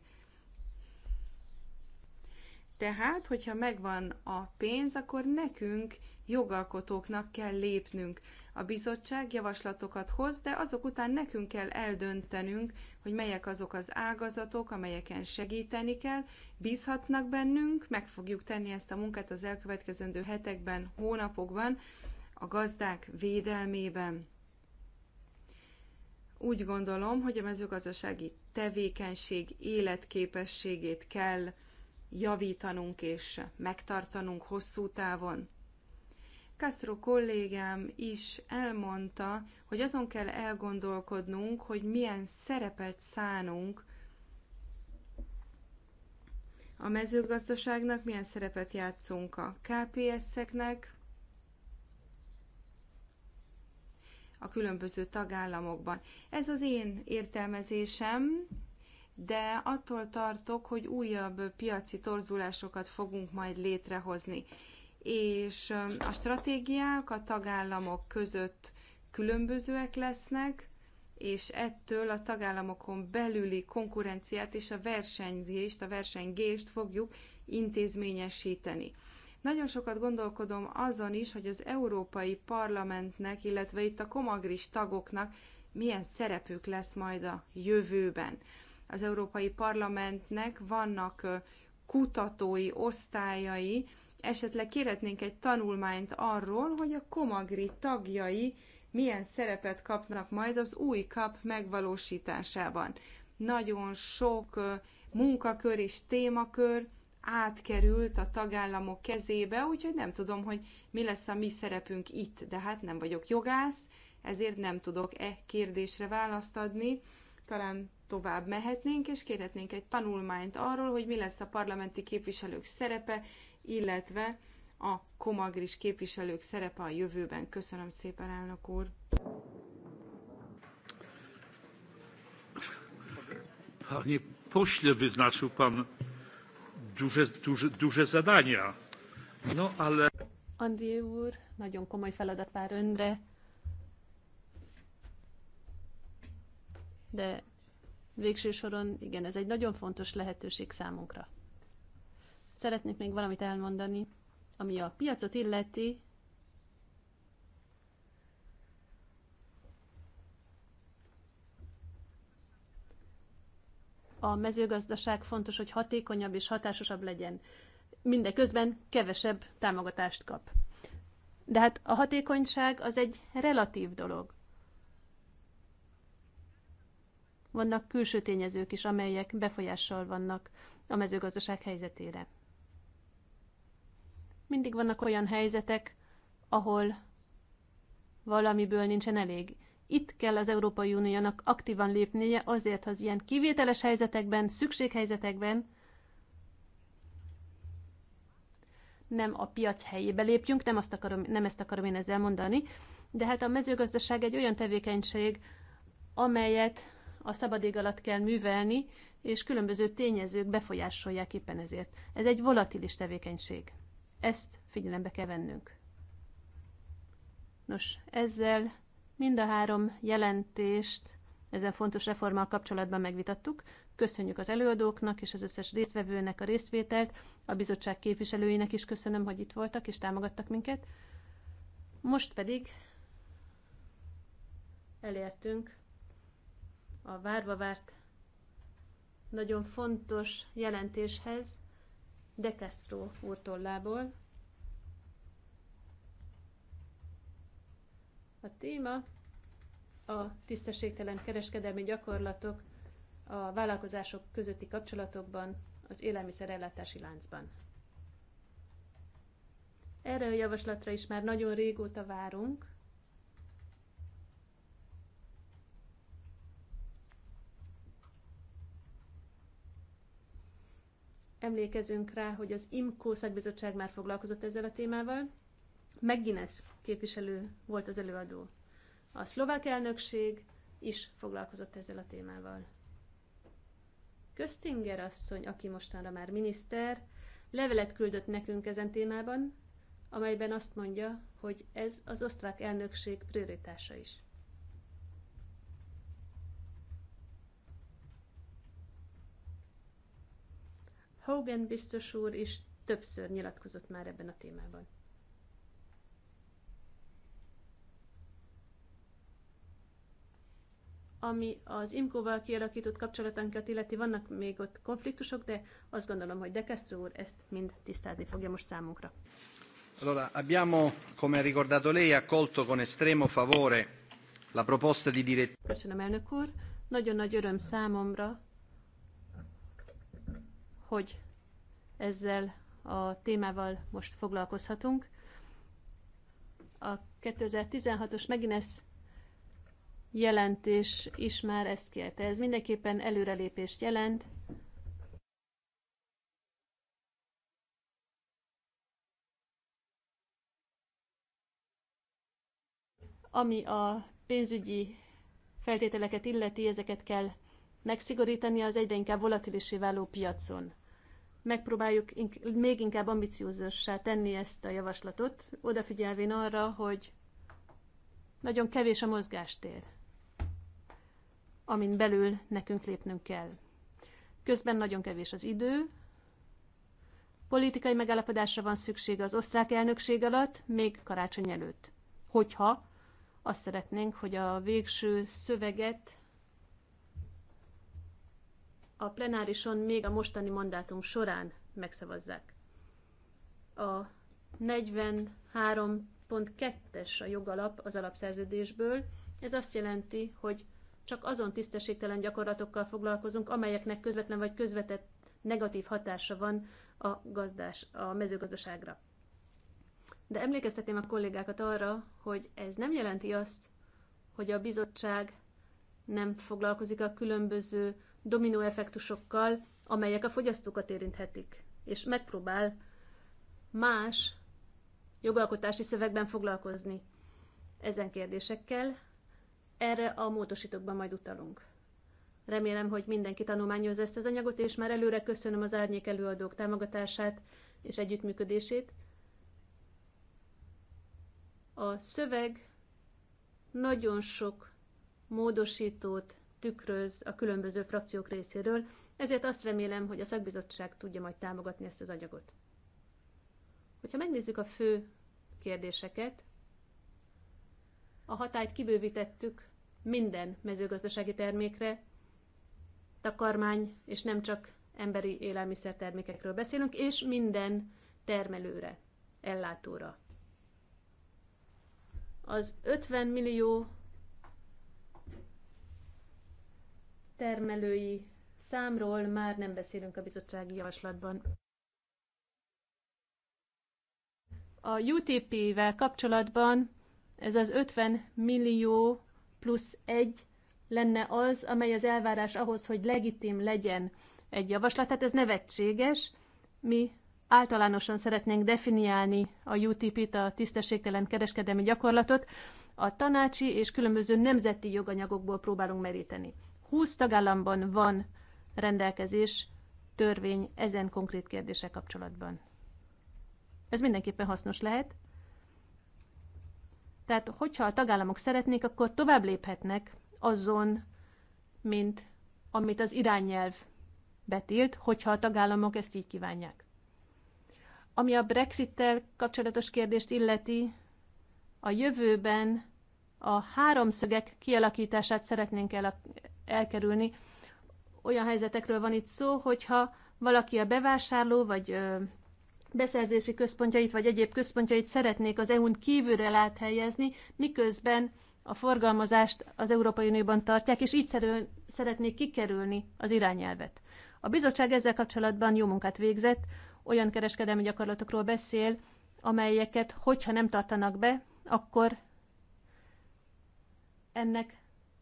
S4: Tehát, hogyha megvan a pénz, akkor nekünk, jogalkotóknak kell lépnünk. A bizottság javaslatokat hoz, de azok után nekünk kell eldöntenünk, hogy melyek azok az ágazatok, amelyeken segíteni kell, bízhatnak bennünk, meg fogjuk tenni ezt a munkát az elkövetkezendő hetekben, hónapokban, a gazdák védelmében. Úgy gondolom, hogy a mezőgazdasági tevékenység életképességét kell javítanunk és megtartanunk hosszú távon. Castro kollégám is elmondta, hogy azon kell elgondolkodnunk, hogy milyen szerepet szánunk a mezőgazdaságnak, milyen szerepet játszunk a KPS-eknek, a különböző tagállamokban. Ez az én értelmezésem, de attól tartok, hogy újabb piaci torzulásokat fogunk majd létrehozni. És a stratégiák a tagállamok között különbözőek lesznek, és ettől a tagállamokon belüli konkurenciát és a versenyzést, a versengést fogjuk intézményesíteni. Nagyon sokat gondolkodom azon is, hogy az Európai Parlamentnek, illetve itt a komagris tagoknak milyen szerepük lesz majd a jövőben az Európai Parlamentnek vannak kutatói osztályai, esetleg kérhetnénk egy tanulmányt arról, hogy a Komagri tagjai milyen szerepet kapnak majd az új kap megvalósításában. Nagyon sok munkakör és témakör átkerült a tagállamok kezébe, úgyhogy nem tudom, hogy mi lesz a mi szerepünk itt, de hát nem vagyok jogász, ezért nem tudok e kérdésre választ adni. Talán tovább mehetnénk, és kérhetnénk egy tanulmányt arról, hogy mi lesz a parlamenti képviselők szerepe, illetve a komagris képviselők szerepe a jövőben. Köszönöm szépen, elnök úr!
S1: Panie pośle, wyznaczył pan duże, duże, duże zadania. No ale...
S2: André úr, nagyon komoly feladat vár önre, de Végső soron, igen, ez egy nagyon fontos lehetőség számunkra. Szeretnék még valamit elmondani, ami a piacot illeti. A mezőgazdaság fontos, hogy hatékonyabb és hatásosabb legyen. Mindeközben kevesebb támogatást kap. De hát a hatékonyság az egy relatív dolog. vannak külső tényezők is, amelyek befolyással vannak a mezőgazdaság helyzetére. Mindig vannak olyan helyzetek, ahol valamiből nincsen elég. Itt kell az Európai Uniónak aktívan lépnie azért, hogy az ilyen kivételes helyzetekben, szükséghelyzetekben nem a piac helyébe lépjünk, nem, azt akarom, nem ezt akarom én ezzel mondani, de hát a mezőgazdaság egy olyan tevékenység, amelyet a szabad ég alatt kell művelni, és különböző tényezők befolyásolják éppen ezért. Ez egy volatilis tevékenység. Ezt figyelembe kell vennünk. Nos, ezzel mind a három jelentést ezen fontos reformmal kapcsolatban megvitattuk. Köszönjük az előadóknak és az összes résztvevőnek a részvételt, a bizottság képviselőinek is köszönöm, hogy itt voltak és támogattak minket. Most pedig elértünk a várva várt nagyon fontos jelentéshez De Castro úrtollából. A téma a tisztességtelen kereskedelmi gyakorlatok a vállalkozások közötti kapcsolatokban, az élelmiszerellátási láncban. Erre a javaslatra is már nagyon régóta várunk, Emlékezünk rá, hogy az IMCO szakbizottság már foglalkozott ezzel a témával. McGuinness képviselő volt az előadó. A szlovák elnökség is foglalkozott ezzel a témával. Köztinger asszony, aki mostanra már miniszter, levelet küldött nekünk ezen témában, amelyben azt mondja, hogy ez az osztrák elnökség prioritása is. Hogan biztos úr is többször nyilatkozott már ebben a témában. Ami az Imkóval kialakított kapcsolatánkat illeti, vannak még ott konfliktusok, de azt gondolom, hogy Dekesztő úr ezt mind tisztázni fogja most számunkra.
S4: Allora, abbiamo, come ha ricordato lei, accolto con estremo
S3: favore la proposta di direttiva.
S2: Köszönöm, elnök úr. Nagyon nagy öröm számomra, hogy ezzel a témával most foglalkozhatunk. A 2016-os Megines jelentés is már ezt kérte. Ez mindenképpen előrelépést jelent. Ami a pénzügyi feltételeket illeti, ezeket kell megszigorítani az egyre inkább volatilisé váló piacon. Megpróbáljuk ink- még inkább ambiciózussá tenni ezt a javaslatot, odafigyelvén arra, hogy nagyon kevés a mozgástér, amin belül nekünk lépnünk kell. Közben nagyon kevés az idő, politikai megállapodásra van szüksége az osztrák elnökség alatt, még karácsony előtt. Hogyha azt szeretnénk, hogy a végső szöveget a plenárison még a mostani mandátum során megszavazzák. A 43.2-es a jogalap az alapszerződésből. Ez azt jelenti, hogy csak azon tisztességtelen gyakorlatokkal foglalkozunk, amelyeknek közvetlen vagy közvetett negatív hatása van a, gazdás, a mezőgazdaságra. De emlékeztetném a kollégákat arra, hogy ez nem jelenti azt, hogy a bizottság nem foglalkozik a különböző dominó effektusokkal, amelyek a fogyasztókat érinthetik, és megpróbál más jogalkotási szövegben foglalkozni ezen kérdésekkel. Erre a módosítókban majd utalunk. Remélem, hogy mindenki tanulmányozza ezt az anyagot, és már előre köszönöm az árnyék előadók támogatását és együttműködését. A szöveg nagyon sok módosítót tükröz a különböző frakciók részéről, ezért azt remélem, hogy a szakbizottság tudja majd támogatni ezt az anyagot. Hogyha megnézzük a fő kérdéseket, a hatályt kibővítettük minden mezőgazdasági termékre, takarmány és nem csak emberi élelmiszertermékekről beszélünk, és minden termelőre, ellátóra. Az 50 millió termelői számról már nem beszélünk a bizottsági javaslatban. A UTP-vel kapcsolatban ez az 50 millió plusz egy lenne az, amely az elvárás ahhoz, hogy legitim legyen egy javaslat. Tehát ez nevetséges. Mi általánosan szeretnénk definiálni a UTP-t, a tisztességtelen kereskedelmi gyakorlatot, a tanácsi és különböző nemzeti joganyagokból próbálunk meríteni. 20 tagállamban van rendelkezés, törvény ezen konkrét kérdése kapcsolatban. Ez mindenképpen hasznos lehet. Tehát, hogyha a tagállamok szeretnék, akkor tovább léphetnek azon, mint amit az irányelv betilt, hogyha a tagállamok ezt így kívánják. Ami a Brexit-tel kapcsolatos kérdést illeti, a jövőben a háromszögek kialakítását szeretnénk el, elkerülni. Olyan helyzetekről van itt szó, hogyha valaki a bevásárló vagy ö, beszerzési központjait vagy egyéb központjait szeretnék az EU-n kívülre helyezni, miközben a forgalmazást az Európai Unióban tartják, és így szeretnék kikerülni az irányelvet. A bizottság ezzel kapcsolatban jó munkát végzett, olyan kereskedelmi gyakorlatokról beszél, amelyeket, hogyha nem tartanak be, akkor ennek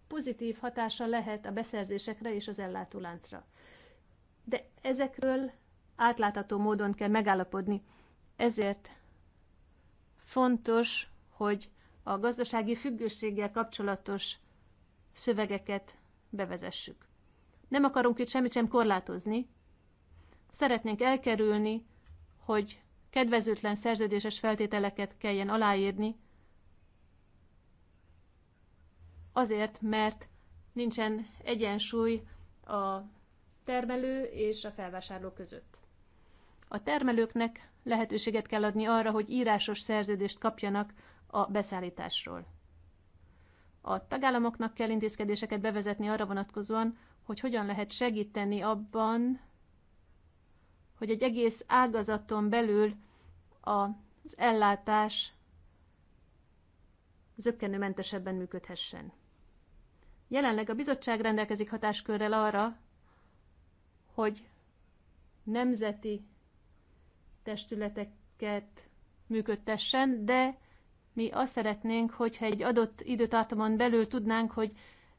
S2: pozitív hatása lehet a beszerzésekre és az ellátóláncra. De ezekről átlátható módon kell megállapodni. Ezért fontos, hogy a gazdasági függőséggel kapcsolatos szövegeket bevezessük. Nem akarunk itt semmit sem korlátozni. Szeretnénk elkerülni, hogy kedvezőtlen szerződéses feltételeket kelljen aláírni, azért, mert nincsen egyensúly a termelő és a felvásárló között. A termelőknek lehetőséget kell adni arra, hogy írásos szerződést kapjanak a beszállításról. A tagállamoknak kell intézkedéseket bevezetni arra vonatkozóan, hogy hogyan lehet segíteni abban, hogy egy egész ágazaton belül az ellátás zöggenőmentesebben működhessen. Jelenleg a bizottság rendelkezik hatáskörrel arra, hogy nemzeti testületeket működtessen, de mi azt szeretnénk, hogyha egy adott időtartamon belül tudnánk, hogy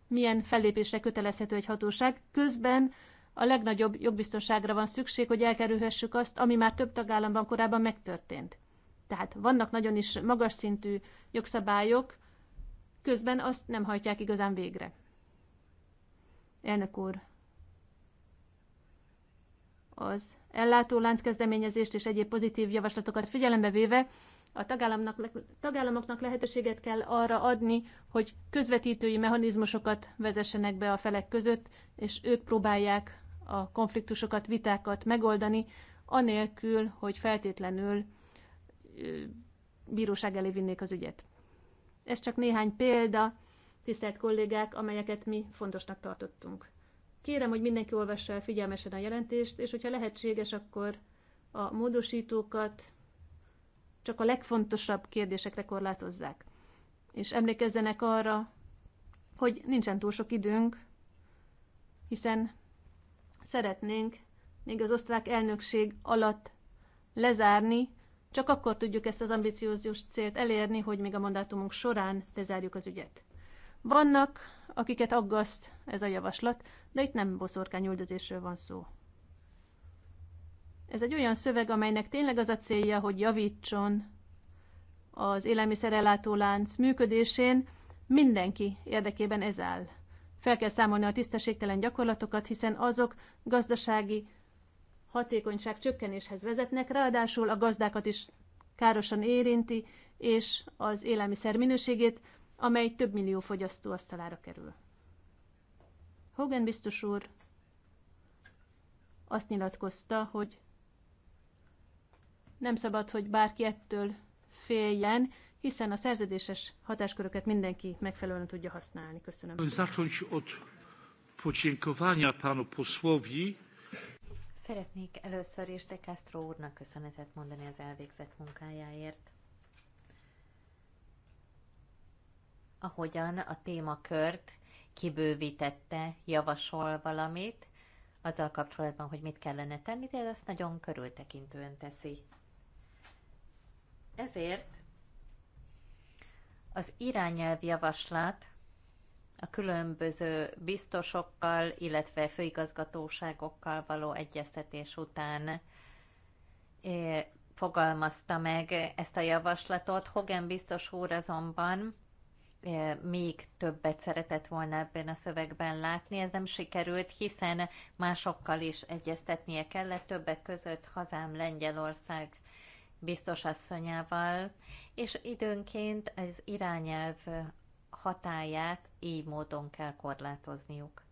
S2: milyen fellépésre kötelezhető egy hatóság. Közben a legnagyobb jogbiztonságra van szükség, hogy elkerülhessük azt, ami már több tagállamban korábban megtörtént. Tehát vannak nagyon is magas szintű jogszabályok, közben azt nem hajtják igazán végre. Elnök úr, az ellátó lánckezdeményezést és egyéb pozitív javaslatokat figyelembe véve a tagállamnak, tagállamoknak lehetőséget kell arra adni, hogy közvetítői mechanizmusokat vezessenek be a felek között, és ők próbálják a konfliktusokat, vitákat megoldani, anélkül, hogy feltétlenül bíróság elé vinnék az ügyet. Ez csak néhány példa tisztelt kollégák, amelyeket mi fontosnak tartottunk. Kérem, hogy mindenki olvassa el figyelmesen a jelentést, és hogyha lehetséges, akkor a módosítókat csak a legfontosabb kérdésekre korlátozzák. És emlékezzenek arra, hogy nincsen túl sok időnk, hiszen szeretnénk még az osztrák elnökség alatt lezárni, csak akkor tudjuk ezt az ambiciózus célt elérni, hogy még a mandátumunk során lezárjuk az ügyet. Vannak, akiket aggaszt ez a javaslat, de itt nem boszorkányüldözésről van szó. Ez egy olyan szöveg, amelynek tényleg az a célja, hogy javítson az élelmiszerellátó lánc működésén, mindenki érdekében ez áll. Fel kell számolni a tisztességtelen gyakorlatokat, hiszen azok gazdasági hatékonyság csökkenéshez vezetnek, ráadásul a gazdákat is károsan érinti, és az élelmiszer minőségét, amely több millió fogyasztó asztalára kerül. Hogan biztos úr azt nyilatkozta, hogy nem szabad, hogy bárki ettől féljen, hiszen a szerződéses hatásköröket
S3: mindenki megfelelően tudja használni. Köszönöm. Szeretnék először is De Castro úrnak köszönetet mondani az elvégzett munkájáért. ahogyan a témakört kibővítette, javasol valamit, azzal kapcsolatban, hogy mit kellene tenni, de ezt nagyon körültekintően teszi. Ezért az irányelv javaslat a különböző biztosokkal, illetve főigazgatóságokkal való egyeztetés után e, fogalmazta meg ezt a javaslatot. Hogan biztos úr azonban még többet szeretett volna ebben a szövegben látni. Ez nem sikerült, hiszen másokkal is egyeztetnie kellett, többek között hazám Lengyelország biztosasszonyával, és időnként az irányelv hatáját így módon kell korlátozniuk.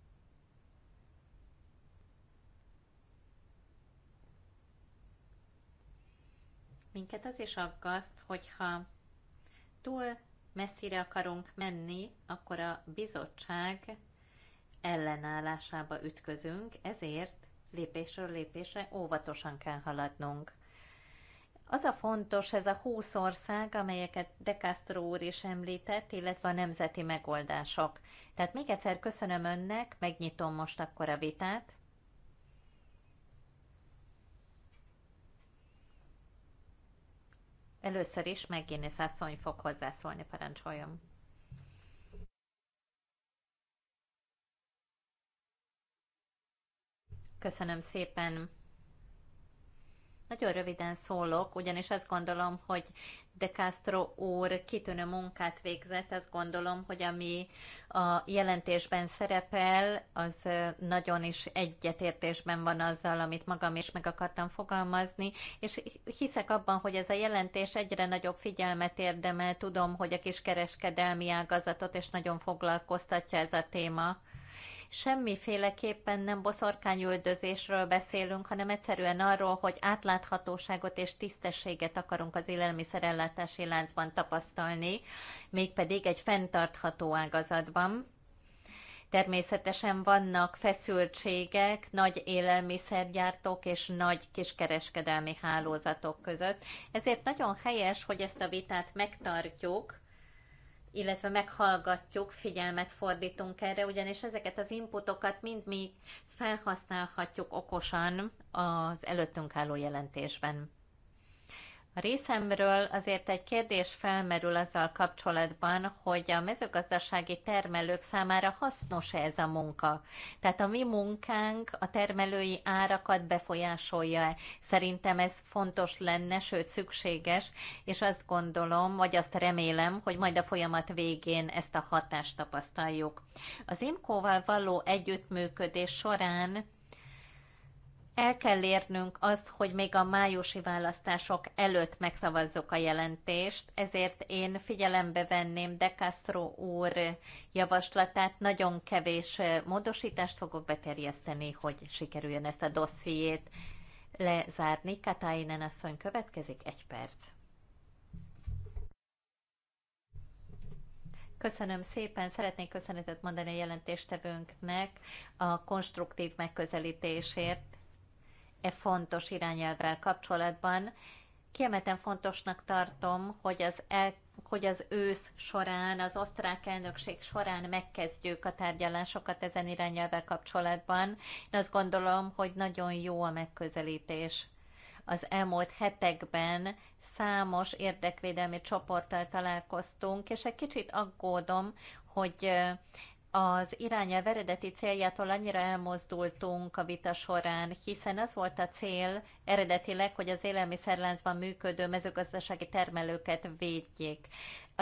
S3: Minket az is aggaszt, hogyha túl messzire akarunk menni, akkor a bizottság ellenállásába ütközünk, ezért lépésről lépésre óvatosan kell haladnunk. Az a fontos ez a 20 ország, amelyeket De Castro úr is említett, illetve a nemzeti megoldások. Tehát még egyszer köszönöm önnek, megnyitom most akkor a vitát. Először is Megénész asszony fog hozzászólni, parancsoljon. Köszönöm szépen nagyon röviden szólok, ugyanis azt gondolom, hogy De Castro úr kitűnő munkát végzett, azt gondolom, hogy ami a jelentésben szerepel, az nagyon is egyetértésben van azzal, amit magam is meg akartam fogalmazni, és hiszek abban, hogy ez a jelentés egyre nagyobb figyelmet érdemel, tudom, hogy a kiskereskedelmi ágazatot és nagyon foglalkoztatja ez a téma semmiféleképpen nem boszorkányüldözésről beszélünk, hanem egyszerűen arról, hogy átláthatóságot és tisztességet akarunk az élelmiszerellátási láncban tapasztalni, mégpedig egy fenntartható ágazatban. Természetesen vannak feszültségek nagy élelmiszergyártók és nagy kiskereskedelmi hálózatok között. Ezért nagyon helyes, hogy ezt a vitát megtartjuk, illetve meghallgatjuk, figyelmet fordítunk erre, ugyanis ezeket az inputokat mind mi felhasználhatjuk okosan az előttünk álló jelentésben. A részemről azért egy kérdés felmerül azzal kapcsolatban, hogy a mezőgazdasági termelők számára hasznos -e ez a munka. Tehát a mi munkánk a termelői árakat befolyásolja -e. Szerintem ez fontos lenne, sőt szükséges, és azt gondolom, vagy azt remélem, hogy majd a folyamat végén ezt a hatást tapasztaljuk. Az IMCO-val való együttműködés során el kell érnünk azt, hogy még a májusi választások előtt megszavazzuk a jelentést, ezért én figyelembe venném De Castro úr javaslatát, nagyon kevés módosítást fogok beterjeszteni, hogy sikerüljön ezt a dossziét lezárni. Katáinen asszony következik egy perc. Köszönöm szépen, szeretnék köszönetet mondani a jelentéstevőnknek a konstruktív megközelítésért e fontos irányelvvel kapcsolatban. Kiemelten fontosnak tartom, hogy az, el, hogy az ősz során, az osztrák elnökség során megkezdjük a tárgyalásokat ezen irányelvvel kapcsolatban. Én azt gondolom, hogy nagyon jó a megközelítés az elmúlt hetekben számos érdekvédelmi csoporttal találkoztunk, és egy kicsit aggódom, hogy az irányelv eredeti céljától annyira elmozdultunk a vita során, hiszen az volt a cél eredetileg, hogy az élelmiszerláncban működő mezőgazdasági termelőket védjék. A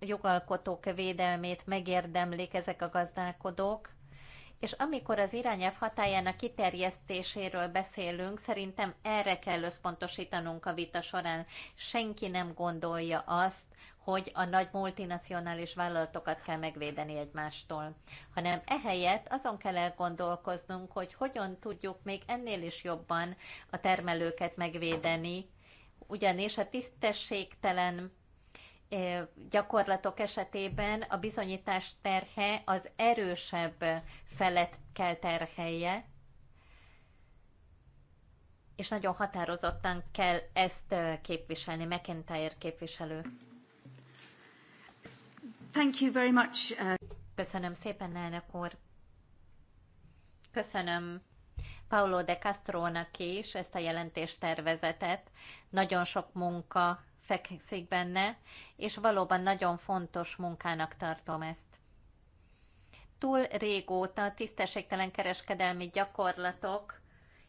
S3: jogalkotók védelmét megérdemlik ezek a gazdálkodók, és amikor az irányelv hatájának kiterjesztéséről beszélünk, szerintem erre kell összpontosítanunk a vita során. Senki nem gondolja azt, hogy a nagy multinacionális vállalatokat kell megvédeni egymástól, hanem ehelyett azon kell elgondolkoznunk, hogy hogyan tudjuk még ennél is jobban a termelőket megvédeni, ugyanis a tisztességtelen gyakorlatok esetében a bizonyítás terhe az erősebb felett kell terhelje, és nagyon határozottan kell ezt képviselni, McIntyre képviselő. Thank you very much. Uh, Köszönöm szépen, elnök úr. Köszönöm Paulo de Castro-nak is ezt a jelentéstervezetet. Nagyon sok munka fekszik benne, és valóban nagyon fontos munkának tartom ezt. Túl régóta tisztességtelen kereskedelmi gyakorlatok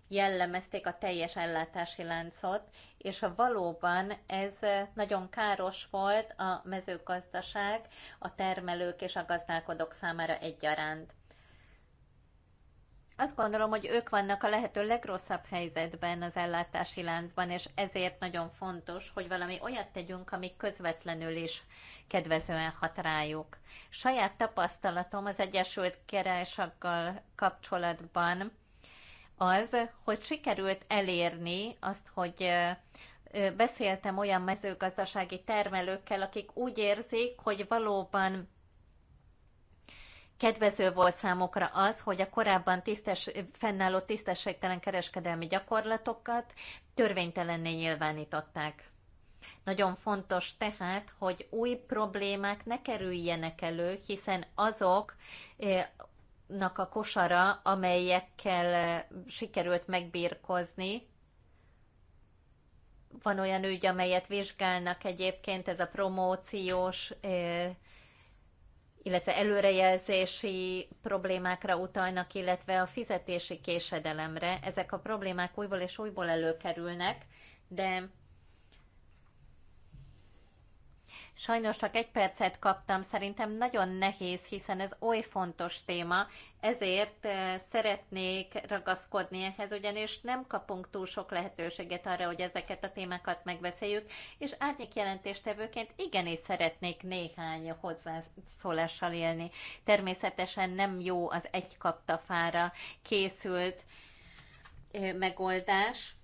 S3: jellemezték a teljes ellátási láncot, és a valóban ez nagyon káros volt a mezőgazdaság, a termelők és a gazdálkodók számára egyaránt. Azt gondolom, hogy ők vannak a lehető legrosszabb helyzetben az ellátási láncban, és ezért nagyon fontos, hogy valami olyat tegyünk, ami közvetlenül is kedvezően hat rájuk. Saját tapasztalatom az Egyesült Királysággal kapcsolatban az, hogy sikerült elérni azt, hogy beszéltem olyan mezőgazdasági termelőkkel, akik úgy érzik, hogy valóban kedvező volt számukra az, hogy a korábban tisztes, fennálló tisztességtelen kereskedelmi gyakorlatokat törvénytelenné nyilvánították. Nagyon fontos tehát, hogy új problémák ne kerüljenek elő, hiszen azok nak a kosara, amelyekkel eh, sikerült megbírkozni. Van olyan ügy, amelyet vizsgálnak egyébként, ez a promóciós, eh, illetve előrejelzési problémákra utalnak, illetve a fizetési késedelemre. Ezek a problémák újból és újból előkerülnek, de Sajnos csak egy percet kaptam, szerintem nagyon nehéz, hiszen ez oly fontos téma, ezért szeretnék ragaszkodni ehhez, ugyanis nem kapunk túl sok lehetőséget arra, hogy ezeket a témákat megbeszéljük, és árnyék jelentéstevőként igenis szeretnék néhány hozzászólással élni. Természetesen nem jó az egy kapta fára készült megoldás,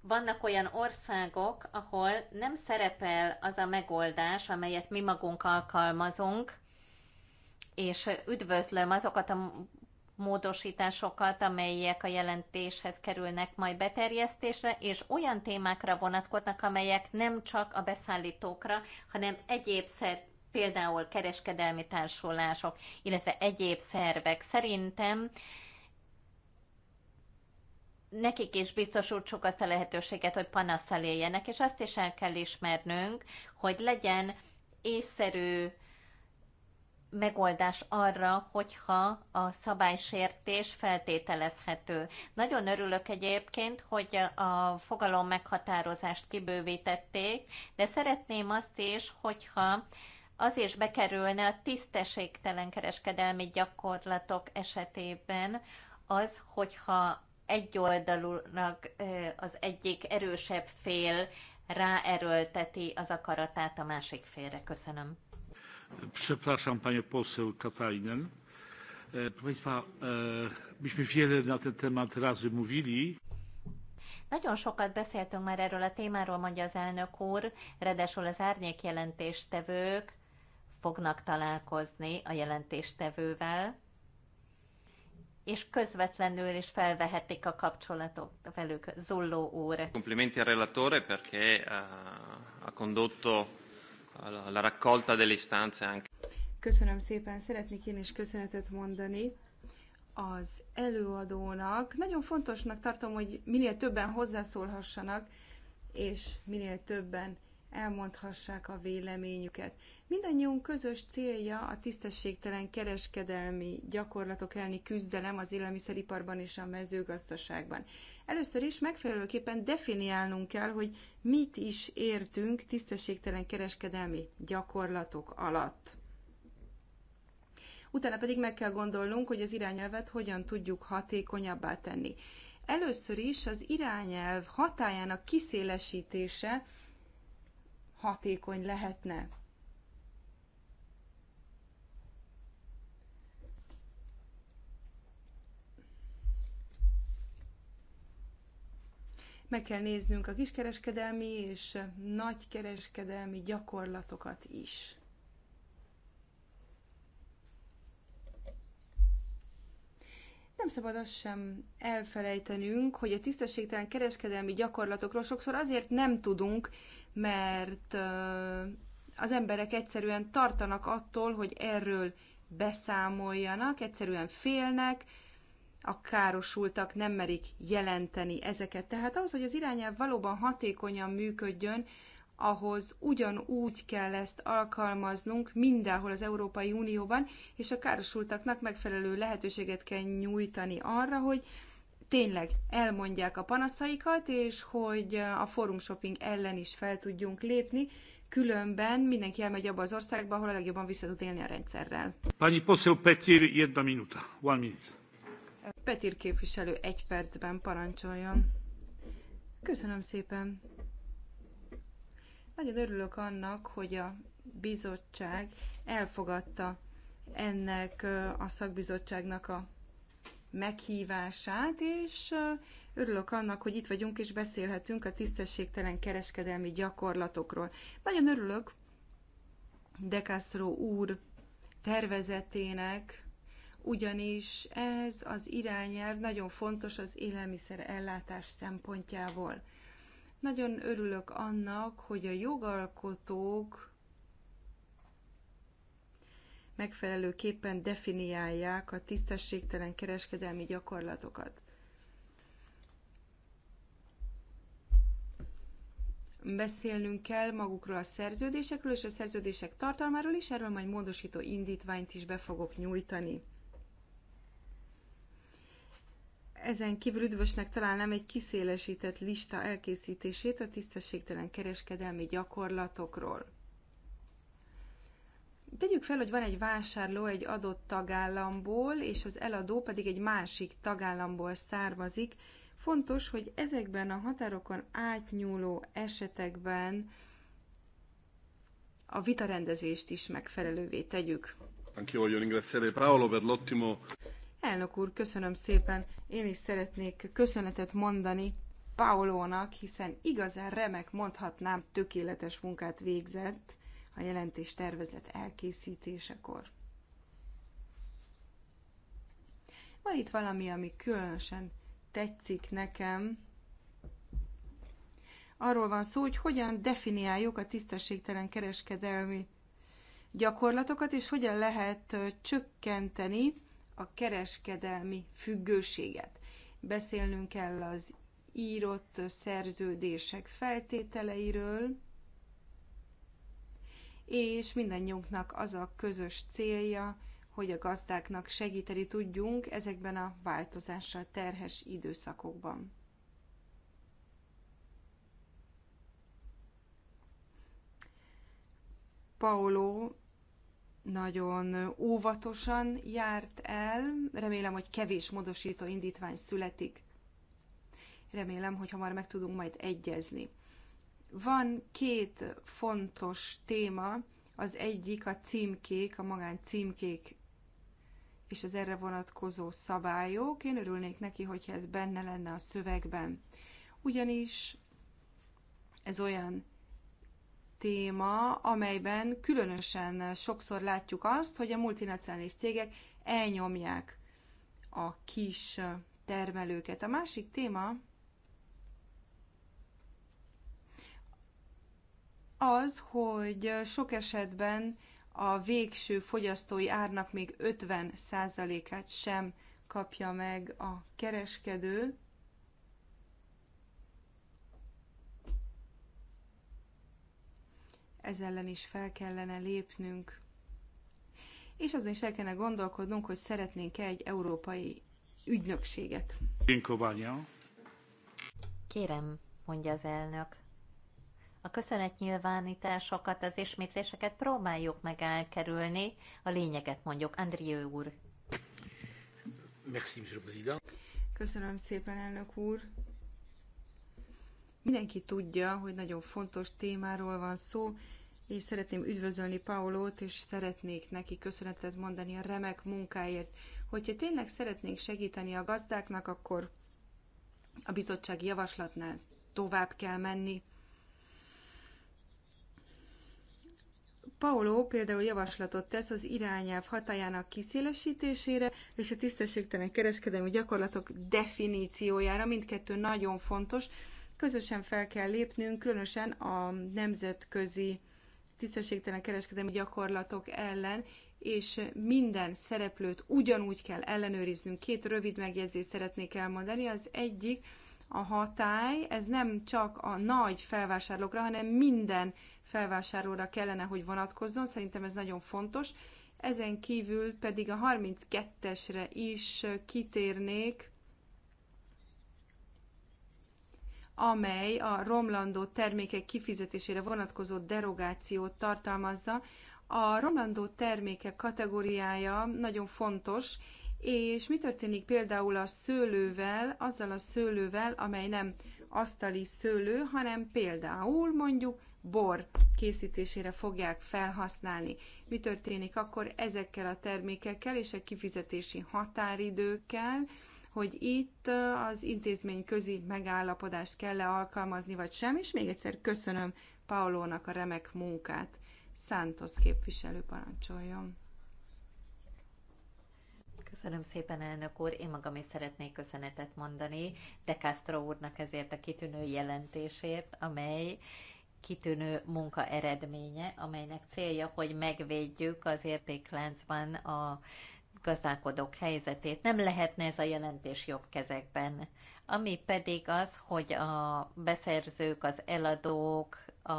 S3: vannak olyan országok, ahol nem szerepel az a megoldás, amelyet mi magunk alkalmazunk, és üdvözlöm azokat a módosításokat, amelyek a jelentéshez kerülnek majd beterjesztésre, és olyan témákra vonatkoznak, amelyek nem csak a beszállítókra, hanem egyéb szer, például kereskedelmi társulások, illetve egyéb szervek. Szerintem nekik is biztosítsuk azt a lehetőséget, hogy panaszsal éljenek, és azt is el kell ismernünk, hogy legyen észszerű megoldás arra, hogyha a szabálysértés feltételezhető. Nagyon örülök egyébként, hogy a fogalom meghatározást kibővítették, de szeretném azt is, hogyha az is bekerülne a tisztességtelen kereskedelmi gyakorlatok esetében az, hogyha egy oldalúnak az egyik erősebb fél ráerőlteti az akaratát a másik félre. Köszönöm.
S1: Przepraszam, panie poseł Katalinen. E, proszę Państwa, e, myśmy wiele na ten temat razy mówili.
S3: Nagyon sokat beszéltünk már erről a témáról, mondja az elnök úr, redesul az árnyék jelentéstevők fognak találkozni a jelentéstevővel és közvetlenül is felvehetik a kapcsolatot velük. Zulló úr.
S2: Complimenti al relatore perché eh, ha condotto la raccolta delle istanze anche.
S4: Köszönöm szépen, szeretnék én is köszönetet mondani az előadónak. Nagyon fontosnak tartom, hogy minél többen hozzászólhassanak, és minél többen elmondhassák a véleményüket. Mindannyiunk közös célja a tisztességtelen kereskedelmi gyakorlatok elleni küzdelem az élelmiszeriparban és a mezőgazdaságban. Először is megfelelőképpen definiálnunk kell, hogy mit is értünk tisztességtelen kereskedelmi gyakorlatok alatt. Utána pedig meg kell gondolnunk, hogy az irányelvet hogyan tudjuk hatékonyabbá tenni. Először is az irányelv hatájának kiszélesítése, hatékony lehetne. Meg kell néznünk a kiskereskedelmi és nagykereskedelmi gyakorlatokat is. Nem szabad azt sem elfelejtenünk, hogy a tisztességtelen kereskedelmi gyakorlatokról sokszor azért nem tudunk, mert az emberek egyszerűen tartanak attól, hogy erről beszámoljanak, egyszerűen félnek, a károsultak nem merik jelenteni ezeket. Tehát ahhoz, hogy az irányelv valóban hatékonyan működjön, ahhoz ugyanúgy kell ezt alkalmaznunk mindenhol az Európai Unióban, és a károsultaknak megfelelő lehetőséget kell nyújtani arra, hogy tényleg elmondják a panaszaikat, és hogy a forum shopping ellen is fel tudjunk lépni, különben mindenki elmegy abba az országba, ahol a legjobban vissza tud élni a rendszerrel.
S1: Pani poseł Petir, jedna minuta. One minute.
S4: Petir képviselő egy percben parancsoljon. Köszönöm szépen. Nagyon örülök annak, hogy a bizottság elfogadta ennek a szakbizottságnak a meghívását, és örülök annak, hogy itt vagyunk és beszélhetünk a tisztességtelen kereskedelmi gyakorlatokról. Nagyon örülök De Castro úr tervezetének, ugyanis ez az irányelv nagyon fontos az élelmiszer ellátás szempontjából. Nagyon örülök annak, hogy a jogalkotók megfelelőképpen definiálják a tisztességtelen kereskedelmi gyakorlatokat. beszélnünk kell magukról a szerződésekről és a szerződések tartalmáról is, erről majd módosító indítványt is be fogok nyújtani. Ezen kívül üdvösnek találnám egy kiszélesített lista elkészítését a tisztességtelen kereskedelmi gyakorlatokról. Tegyük fel, hogy van egy vásárló egy adott tagállamból, és az eladó pedig egy másik tagállamból származik. Fontos, hogy ezekben a határokon átnyúló esetekben a vitarendezést is megfelelővé tegyük.
S1: voglio ringraziare Paolo per l'ottimo
S4: Elnök úr, köszönöm szépen. Én is szeretnék köszönetet mondani Paulónak, hiszen igazán remek, mondhatnám, tökéletes munkát végzett a jelentés tervezet elkészítésekor. Van itt valami, ami különösen tetszik nekem. Arról van szó, hogy hogyan definiáljuk a tisztességtelen kereskedelmi gyakorlatokat, és hogyan lehet csökkenteni a kereskedelmi függőséget. Beszélnünk kell az írott szerződések feltételeiről, és mindannyiunknak az a közös célja, hogy a gazdáknak segíteni tudjunk ezekben a változással terhes időszakokban. Paolo nagyon óvatosan járt el. Remélem, hogy kevés módosító indítvány születik. Remélem, hogy hamar meg tudunk majd egyezni. Van két fontos téma, az egyik a címkék, a magán címkék és az erre vonatkozó szabályok. Én örülnék neki, hogyha ez benne lenne a szövegben. Ugyanis ez olyan téma, amelyben különösen sokszor látjuk azt, hogy a multinacionális cégek elnyomják a kis termelőket. A másik téma az, hogy sok esetben a végső fogyasztói árnak még 50%-át sem kapja meg a kereskedő, ez ellen is fel kellene lépnünk. És azon is el kellene gondolkodnunk, hogy szeretnénk-e egy európai ügynökséget.
S3: Kérem, mondja az elnök. A köszönetnyilvánításokat, az ismétléseket próbáljuk meg elkerülni. A lényeget mondjuk, Andrió úr. Merci, Köszönöm szépen, elnök úr. Mindenki tudja, hogy nagyon
S4: fontos témáról van szó, és szeretném üdvözölni Paulót, és szeretnék neki köszönetet mondani a remek munkáért. Hogyha tényleg szeretnénk segíteni a gazdáknak, akkor a bizottság javaslatnál tovább kell menni. Paolo például javaslatot tesz az irányelv hatájának kiszélesítésére és a tisztességtelen kereskedelmi gyakorlatok definíciójára. Mindkettő nagyon fontos, Közösen fel kell lépnünk, különösen a nemzetközi tisztességtelen kereskedelmi gyakorlatok ellen, és minden szereplőt ugyanúgy kell ellenőriznünk. Két rövid megjegyzést szeretnék elmondani. Az egyik, a hatály, ez nem csak a nagy felvásárlókra, hanem minden felvásárlóra kellene, hogy vonatkozzon. Szerintem ez nagyon fontos. Ezen kívül pedig a 32-esre is kitérnék, amely a romlandó termékek kifizetésére vonatkozó derogációt tartalmazza. A romlandó termékek kategóriája nagyon fontos, és mi történik például a szőlővel, azzal a szőlővel, amely nem asztali szőlő, hanem például mondjuk bor készítésére fogják felhasználni. Mi történik akkor ezekkel a termékekkel és a kifizetési határidőkkel, hogy itt az intézmény közi megállapodást kell-e alkalmazni, vagy sem, és még egyszer köszönöm Paolónak a remek munkát. Santos képviselő parancsoljon.
S3: Köszönöm szépen, elnök úr. Én magam is szeretnék köszönetet mondani De Castro úrnak ezért a kitűnő jelentésért, amely kitűnő munka eredménye, amelynek célja, hogy megvédjük az értékláncban a gazdálkodók helyzetét. Nem lehetne ez a jelentés jobb kezekben. Ami pedig az, hogy a beszerzők, az eladók, a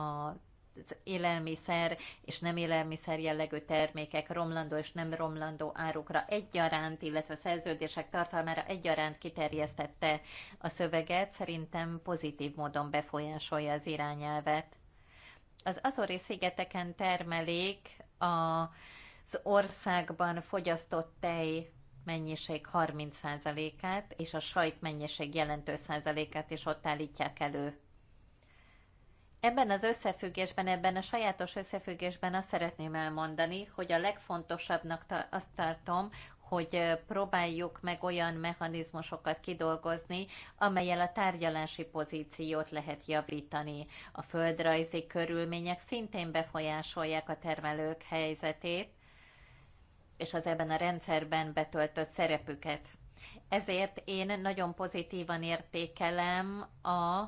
S3: az élelmiszer és nem élelmiszer jellegű termékek romlandó és nem romlandó árukra egyaránt, illetve szerződések tartalmára egyaránt kiterjesztette a szöveget, szerintem pozitív módon befolyásolja az irányelvet. Az Azori szigeteken termelik a az országban fogyasztott tej mennyiség 30%-át, és a sajt mennyiség jelentős százalékát is ott állítják elő. Ebben az összefüggésben, ebben a sajátos összefüggésben azt szeretném elmondani, hogy a legfontosabbnak azt tartom, hogy próbáljuk meg olyan mechanizmusokat kidolgozni, amelyel a tárgyalási pozíciót lehet javítani. A földrajzi körülmények szintén befolyásolják a termelők helyzetét, és az ebben a rendszerben betöltött szerepüket. Ezért én nagyon pozitívan értékelem a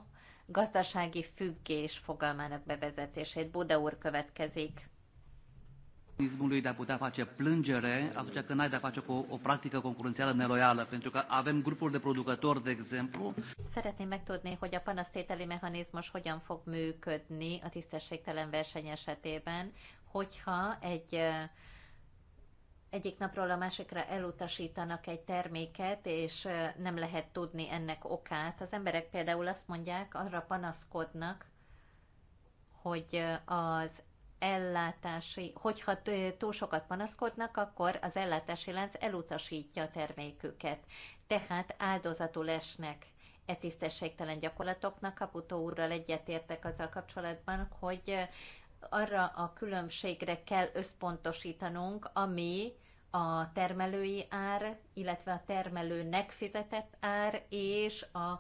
S3: gazdasági függés fogalmának bevezetését. Buda úr következik.
S2: Mecanismului de a putea face
S1: plângere, atunci când ai de a face cu o, o practică concurențială neloială, pentru că avem grupuri de producători, de exemplu.
S3: Szeretném megtudni, hogy a panasztételi mechanizmus hogyan fog működni a tisztességtelen verseny esetében, hogyha egy uh, egyik napról a másikra elutasítanak egy terméket, és nem lehet tudni ennek okát. Az emberek például azt mondják, arra panaszkodnak, hogy az ellátási, hogyha túl sokat panaszkodnak, akkor az ellátási lánc elutasítja a terméküket. Tehát áldozatul esnek e tisztességtelen gyakorlatoknak. Kaputó úrral egyetértek azzal kapcsolatban, hogy arra a különbségre kell összpontosítanunk, ami a termelői ár, illetve a termelőnek fizetett ár és a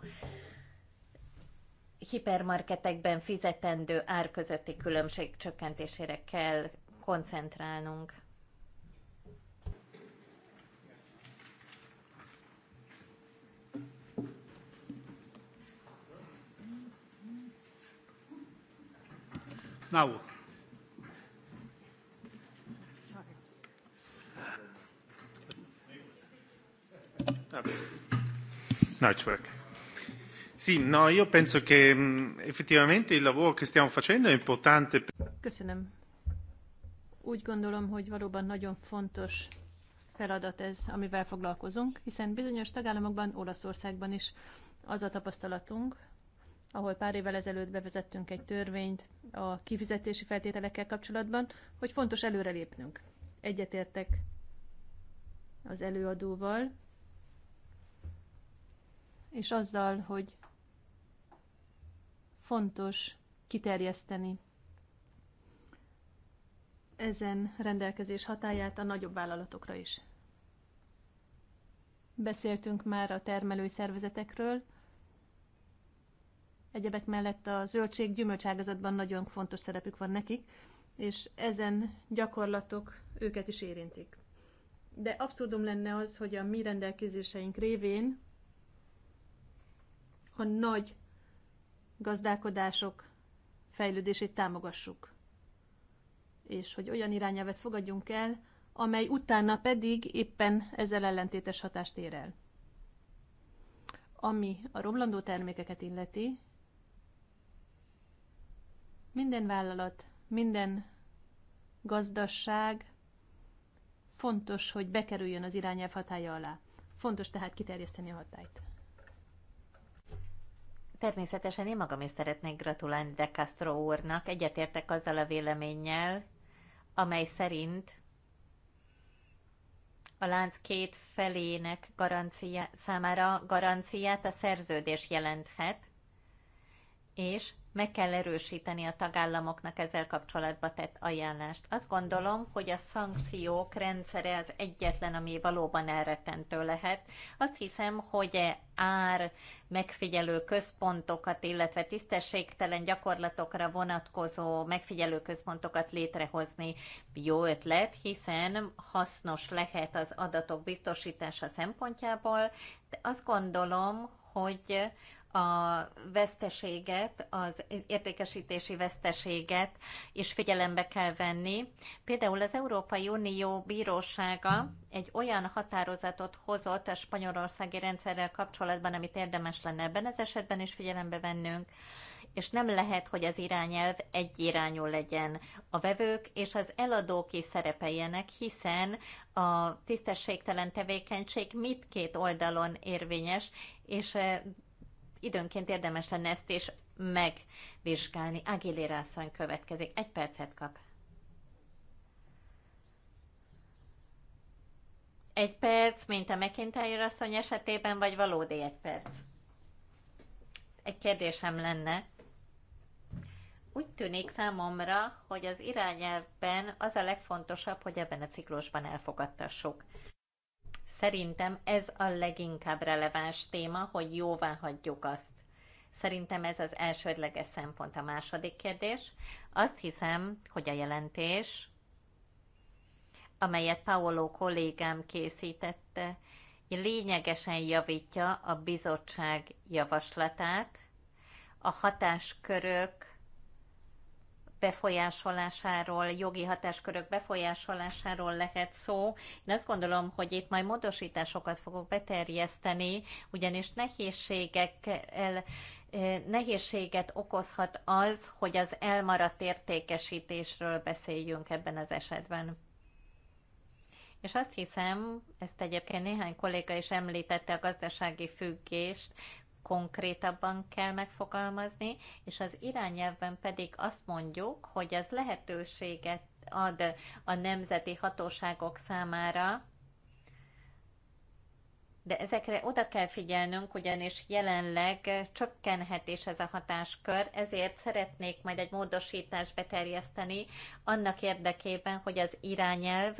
S3: hipermarketekben fizetendő ár közötti különbség csökkentésére kell koncentrálnunk.
S1: Now, No, it's Sì, no, io penso che mh, mm, effettivamente il lavoro che stiamo facendo è importante.
S2: Köszönöm. Úgy gondolom, hogy valóban nagyon fontos feladat ez, amivel foglalkozunk, hiszen bizonyos tagállamokban, Olaszországban is az a tapasztalatunk, ahol pár évvel ezelőtt bevezettünk egy törvényt a kifizetési feltételekkel kapcsolatban, hogy fontos előrelépnünk. Egyetértek az előadóval, és azzal, hogy fontos kiterjeszteni ezen rendelkezés hatáját a nagyobb vállalatokra is. Beszéltünk már a termelői szervezetekről, egyebek mellett a zöldség gyümölcságazatban nagyon fontos szerepük van nekik, és ezen gyakorlatok őket is érintik. De abszurdum lenne az, hogy a mi rendelkezéseink révén a nagy gazdálkodások fejlődését támogassuk. És hogy olyan irányelvet fogadjunk el, amely utána pedig éppen ezzel ellentétes hatást ér el. Ami a romlandó termékeket illeti, minden vállalat, minden gazdaság fontos, hogy bekerüljön az irányelv hatája alá. Fontos tehát kiterjeszteni a hatályt.
S3: Természetesen én magam is szeretnék gratulálni De Castro úrnak. Egyetértek azzal a véleménnyel, amely szerint a lánc két felének garancia, számára garanciát a szerződés jelenthet, és meg kell erősíteni a tagállamoknak ezzel kapcsolatban tett ajánlást. Azt gondolom, hogy a szankciók rendszere az egyetlen, ami valóban elrettentő lehet. Azt hiszem, hogy e ár megfigyelő központokat, illetve tisztességtelen gyakorlatokra vonatkozó megfigyelő központokat létrehozni jó ötlet, hiszen hasznos lehet az adatok biztosítása szempontjából, de azt gondolom, hogy a veszteséget, az értékesítési veszteséget is figyelembe kell venni. Például az Európai Unió Bírósága egy olyan határozatot hozott a spanyolországi rendszerrel kapcsolatban, amit érdemes lenne ebben az esetben is figyelembe vennünk, és nem lehet, hogy az irányelv irányú legyen. A vevők és az eladók is szerepeljenek, hiszen a tisztességtelen tevékenység mindkét oldalon érvényes, és eh, időnként érdemes lenne ezt is megvizsgálni. Aguilera asszony következik. Egy percet kap. Egy perc, mint a McIntyre asszony esetében, vagy valódi egy perc? Egy kérdésem lenne. Úgy tűnik számomra, hogy az irányelvben az a legfontosabb, hogy ebben a ciklusban elfogadtassuk. Szerintem ez a leginkább releváns téma, hogy jóvá hagyjuk azt. Szerintem ez az elsődleges szempont. A második kérdés. Azt hiszem, hogy a jelentés, amelyet Paolo kollégám készítette, lényegesen javítja a bizottság javaslatát, a hatáskörök befolyásolásáról, jogi hatáskörök befolyásolásáról lehet szó. Én azt gondolom, hogy itt majd módosításokat fogok beterjeszteni, ugyanis nehézségekkel eh, nehézséget okozhat az, hogy az elmaradt értékesítésről beszéljünk ebben az esetben. És azt hiszem, ezt egyébként néhány kolléga is említette a gazdasági függést, konkrétabban kell megfogalmazni, és az irányelvben pedig azt mondjuk, hogy ez lehetőséget ad a nemzeti hatóságok számára, de ezekre oda kell figyelnünk, ugyanis jelenleg csökkenhet is ez a hatáskör, ezért szeretnék majd egy módosítást beterjeszteni annak érdekében, hogy az irányelv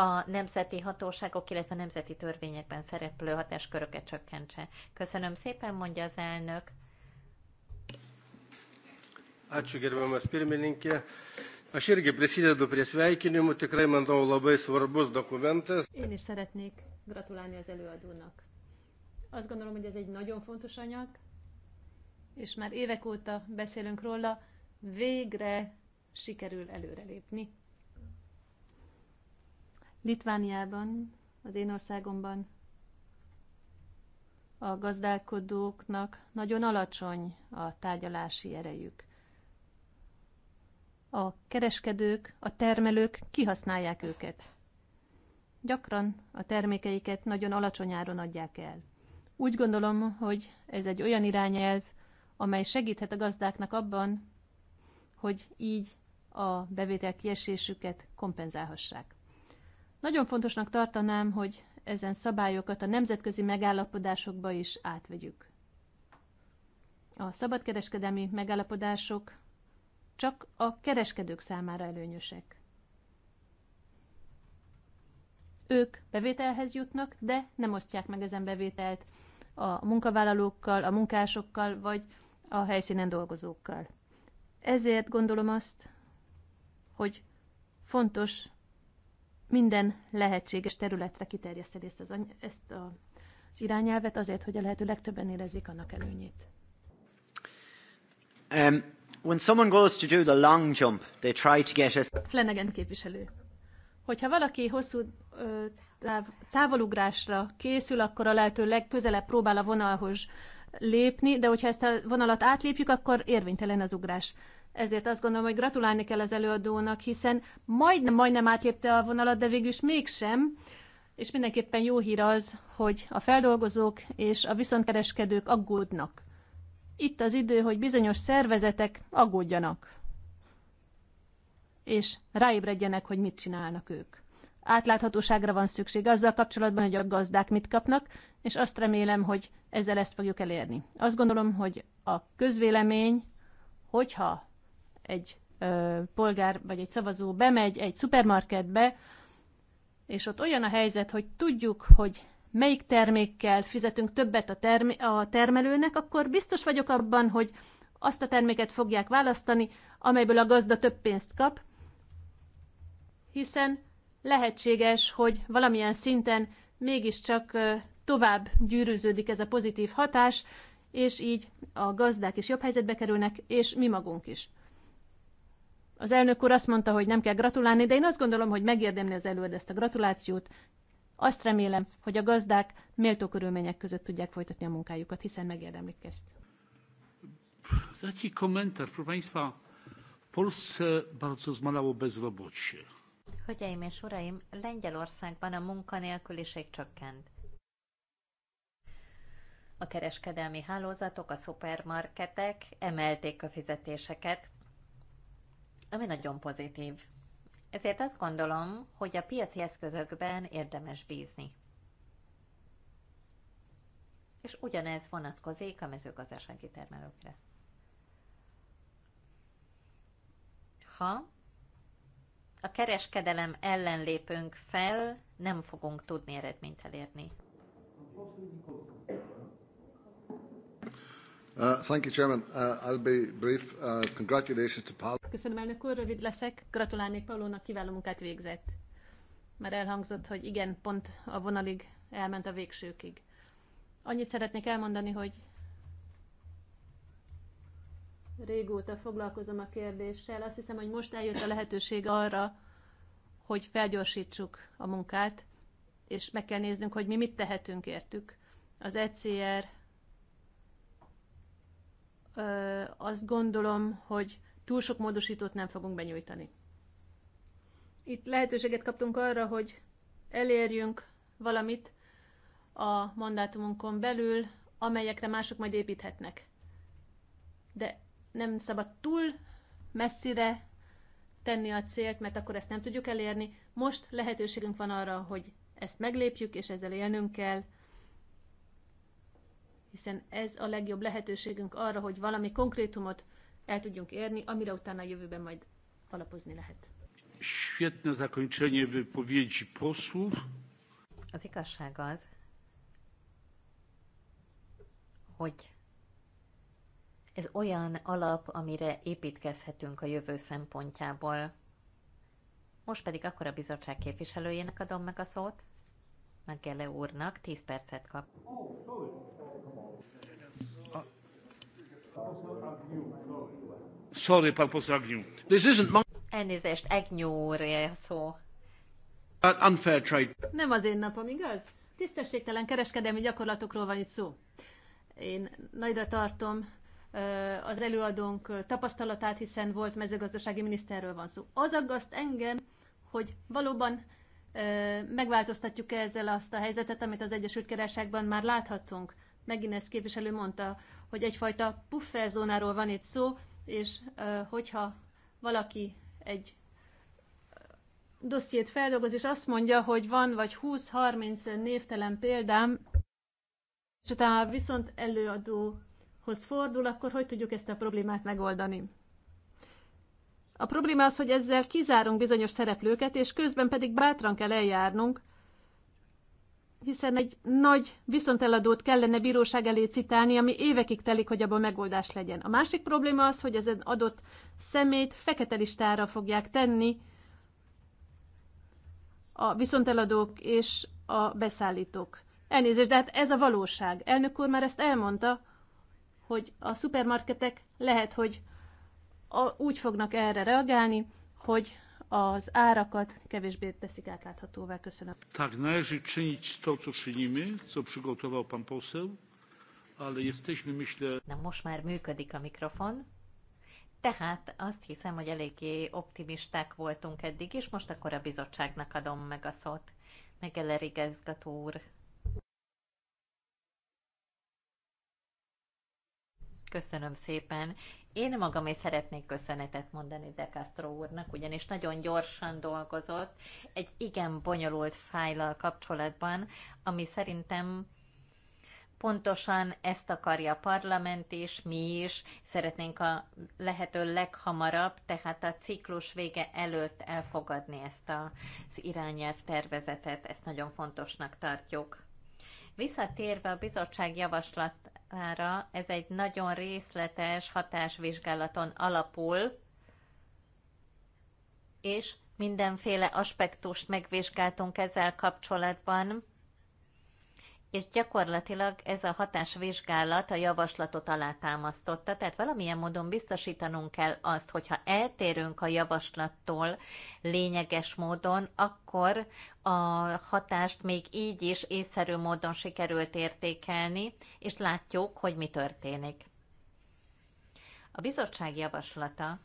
S3: a nemzeti hatóságok, illetve nemzeti törvényekben szereplő hatásköröket csökkentse. Köszönöm szépen, mondja az elnök.
S1: Ačiū gerbiamas pirmininkė. Aš irgi prisidedu prie sveikinimų, tikrai manau labai svarbus dokumentas.
S2: Én is szeretnék gratulálni az előadónak. Azt gondolom, hogy ez egy nagyon fontos anyag, és már évek óta beszélünk róla, végre sikerül előrelépni. Litvániában, az én országomban a gazdálkodóknak nagyon alacsony a tárgyalási erejük. A kereskedők, a termelők kihasználják őket. Gyakran a termékeiket nagyon alacsony áron adják el. Úgy gondolom, hogy ez egy olyan irányelv, amely segíthet a gazdáknak abban, hogy így a bevétel kiesésüket kompenzálhassák. Nagyon fontosnak tartanám, hogy ezen szabályokat a nemzetközi megállapodásokba is átvegyük. A szabadkereskedelmi megállapodások csak a kereskedők számára előnyösek. Ők bevételhez jutnak, de nem osztják meg ezen bevételt a munkavállalókkal, a munkásokkal vagy a helyszínen dolgozókkal. Ezért gondolom azt, hogy fontos minden lehetséges területre kiterjeszteni ezt az, ezt a, az irányelvet azért, hogy a lehető legtöbben érezzék annak előnyét.
S4: Um, when someone goes to do the long jump, they try to get as.
S2: Flanagan képviselő. Hogyha valaki hosszú ö, táv, távolugrásra készül, akkor a lehető legközelebb próbál a vonalhoz lépni, de hogyha ezt a vonalat átlépjük, akkor érvénytelen az ugrás. Ezért azt gondolom, hogy gratulálni kell az előadónak, hiszen majdnem, majdnem átlépte a vonalat, de végül is mégsem. És mindenképpen jó hír az, hogy a feldolgozók és a viszontkereskedők aggódnak. Itt az idő, hogy bizonyos szervezetek aggódjanak, és ráébredjenek, hogy mit csinálnak ők. Átláthatóságra van szükség azzal kapcsolatban, hogy a gazdák mit kapnak, és azt remélem, hogy ezzel ezt fogjuk elérni. Azt gondolom, hogy a közvélemény, hogyha egy ö, polgár vagy egy szavazó bemegy egy szupermarketbe, és ott olyan a helyzet, hogy tudjuk, hogy melyik termékkel fizetünk többet a, term- a termelőnek, akkor biztos vagyok abban, hogy azt a terméket fogják választani, amelyből a gazda több pénzt kap, hiszen lehetséges, hogy valamilyen szinten mégiscsak tovább gyűrűződik ez a pozitív hatás, és így a gazdák is jobb helyzetbe kerülnek, és mi magunk is. Az elnök úr azt mondta, hogy nem kell gratulálni, de én azt gondolom, hogy megérdemli az előad ezt a gratulációt. Azt remélem, hogy a gazdák méltó körülmények között tudják folytatni a munkájukat,
S3: hiszen megérdemlik ezt.
S1: Taki komentar, proszę Państwa, w Polsce bardzo zmalało bezrobocie.
S3: Hölgyeim és uraim, Lengyelországban a munkanélküliség csökkent. A kereskedelmi hálózatok, a szupermarketek emelték a fizetéseket, ami nagyon pozitív. Ezért azt gondolom, hogy a piaci eszközökben érdemes bízni. És ugyanez vonatkozik a mezőgazdasági termelőkre. Ha a kereskedelem ellen lépünk fel, nem fogunk tudni eredményt elérni.
S1: Uh, thank you, Chairman. Uh, I'll be brief. Uh, congratulations
S4: to
S2: Köszönöm, elnök úr, rövid leszek. Gratulálnék Paulónak, kiváló munkát végzett. Már elhangzott, hogy igen, pont a vonalig elment a végsőkig. Annyit szeretnék elmondani, hogy régóta foglalkozom a kérdéssel. Azt hiszem, hogy most eljött a lehetőség arra, hogy felgyorsítsuk a munkát, és meg kell néznünk, hogy mi mit tehetünk értük. Az ECR azt gondolom, hogy túl sok módosítót nem fogunk benyújtani. Itt lehetőséget kaptunk arra, hogy elérjünk valamit a mandátumunkon belül, amelyekre mások majd építhetnek. De nem szabad túl messzire tenni a célt, mert akkor ezt nem tudjuk elérni. Most lehetőségünk van arra, hogy ezt meglépjük, és ezzel élnünk kell hiszen ez a legjobb lehetőségünk arra, hogy valami konkrétumot el tudjunk érni, amire utána
S3: a jövőben majd alapozni lehet.
S1: Świetne zakończenie wypowiedzi posłów.
S3: Az igazság az, hogy ez olyan alap, amire építkezhetünk a jövő szempontjából. Most pedig akkor a bizottság képviselőjének adom meg a szót, Megele úrnak 10 percet kap. Oh, sorry.
S1: Sorry, pan Agnew.
S2: This isn't my...
S3: Elnézést, Agnew szó.
S1: Unfair trade.
S2: Nem az én napom, igaz? Tisztességtelen kereskedelmi gyakorlatokról van itt szó. Én nagyra tartom az előadónk tapasztalatát, hiszen volt mezőgazdasági miniszterről van szó. Az aggaszt engem, hogy valóban megváltoztatjuk -e ezzel azt a helyzetet, amit az Egyesült Királyságban már láthattunk. Megint ezt képviselő mondta, hogy egyfajta pufferzónáról van itt szó, és hogyha valaki egy dossziét feldolgoz, és azt mondja, hogy van vagy 20-30 névtelen példám, és utána viszont előadóhoz fordul, akkor hogy tudjuk ezt a problémát megoldani? A probléma az, hogy ezzel kizárunk bizonyos szereplőket, és közben pedig bátran kell eljárnunk, hiszen egy nagy viszonteladót kellene bíróság elé citálni, ami évekig telik, hogy abban megoldás legyen. A másik probléma az, hogy ezen adott szemét fekete listára fogják tenni a viszonteladók és a beszállítók. Elnézést, de hát ez a valóság. Elnök úr már ezt elmondta, hogy a szupermarketek lehet, hogy a, úgy fognak erre reagálni, hogy az árakat kevésbé teszik átláthatóvá. Köszönöm.
S1: Tak, należy czynić to, co czynimy, co przygotował pan poseł, ale jesteśmy, myślę...
S3: Na most már működik a mikrofon. Tehát azt hiszem, hogy eléggé optimisták voltunk eddig, és most akkor a bizottságnak adom meg a szót. Megeler úr, Köszönöm szépen. Én magam is szeretnék köszönetet mondani De Castro úrnak, ugyanis nagyon gyorsan dolgozott egy igen bonyolult fájlal kapcsolatban, ami szerintem pontosan ezt akarja a parlament is, mi is szeretnénk a lehető leghamarabb, tehát a ciklus vége előtt elfogadni ezt az irányelv tervezetet, ezt nagyon fontosnak tartjuk. Visszatérve a bizottság javaslat számára ez egy nagyon részletes hatásvizsgálaton alapul, és mindenféle aspektust megvizsgáltunk ezzel kapcsolatban, és gyakorlatilag ez a hatásvizsgálat a javaslatot alátámasztotta, tehát valamilyen módon biztosítanunk kell azt, hogyha eltérünk a javaslattól lényeges módon, akkor a hatást még így is észszerű módon sikerült értékelni, és látjuk, hogy mi történik. A bizottság javaslata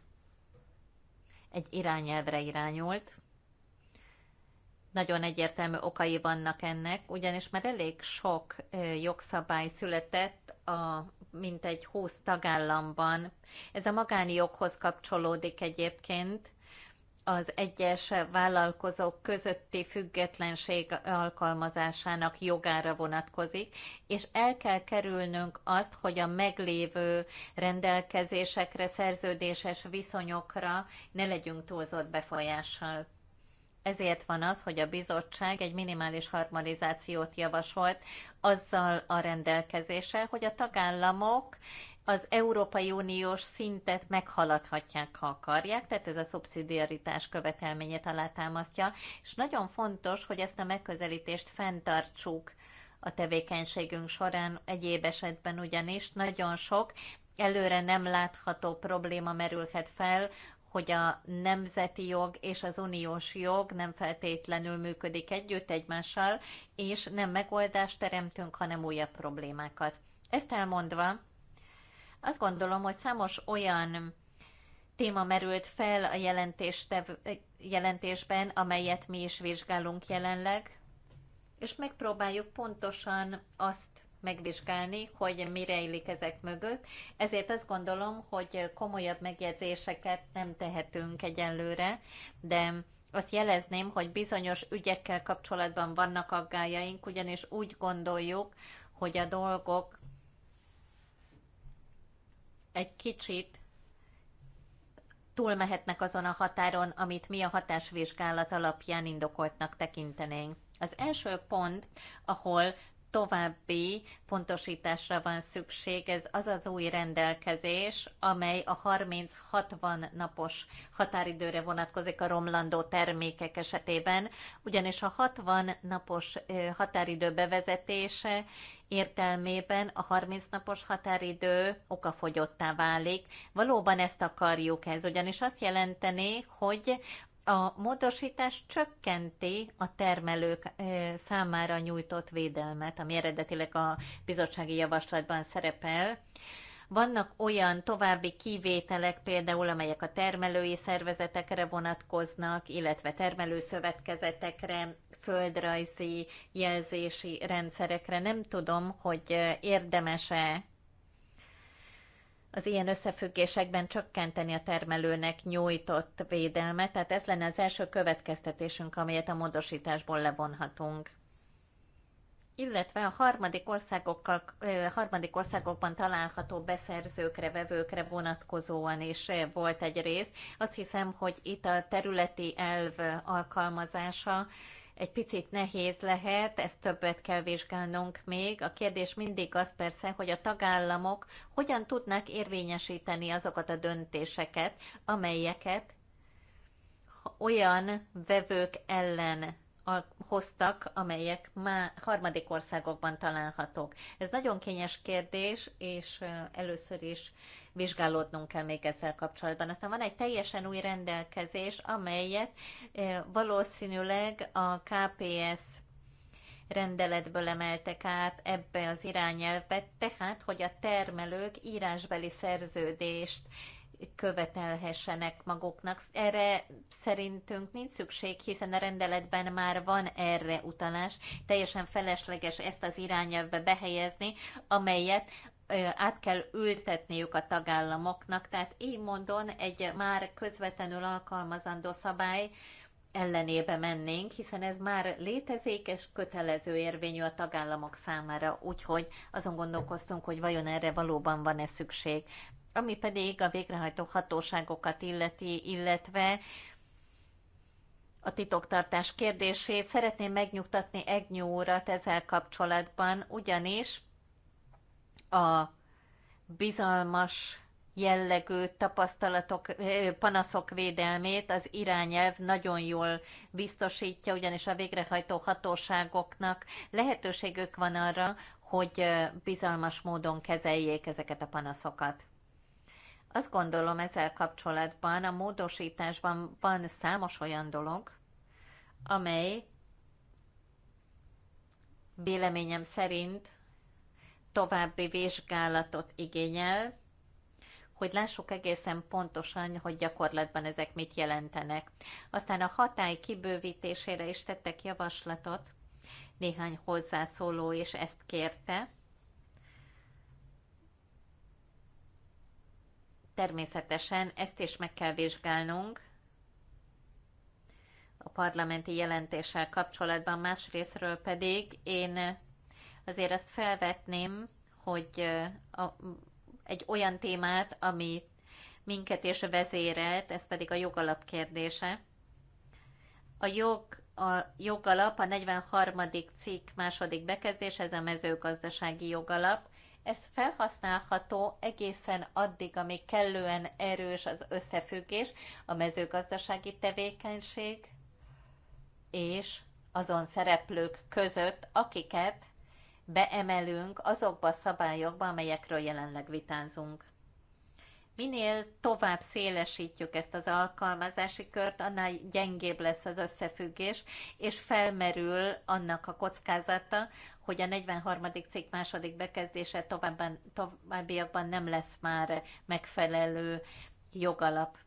S3: egy irányelvre irányult, nagyon egyértelmű okai vannak ennek, ugyanis már elég sok jogszabály született a mintegy 20 tagállamban. Ez a magáni joghoz kapcsolódik egyébként, az egyes vállalkozók közötti függetlenség alkalmazásának jogára vonatkozik, és el kell kerülnünk azt, hogy a meglévő rendelkezésekre, szerződéses viszonyokra ne legyünk túlzott befolyással. Ezért van az, hogy a bizottság egy minimális harmonizációt javasolt azzal a rendelkezése, hogy a tagállamok az Európai Uniós szintet meghaladhatják, ha akarják, tehát ez a szubszidiaritás követelményét alátámasztja, és nagyon fontos, hogy ezt a megközelítést fenntartsuk a tevékenységünk során, egyéb esetben ugyanis nagyon sok előre nem látható probléma merülhet fel hogy a nemzeti jog és az uniós jog nem feltétlenül működik együtt egymással, és nem megoldást teremtünk, hanem újabb problémákat. Ezt elmondva, azt gondolom, hogy számos olyan téma merült fel a jelentésben, amelyet mi is vizsgálunk jelenleg, és megpróbáljuk pontosan azt megvizsgálni, hogy mi rejlik ezek mögött. Ezért azt gondolom, hogy komolyabb megjegyzéseket nem tehetünk egyenlőre, de azt jelezném, hogy bizonyos ügyekkel kapcsolatban vannak aggájaink, ugyanis úgy gondoljuk, hogy a dolgok egy kicsit túlmehetnek azon a határon, amit mi a hatásvizsgálat alapján indokoltnak tekintenénk. Az első pont, ahol további pontosításra van szükség. Ez az az új rendelkezés, amely a 30-60 napos határidőre vonatkozik a romlandó termékek esetében, ugyanis a 60 napos határidő bevezetése értelmében a 30 napos határidő okafogyottá válik. Valóban ezt akarjuk ez, ugyanis azt jelenteni, hogy a módosítás csökkenti a termelők számára nyújtott védelmet, ami eredetileg a bizottsági javaslatban szerepel. Vannak olyan további kivételek, például amelyek a termelői szervezetekre vonatkoznak, illetve termelőszövetkezetekre, földrajzi jelzési rendszerekre. Nem tudom, hogy érdemese az ilyen összefüggésekben csökkenteni a termelőnek nyújtott védelmet, tehát ez lenne az első következtetésünk, amelyet a módosításból levonhatunk illetve a harmadik, országokkal, harmadik országokban található beszerzőkre, vevőkre vonatkozóan is volt egy rész. Azt hiszem, hogy itt a területi elv alkalmazása egy picit nehéz lehet, ezt többet kell vizsgálnunk még. A kérdés mindig az persze, hogy a tagállamok hogyan tudnak érvényesíteni azokat a döntéseket, amelyeket olyan vevők ellen hoztak, amelyek már harmadik országokban találhatók. Ez nagyon kényes kérdés, és először is vizsgálódnunk kell még ezzel kapcsolatban. Aztán van egy teljesen új rendelkezés, amelyet valószínűleg a KPS rendeletből emeltek át ebbe az irányelvbe, tehát hogy a termelők írásbeli szerződést követelhessenek maguknak. Erre szerintünk nincs szükség, hiszen a rendeletben már van erre utalás. Teljesen felesleges ezt az irányelvbe behelyezni, amelyet át kell ültetniük a tagállamoknak. Tehát így mondom, egy már közvetlenül alkalmazandó szabály ellenébe mennénk, hiszen ez már létezik és kötelező érvényű a tagállamok számára, úgyhogy azon gondolkoztunk, hogy vajon erre valóban van-e szükség. Ami pedig a végrehajtó hatóságokat illeti, illetve a titoktartás kérdését szeretném megnyugtatni egy urat ezzel kapcsolatban, ugyanis a bizalmas jellegű tapasztalatok, panaszok védelmét az irányelv nagyon jól biztosítja, ugyanis a végrehajtó hatóságoknak lehetőségük van arra, hogy bizalmas módon kezeljék ezeket a panaszokat. Azt gondolom ezzel kapcsolatban a módosításban van számos olyan dolog, amely véleményem szerint további vizsgálatot igényel, hogy lássuk egészen pontosan, hogy gyakorlatban ezek mit jelentenek. Aztán a hatály kibővítésére is tettek javaslatot, néhány hozzászóló is ezt kérte, Természetesen ezt is meg kell vizsgálnunk a parlamenti jelentéssel kapcsolatban, másrésztről pedig én azért azt felvetném, hogy a, egy olyan témát, ami minket és vezérelt, ez pedig a jogalap kérdése. A jog a jogalap, a 43. cikk második bekezdés, ez a mezőgazdasági jogalap. Ez felhasználható egészen addig, amíg kellően erős az összefüggés a mezőgazdasági tevékenység és azon szereplők között, akiket beemelünk azokba a szabályokba, amelyekről jelenleg vitázunk. Minél tovább szélesítjük ezt az alkalmazási kört, annál gyengébb lesz az összefüggés, és felmerül annak a kockázata, hogy a 43. cikk második bekezdése továbban, továbbiakban nem lesz már megfelelő jogalap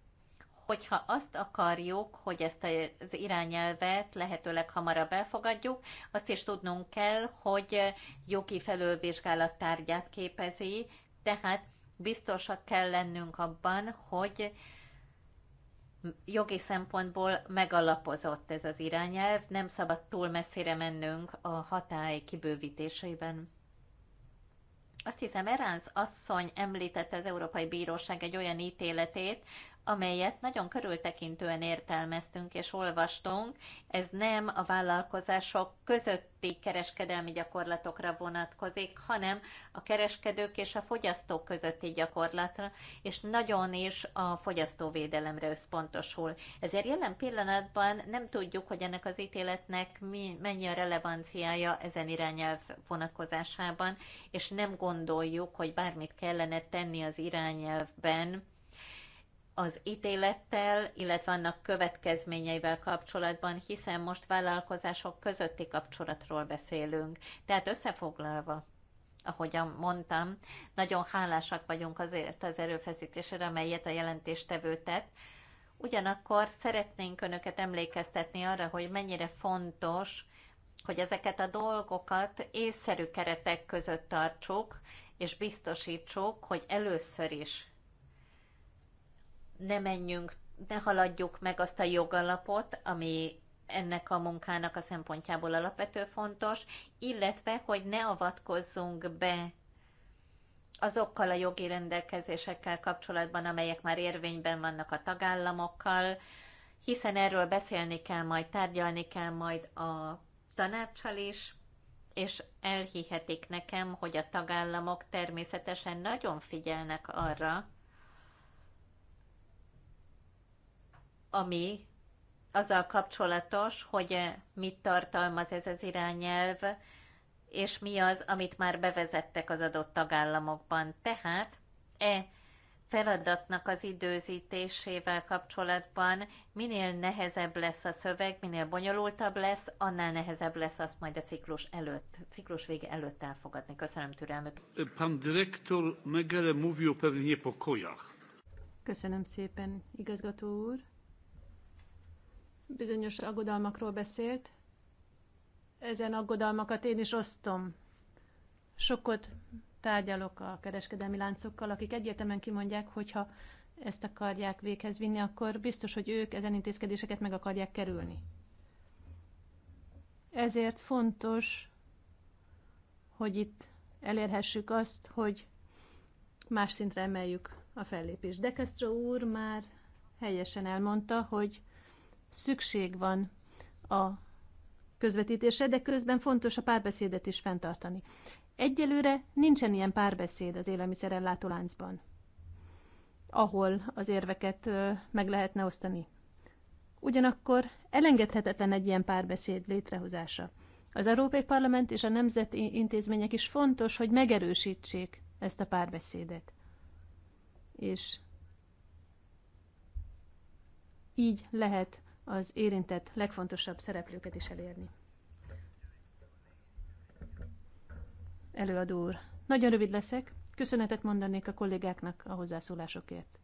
S3: hogyha azt akarjuk, hogy ezt az irányelvet lehetőleg hamarabb elfogadjuk, azt is tudnunk kell, hogy jogi felülvizsgálat tárgyát képezi, tehát biztosak kell lennünk abban, hogy jogi szempontból megalapozott ez az irányelv, nem szabad túl messzire mennünk a hatály kibővítésében. Azt hiszem, Eránz asszony említette az Európai Bíróság egy olyan ítéletét, amelyet nagyon körültekintően értelmeztünk és olvastunk. Ez nem a vállalkozások közötti kereskedelmi gyakorlatokra vonatkozik, hanem a kereskedők és a fogyasztók közötti gyakorlatra, és nagyon is a fogyasztóvédelemre összpontosul. Ezért jelen pillanatban nem tudjuk, hogy ennek az ítéletnek mi, mennyi a relevanciája ezen irányelv vonatkozásában, és nem gondoljuk, hogy bármit kellene tenni az irányelvben, az ítélettel, illetve annak következményeivel kapcsolatban, hiszen most vállalkozások közötti kapcsolatról beszélünk. Tehát összefoglalva, ahogyan mondtam, nagyon hálásak vagyunk azért az erőfeszítésre, amelyet a jelentéstevő tett. Ugyanakkor szeretnénk Önöket emlékeztetni arra, hogy mennyire fontos, hogy ezeket a dolgokat észszerű keretek között tartsuk, és biztosítsuk, hogy először is ne menjünk, ne haladjuk meg azt a jogalapot, ami ennek a munkának a szempontjából alapvető fontos, illetve, hogy ne avatkozzunk be azokkal a jogi rendelkezésekkel kapcsolatban, amelyek már érvényben vannak a tagállamokkal, hiszen erről beszélni kell majd, tárgyalni kell majd a tanácssal is, és elhihetik nekem, hogy a tagállamok természetesen nagyon figyelnek arra, ami azzal kapcsolatos, hogy mit tartalmaz ez az irányelv, és mi az, amit már bevezettek az adott tagállamokban. Tehát e feladatnak az időzítésével kapcsolatban minél nehezebb lesz a szöveg, minél bonyolultabb lesz, annál nehezebb lesz azt majd a ciklus előtt, ciklus vége előtt elfogadni. Köszönöm türelmet.
S1: Pan direktor Megele mówi o pewnych niepokojach.
S3: Köszönöm szépen, igazgató
S2: úr bizonyos aggodalmakról beszélt. Ezen aggodalmakat én is osztom. Sokat tárgyalok a kereskedelmi láncokkal, akik egyértelműen kimondják, hogyha ezt akarják véghez vinni, akkor biztos, hogy ők ezen intézkedéseket meg akarják kerülni. Ezért fontos, hogy itt elérhessük azt, hogy más szintre emeljük a fellépést. De Castro úr már helyesen elmondta, hogy szükség van a közvetítésre, de közben fontos a párbeszédet is fenntartani. Egyelőre nincsen ilyen párbeszéd az élelmiszerellátó láncban, ahol az érveket meg lehetne osztani. Ugyanakkor elengedhetetlen egy ilyen párbeszéd létrehozása. Az Európai Parlament és a nemzeti intézmények is fontos, hogy megerősítsék ezt a párbeszédet. És így lehet az érintett legfontosabb szereplőket is elérni. Előadó úr, nagyon rövid leszek, köszönetet mondanék a kollégáknak a hozzászólásokért.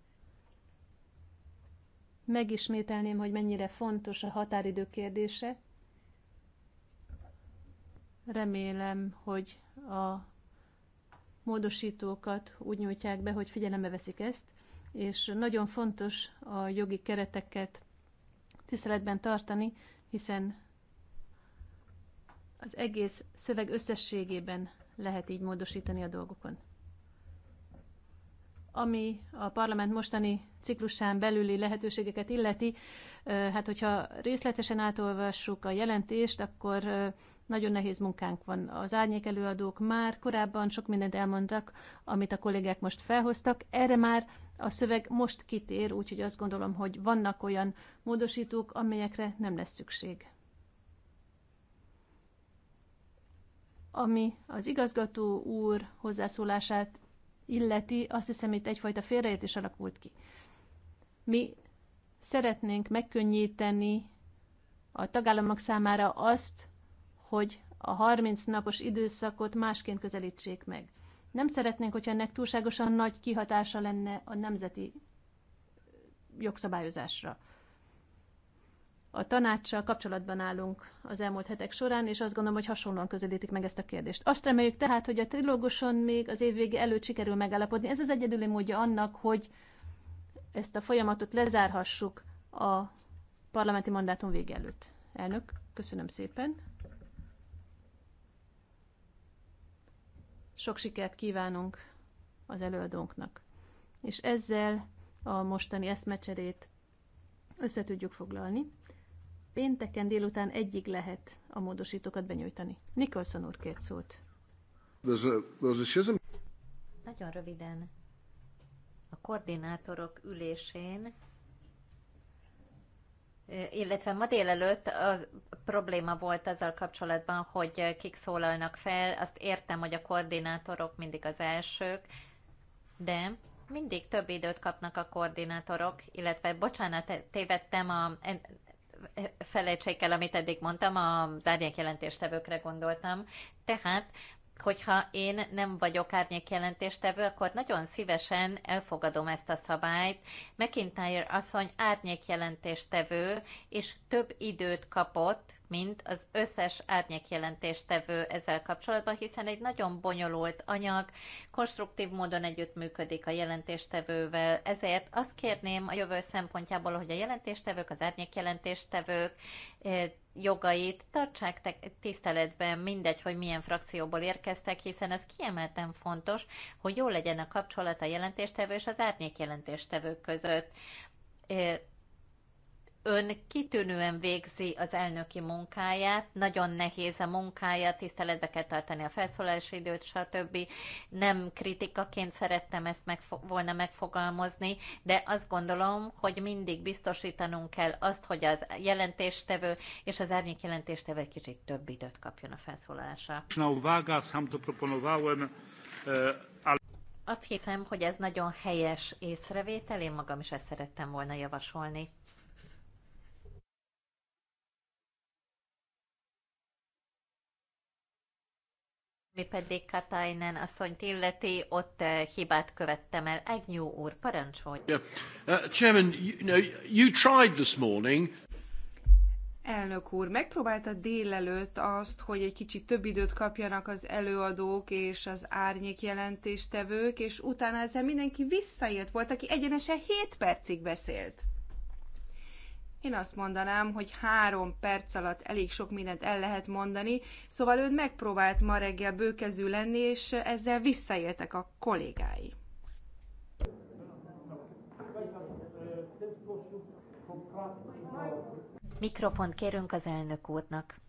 S2: Megismételném, hogy mennyire fontos a határidő kérdése. Remélem, hogy a módosítókat úgy nyújtják be, hogy figyelembe veszik ezt, és nagyon fontos a jogi kereteket tiszteletben tartani, hiszen az egész szöveg összességében lehet így módosítani a dolgokon. Ami a parlament mostani ciklusán belüli lehetőségeket illeti, hát hogyha részletesen átolvassuk a jelentést, akkor nagyon nehéz munkánk van. Az árnyék előadók már korábban sok mindent elmondtak, amit a kollégák most felhoztak. Erre már a szöveg most kitér, úgyhogy azt gondolom, hogy vannak olyan módosítók, amelyekre nem lesz szükség. Ami az igazgató úr hozzászólását illeti, azt hiszem itt egyfajta félreértés alakult ki. Mi szeretnénk megkönnyíteni a tagállamok számára azt, hogy a 30 napos időszakot másként közelítsék meg. Nem szeretnénk, hogyha ennek túlságosan nagy kihatása lenne a nemzeti jogszabályozásra. A tanácssal kapcsolatban állunk az elmúlt hetek során, és azt gondolom, hogy hasonlóan közelítik meg ezt a kérdést. Azt reméljük tehát, hogy a trilóguson még az év vége előtt sikerül megállapodni. Ez az egyedüli módja annak, hogy ezt a folyamatot lezárhassuk a parlamenti mandátum vége előtt. Elnök, köszönöm szépen. Sok sikert kívánunk az előadónknak. És ezzel a mostani eszmecserét összetudjuk foglalni. Pénteken délután egyig lehet a módosítókat benyújtani. Nikolson úr kért szót. Nagyon
S3: röviden. A koordinátorok ülésén illetve ma délelőtt a probléma volt azzal kapcsolatban, hogy kik szólalnak fel. Azt értem, hogy a koordinátorok mindig az elsők, de mindig több időt kapnak a koordinátorok, illetve bocsánat, tévedtem a felejtsék el, amit eddig mondtam, a zárják jelentéstevőkre gondoltam. Tehát hogyha én nem vagyok árnyék jelentéstevő, akkor nagyon szívesen elfogadom ezt a szabályt. McIntyre asszony árnyék jelentéstevő, és több időt kapott, mint az összes árnyék jelentéstevő ezzel kapcsolatban, hiszen egy nagyon bonyolult anyag, konstruktív módon együttműködik a jelentéstevővel. Ezért azt kérném a jövő szempontjából, hogy a jelentéstevők, az árnyék jelentéstevők eh, jogait tartsák tiszteletben, mindegy, hogy milyen frakcióból érkeztek, hiszen ez kiemelten fontos, hogy jó legyen a kapcsolat a jelentéstevő és az árnyék jelentéstevők között Ön kitűnően végzi az elnöki munkáját, nagyon nehéz a munkája, tiszteletbe kell tartani a felszólalási időt, stb. Nem kritikaként szerettem ezt meg, volna megfogalmazni, de azt gondolom, hogy mindig biztosítanunk kell azt, hogy az jelentéstevő és az árnyék jelentéstevő egy kicsit több időt kapjon a felszólalásra. E, azt hiszem, hogy ez nagyon helyes észrevétel, én magam is ezt szerettem volna javasolni. Mi pedig Katainen asszonyt illeti, ott eh, hibát követtem el. Egnyú úr, parancsolj!
S1: Yeah. Uh, chairman, you, know, you tried this morning
S3: Elnök úr, megpróbálta délelőtt azt,
S4: hogy egy kicsit több időt kapjanak az előadók és az árnyék jelentéstevők, és utána ezzel mindenki visszaélt volt, aki egyenesen 7 percig beszélt. Én azt mondanám, hogy három perc alatt elég sok mindent el lehet mondani, szóval ön megpróbált ma reggel bőkezű lenni, és ezzel visszaéltek a kollégái.
S3: Mikrofon, kérünk az elnök úrnak.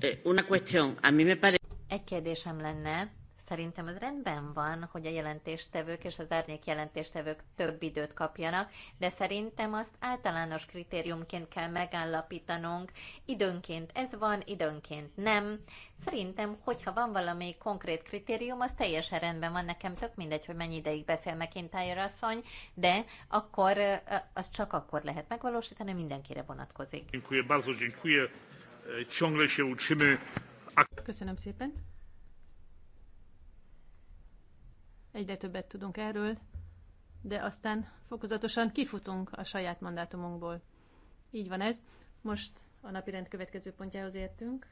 S3: Eh, una
S2: cuestión. A
S3: me Egy kérdésem lenne. Szerintem az rendben van, hogy a jelentéstevők és az árnyék jelentéstevők több időt kapjanak, de szerintem azt általános kritériumként kell megállapítanunk. Időnként ez van, időnként nem. Szerintem, hogyha van valami konkrét kritérium, az teljesen rendben van nekem, tök mindegy, hogy mennyi ideig beszél McIntyre asszony, de akkor az csak akkor lehet megvalósítani, mindenkire vonatkozik.
S1: E,
S2: Köszönöm szépen. egyre többet tudunk erről, de aztán fokozatosan kifutunk a saját mandátumunkból. Így van ez. Most a napirend következő pontjához értünk.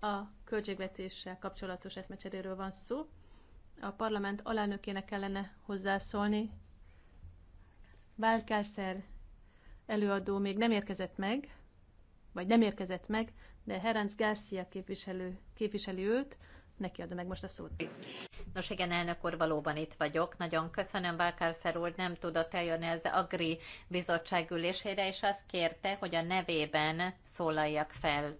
S2: A költségvetéssel kapcsolatos eszmecseréről van szó. A parlament alelnökének kellene hozzászólni. Válkászer előadó még nem érkezett meg vagy nem érkezett meg, de Herenc Garcia képviselő, képviseli őt, neki adom meg most a szót.
S3: Nos igen, elnök úr, valóban itt vagyok. Nagyon köszönöm, Bákárszer úr nem tudott eljönni az Agri bizottság ülésére, és azt kérte, hogy a nevében szólaljak fel.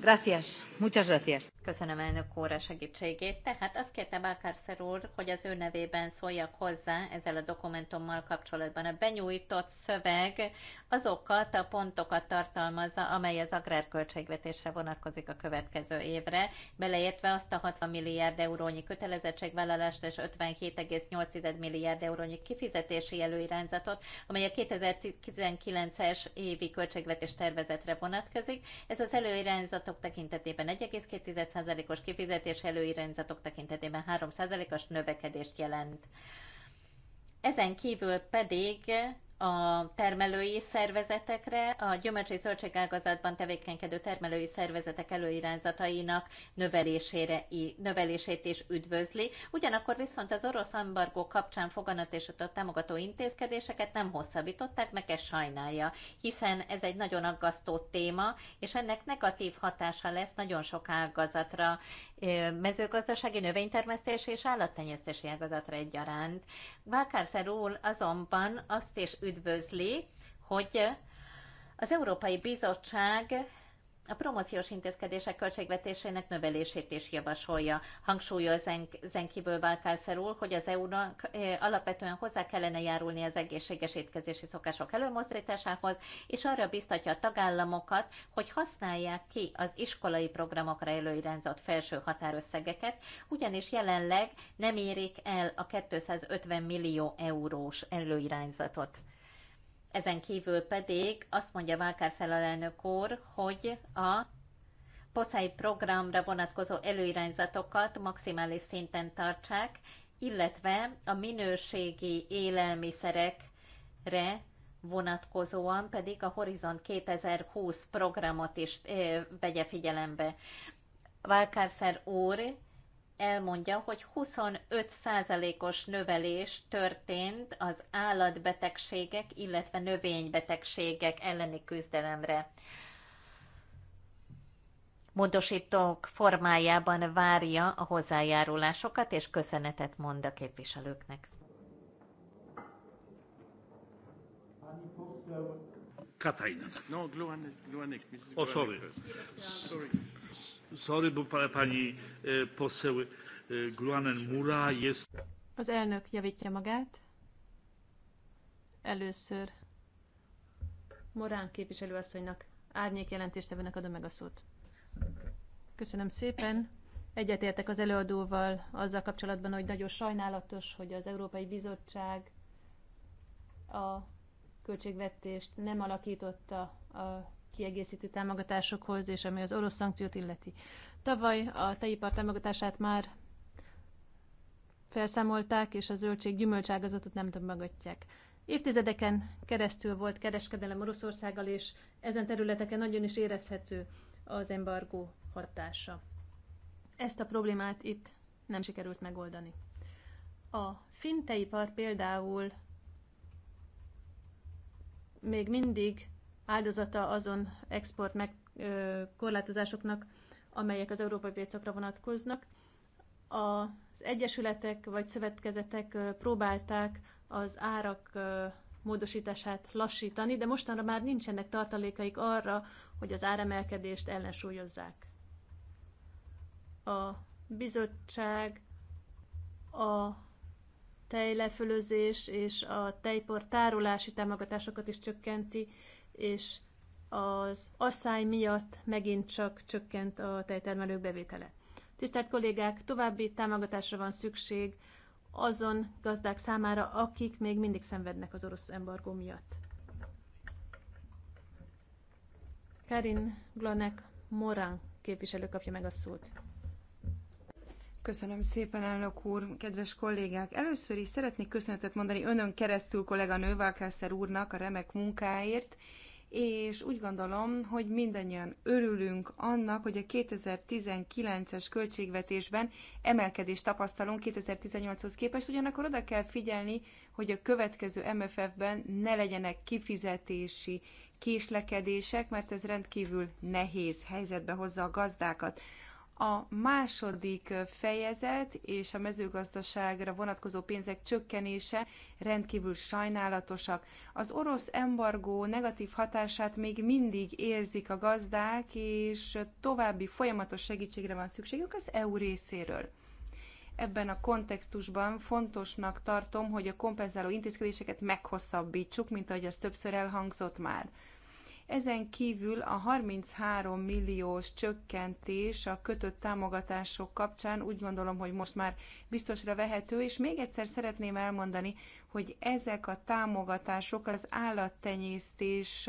S3: Gracias, muchas gracias. Köszönöm elnök óra segítségét. Tehát azt kérte Bákárszer úr, hogy az ő nevében szóljak hozzá ezzel a dokumentummal kapcsolatban. A benyújtott szöveg azokat a pontokat tartalmazza, amely az agrárköltségvetésre vonatkozik a következő évre, beleértve azt a 60 milliárd eurónyi kötelezettségvállalást és 57,8 milliárd eurónyi kifizetési előirányzatot, amely a 2019-es évi költségvetés tervezetre vonatkozik. Ez az előirányzatok tekintetében 1,2 2%-os kifizetés előirányzatok tekintetében 3%-os növekedést jelent. Ezen kívül pedig a termelői szervezetekre, a gyümölcs és zöldségágazatban tevékenykedő termelői szervezetek előirányzatainak növelésére, növelését is üdvözli. Ugyanakkor viszont az orosz embargó kapcsán foganat és a támogató intézkedéseket nem hosszabbították, meg ez sajnálja, hiszen ez egy nagyon aggasztó téma, és ennek negatív hatása lesz nagyon sok ágazatra, mezőgazdasági növénytermesztés és állattenyésztési ágazatra egyaránt. Valkárszer úr azonban azt is üdvözli, hogy az Európai Bizottság a promóciós intézkedések költségvetésének növelését is javasolja. Hangsúlyoz zen- Zenkiből Valkászer úr, hogy az EU-nak alapvetően hozzá kellene járulni az egészséges étkezési szokások előmozdításához, és arra biztatja a tagállamokat, hogy használják ki az iskolai programokra előirányzott felső határösszegeket, ugyanis jelenleg nem érik el a 250 millió eurós előirányzatot. Ezen kívül pedig azt mondja Válkárszál elnök úr, hogy a poszai programra vonatkozó előirányzatokat maximális szinten tartsák, illetve a minőségi élelmiszerekre vonatkozóan pedig a Horizont 2020 programot is vegye figyelembe. Válkárszer úr elmondja, hogy 25%-os növelés történt az állatbetegségek, illetve növénybetegségek elleni küzdelemre. Módosítók formájában várja a hozzájárulásokat, és köszönetet mond a képviselőknek.
S1: Katainen. No, Gluanek. Gluanek. Oh, sorry. sorry. Sorry, bo pani e, poseł e, Mura jest...
S2: Az elnök javítja magát. Először Morán képviselőasszonynak árnyék jelentéstevőnek adom meg a szót. Köszönöm szépen. Egyetértek az előadóval azzal kapcsolatban, hogy nagyon sajnálatos, hogy az Európai Bizottság a költségvetést nem alakította a kiegészítő támogatásokhoz, és ami az orosz szankciót illeti. Tavaly a tejipar támogatását már felszámolták, és a zöldség gyümölcságazatot nem támogatják. Évtizedeken keresztül volt kereskedelem Oroszországgal, és ezen területeken nagyon is érezhető az embargó hatása. Ezt a problémát itt nem sikerült megoldani. A finteipar például még mindig áldozata azon export meg, ö, korlátozásoknak, amelyek az európai piacokra vonatkoznak. Az egyesületek vagy szövetkezetek próbálták az árak módosítását lassítani, de mostanra már nincsenek tartalékaik arra, hogy az áremelkedést ellensúlyozzák. A bizottság a tejlefölözés és a tejpor tárolási támogatásokat is csökkenti, és az asszály miatt megint csak csökkent a tejtermelők bevétele. Tisztelt kollégák, további támogatásra van szükség azon gazdák számára, akik még mindig szenvednek az orosz embargó miatt. Karin Glanek Morán képviselő kapja meg a szót.
S4: Köszönöm szépen, elnök úr, kedves kollégák! Először is szeretnék köszönetet mondani önön keresztül kolléganő Valkászer úrnak a remek munkáért, és úgy gondolom, hogy mindannyian örülünk annak, hogy a 2019-es költségvetésben emelkedést tapasztalunk 2018-hoz képest, ugyanakkor oda kell figyelni, hogy a következő MFF-ben ne legyenek kifizetési késlekedések, mert ez rendkívül nehéz helyzetbe hozza a gazdákat. A második fejezet és a mezőgazdaságra vonatkozó pénzek csökkenése rendkívül sajnálatosak. Az orosz embargó negatív hatását még mindig érzik a gazdák, és további folyamatos segítségre van szükségük az EU részéről. Ebben a kontextusban fontosnak tartom, hogy a kompenzáló intézkedéseket meghosszabbítsuk, mint ahogy az többször elhangzott már. Ezen kívül a 33 milliós csökkentés a kötött támogatások kapcsán úgy gondolom, hogy most már biztosra vehető, és még egyszer szeretném elmondani, hogy ezek a támogatások az állattenyésztés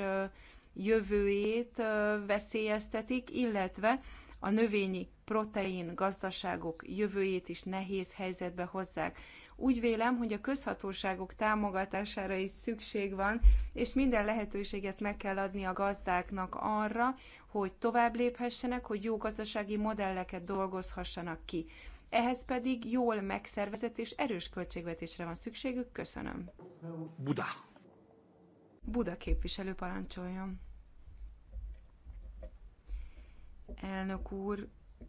S4: jövőjét veszélyeztetik, illetve a növényi protein gazdaságok jövőjét is nehéz helyzetbe hozzák. Úgy vélem, hogy a közhatóságok támogatására is szükség van, és minden lehetőséget meg kell adni a gazdáknak arra, hogy tovább léphessenek, hogy jó gazdasági modelleket dolgozhassanak ki. Ehhez pedig jól megszervezett és erős költségvetésre van szükségük. Köszönöm. Buda. Buda képviselő parancsoljon. Elnök úr,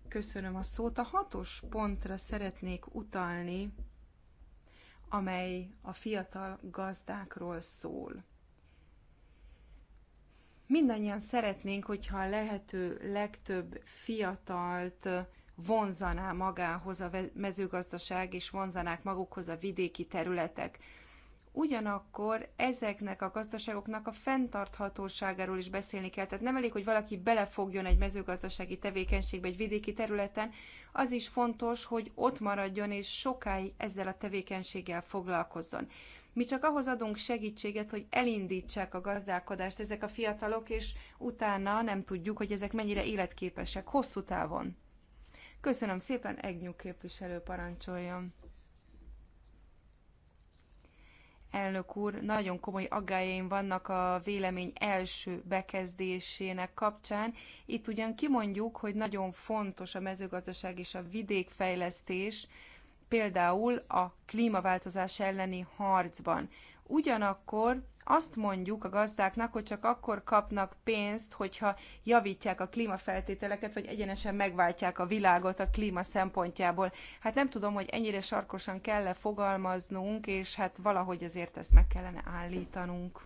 S4: köszönöm a szót. A hatos pontra szeretnék utalni amely a fiatal gazdákról szól. Mindannyian szeretnénk, hogyha a lehető legtöbb fiatalt vonzaná magához a mezőgazdaság, és vonzanák magukhoz a vidéki területek. Ugyanakkor ezeknek a gazdaságoknak a fenntarthatóságáról is beszélni kell. Tehát nem elég, hogy valaki belefogjon egy mezőgazdasági tevékenységbe egy vidéki területen, az is fontos, hogy ott maradjon és sokáig ezzel a tevékenységgel foglalkozzon. Mi csak ahhoz adunk segítséget, hogy elindítsák a gazdálkodást ezek a fiatalok, és utána nem tudjuk, hogy ezek mennyire életképesek hosszú távon. Köszönöm szépen, Egnyú képviselő parancsoljon. Elnök úr, nagyon komoly aggájaim vannak a vélemény első bekezdésének kapcsán. Itt ugyan kimondjuk, hogy nagyon fontos a mezőgazdaság és a vidékfejlesztés, például a klímaváltozás elleni harcban. Ugyanakkor azt mondjuk a gazdáknak, hogy csak akkor kapnak pénzt, hogyha javítják a klímafeltételeket, vagy egyenesen megváltják a világot a klíma szempontjából. Hát nem tudom, hogy ennyire sarkosan kell-e fogalmaznunk, és hát valahogy azért ezt meg kellene állítanunk.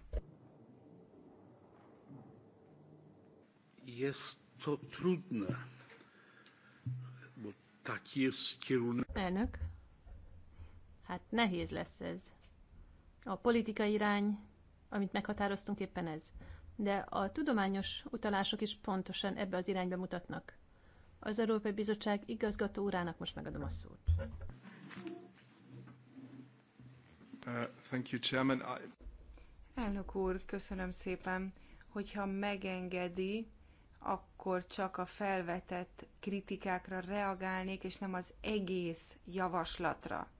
S2: Elnök, hát nehéz lesz ez. A politikai irány, amit meghatároztunk, éppen ez. De a tudományos utalások is pontosan ebbe az irányba mutatnak. Az Európai Bizottság igazgató urának most megadom a szót.
S1: Uh, thank you, Chairman.
S2: I...
S4: Elnök úr, köszönöm szépen. Hogyha megengedi, akkor csak a felvetett kritikákra reagálnék, és nem az egész javaslatra.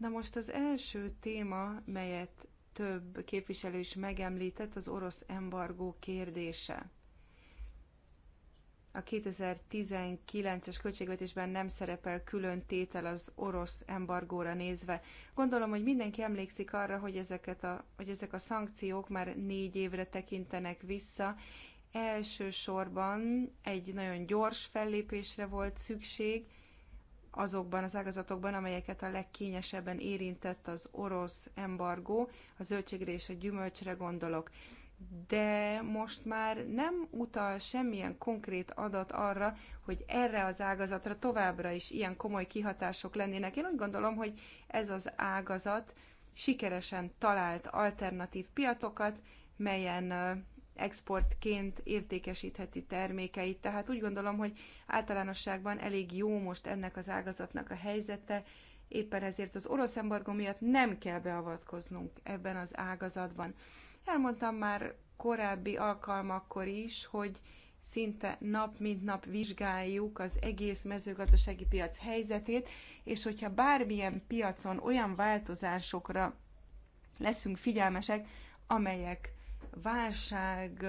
S4: Na most az első téma, melyet több képviselő is megemlített, az orosz embargó kérdése. A 2019-es költségvetésben nem szerepel külön tétel az orosz embargóra nézve. Gondolom, hogy mindenki emlékszik arra, hogy, ezeket a, hogy ezek a szankciók már négy évre tekintenek vissza. Elsősorban egy nagyon gyors fellépésre volt szükség, azokban az ágazatokban, amelyeket a legkényesebben érintett az orosz embargó, a zöldségre és a gyümölcsre gondolok. De most már nem utal semmilyen konkrét adat arra, hogy erre az ágazatra továbbra is ilyen komoly kihatások lennének. Én úgy gondolom, hogy ez az ágazat sikeresen talált alternatív piacokat, melyen exportként értékesítheti termékeit. Tehát úgy gondolom, hogy általánosságban elég jó most ennek az ágazatnak a helyzete, éppen ezért az orosz embargó miatt nem kell beavatkoznunk ebben az ágazatban. Elmondtam már korábbi alkalmakkor is, hogy szinte nap mint nap vizsgáljuk az egész mezőgazdasági piac helyzetét, és hogyha bármilyen piacon olyan változásokra leszünk figyelmesek, amelyek válság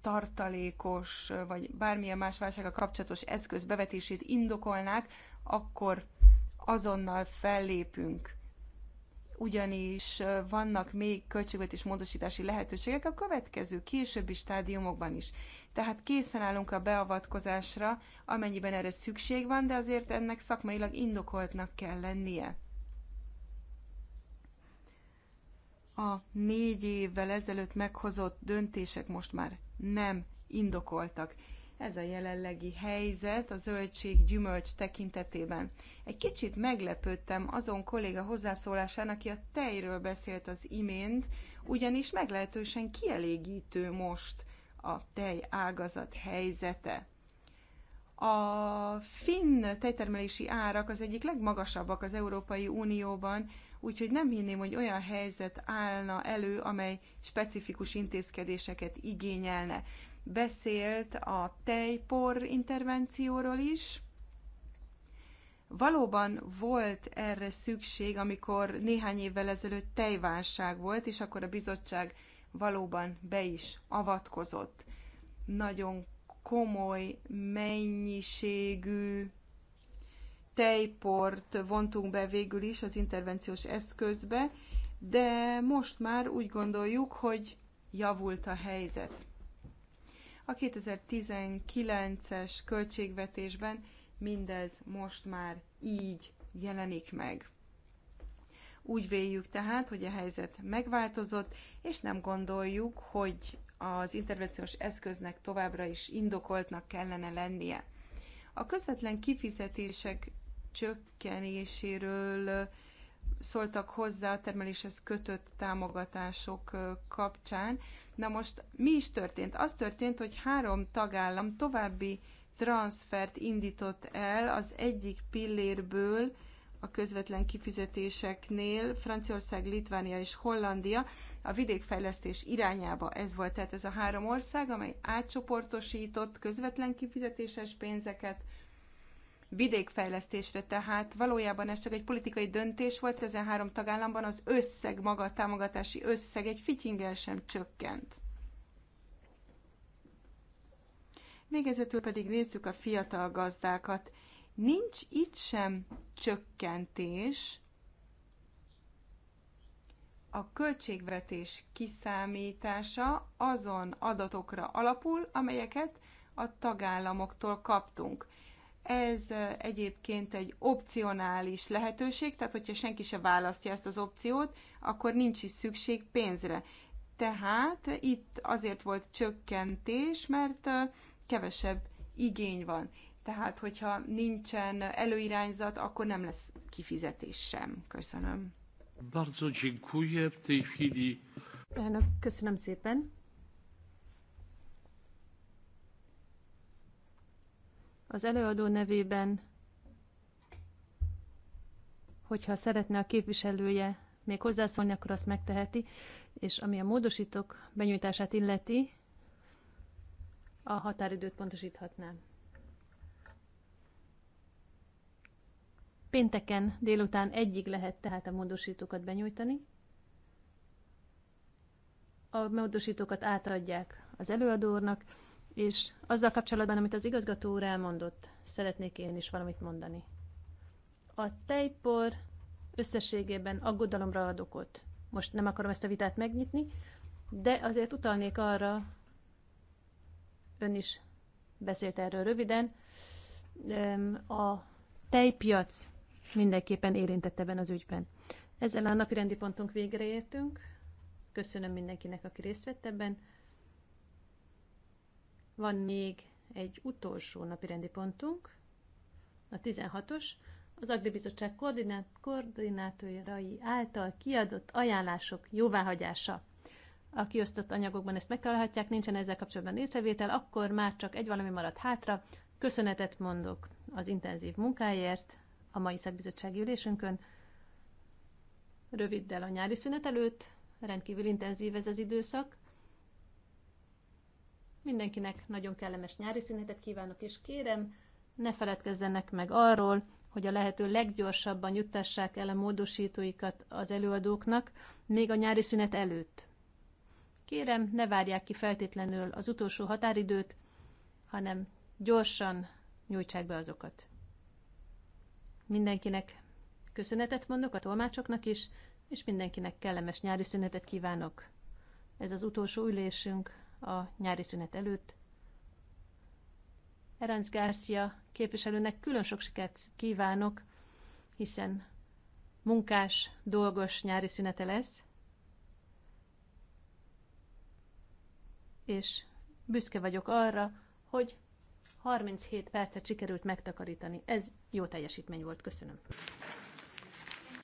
S4: tartalékos, vagy bármilyen más válsága kapcsolatos eszköz bevetését indokolnák, akkor azonnal fellépünk ugyanis vannak még költségvetés módosítási lehetőségek a következő, későbbi stádiumokban is. Tehát készen állunk a beavatkozásra, amennyiben erre szükség van, de azért ennek szakmailag indokoltnak kell lennie. A négy évvel ezelőtt meghozott döntések most már nem indokoltak. Ez a jelenlegi helyzet a zöldség gyümölcs tekintetében. Egy kicsit meglepődtem azon kolléga hozzászólásán, aki a tejről beszélt az imént, ugyanis meglehetősen kielégítő most a tej ágazat helyzete. A finn tejtermelési árak az egyik legmagasabbak az Európai Unióban, Úgyhogy nem hinném, hogy olyan helyzet állna elő, amely specifikus intézkedéseket igényelne. Beszélt a tejpor intervencióról is. Valóban volt erre szükség, amikor néhány évvel ezelőtt tejválság volt, és akkor a bizottság valóban be is avatkozott. Nagyon komoly mennyiségű tejport vontunk be végül is az intervenciós eszközbe, de most már úgy gondoljuk, hogy javult a helyzet. A 2019-es költségvetésben mindez most már így jelenik meg. Úgy véljük tehát, hogy a helyzet megváltozott, és nem gondoljuk, hogy az intervenciós eszköznek továbbra is indokoltnak kellene lennie. A közvetlen kifizetések csökkenéséről szóltak hozzá a termeléshez kötött támogatások kapcsán. Na most mi is történt? Az történt, hogy három tagállam további transfert indított el az egyik pillérből a közvetlen kifizetéseknél Franciaország, Litvánia és Hollandia a vidékfejlesztés irányába. Ez volt tehát ez a három ország, amely átcsoportosított közvetlen kifizetéses pénzeket – vidékfejlesztésre, tehát valójában ez csak egy politikai döntés volt, 13 tagállamban az összeg maga, a támogatási összeg egy fityingel sem csökkent. Végezetül pedig nézzük a fiatal gazdákat. Nincs itt sem csökkentés, a költségvetés kiszámítása azon adatokra alapul, amelyeket a tagállamoktól kaptunk. Ez egyébként egy opcionális lehetőség, tehát hogyha senki se választja ezt az opciót, akkor nincs is szükség pénzre. Tehát itt azért volt csökkentés, mert kevesebb igény van. Tehát, hogyha nincsen előirányzat, akkor nem lesz kifizetés sem. Köszönöm.
S1: Bardzo dziękuję w tej chwili.
S2: köszönöm szépen. Az előadó nevében, hogyha szeretne a képviselője még hozzászólni, akkor azt megteheti, és ami a módosítók benyújtását illeti, a határidőt pontosíthatnám. Pénteken délután egyig lehet tehát a módosítókat benyújtani. A módosítókat átadják az előadónak. És azzal kapcsolatban, amit az igazgató úr elmondott, szeretnék én is valamit mondani. A tejpor összességében aggodalomra ad okot. Most nem akarom ezt a vitát megnyitni, de azért utalnék arra, ön is beszélt erről röviden, a tejpiac mindenképpen érintett ebben az ügyben. Ezzel a napi rendi pontunk végre értünk. Köszönöm mindenkinek, aki részt vett ebben. Van még egy utolsó napi rendi pontunk, a 16-os, az Agribizottság koordinát, koordinátorai által kiadott ajánlások jóváhagyása. A kiosztott anyagokban ezt megtalálhatják, nincsen ezzel kapcsolatban észrevétel, akkor már csak egy valami maradt hátra. Köszönetet mondok az intenzív munkáért a mai szakbizottsági ülésünkön. Röviddel a nyári szünet előtt, rendkívül intenzív ez az időszak, Mindenkinek nagyon kellemes nyári szünetet kívánok, és kérem, ne feledkezzenek meg arról, hogy a lehető leggyorsabban juttassák el a módosítóikat az előadóknak, még a nyári szünet előtt. Kérem, ne várják ki feltétlenül az utolsó határidőt, hanem gyorsan nyújtsák be azokat. Mindenkinek köszönetet mondok a tolmácsoknak is, és mindenkinek kellemes nyári szünetet kívánok. Ez az utolsó ülésünk a nyári szünet előtt. Erenc Garcia képviselőnek külön sok sikert kívánok, hiszen munkás, dolgos nyári szünete lesz, és büszke vagyok arra, hogy 37 percet sikerült megtakarítani. Ez jó teljesítmény volt, köszönöm.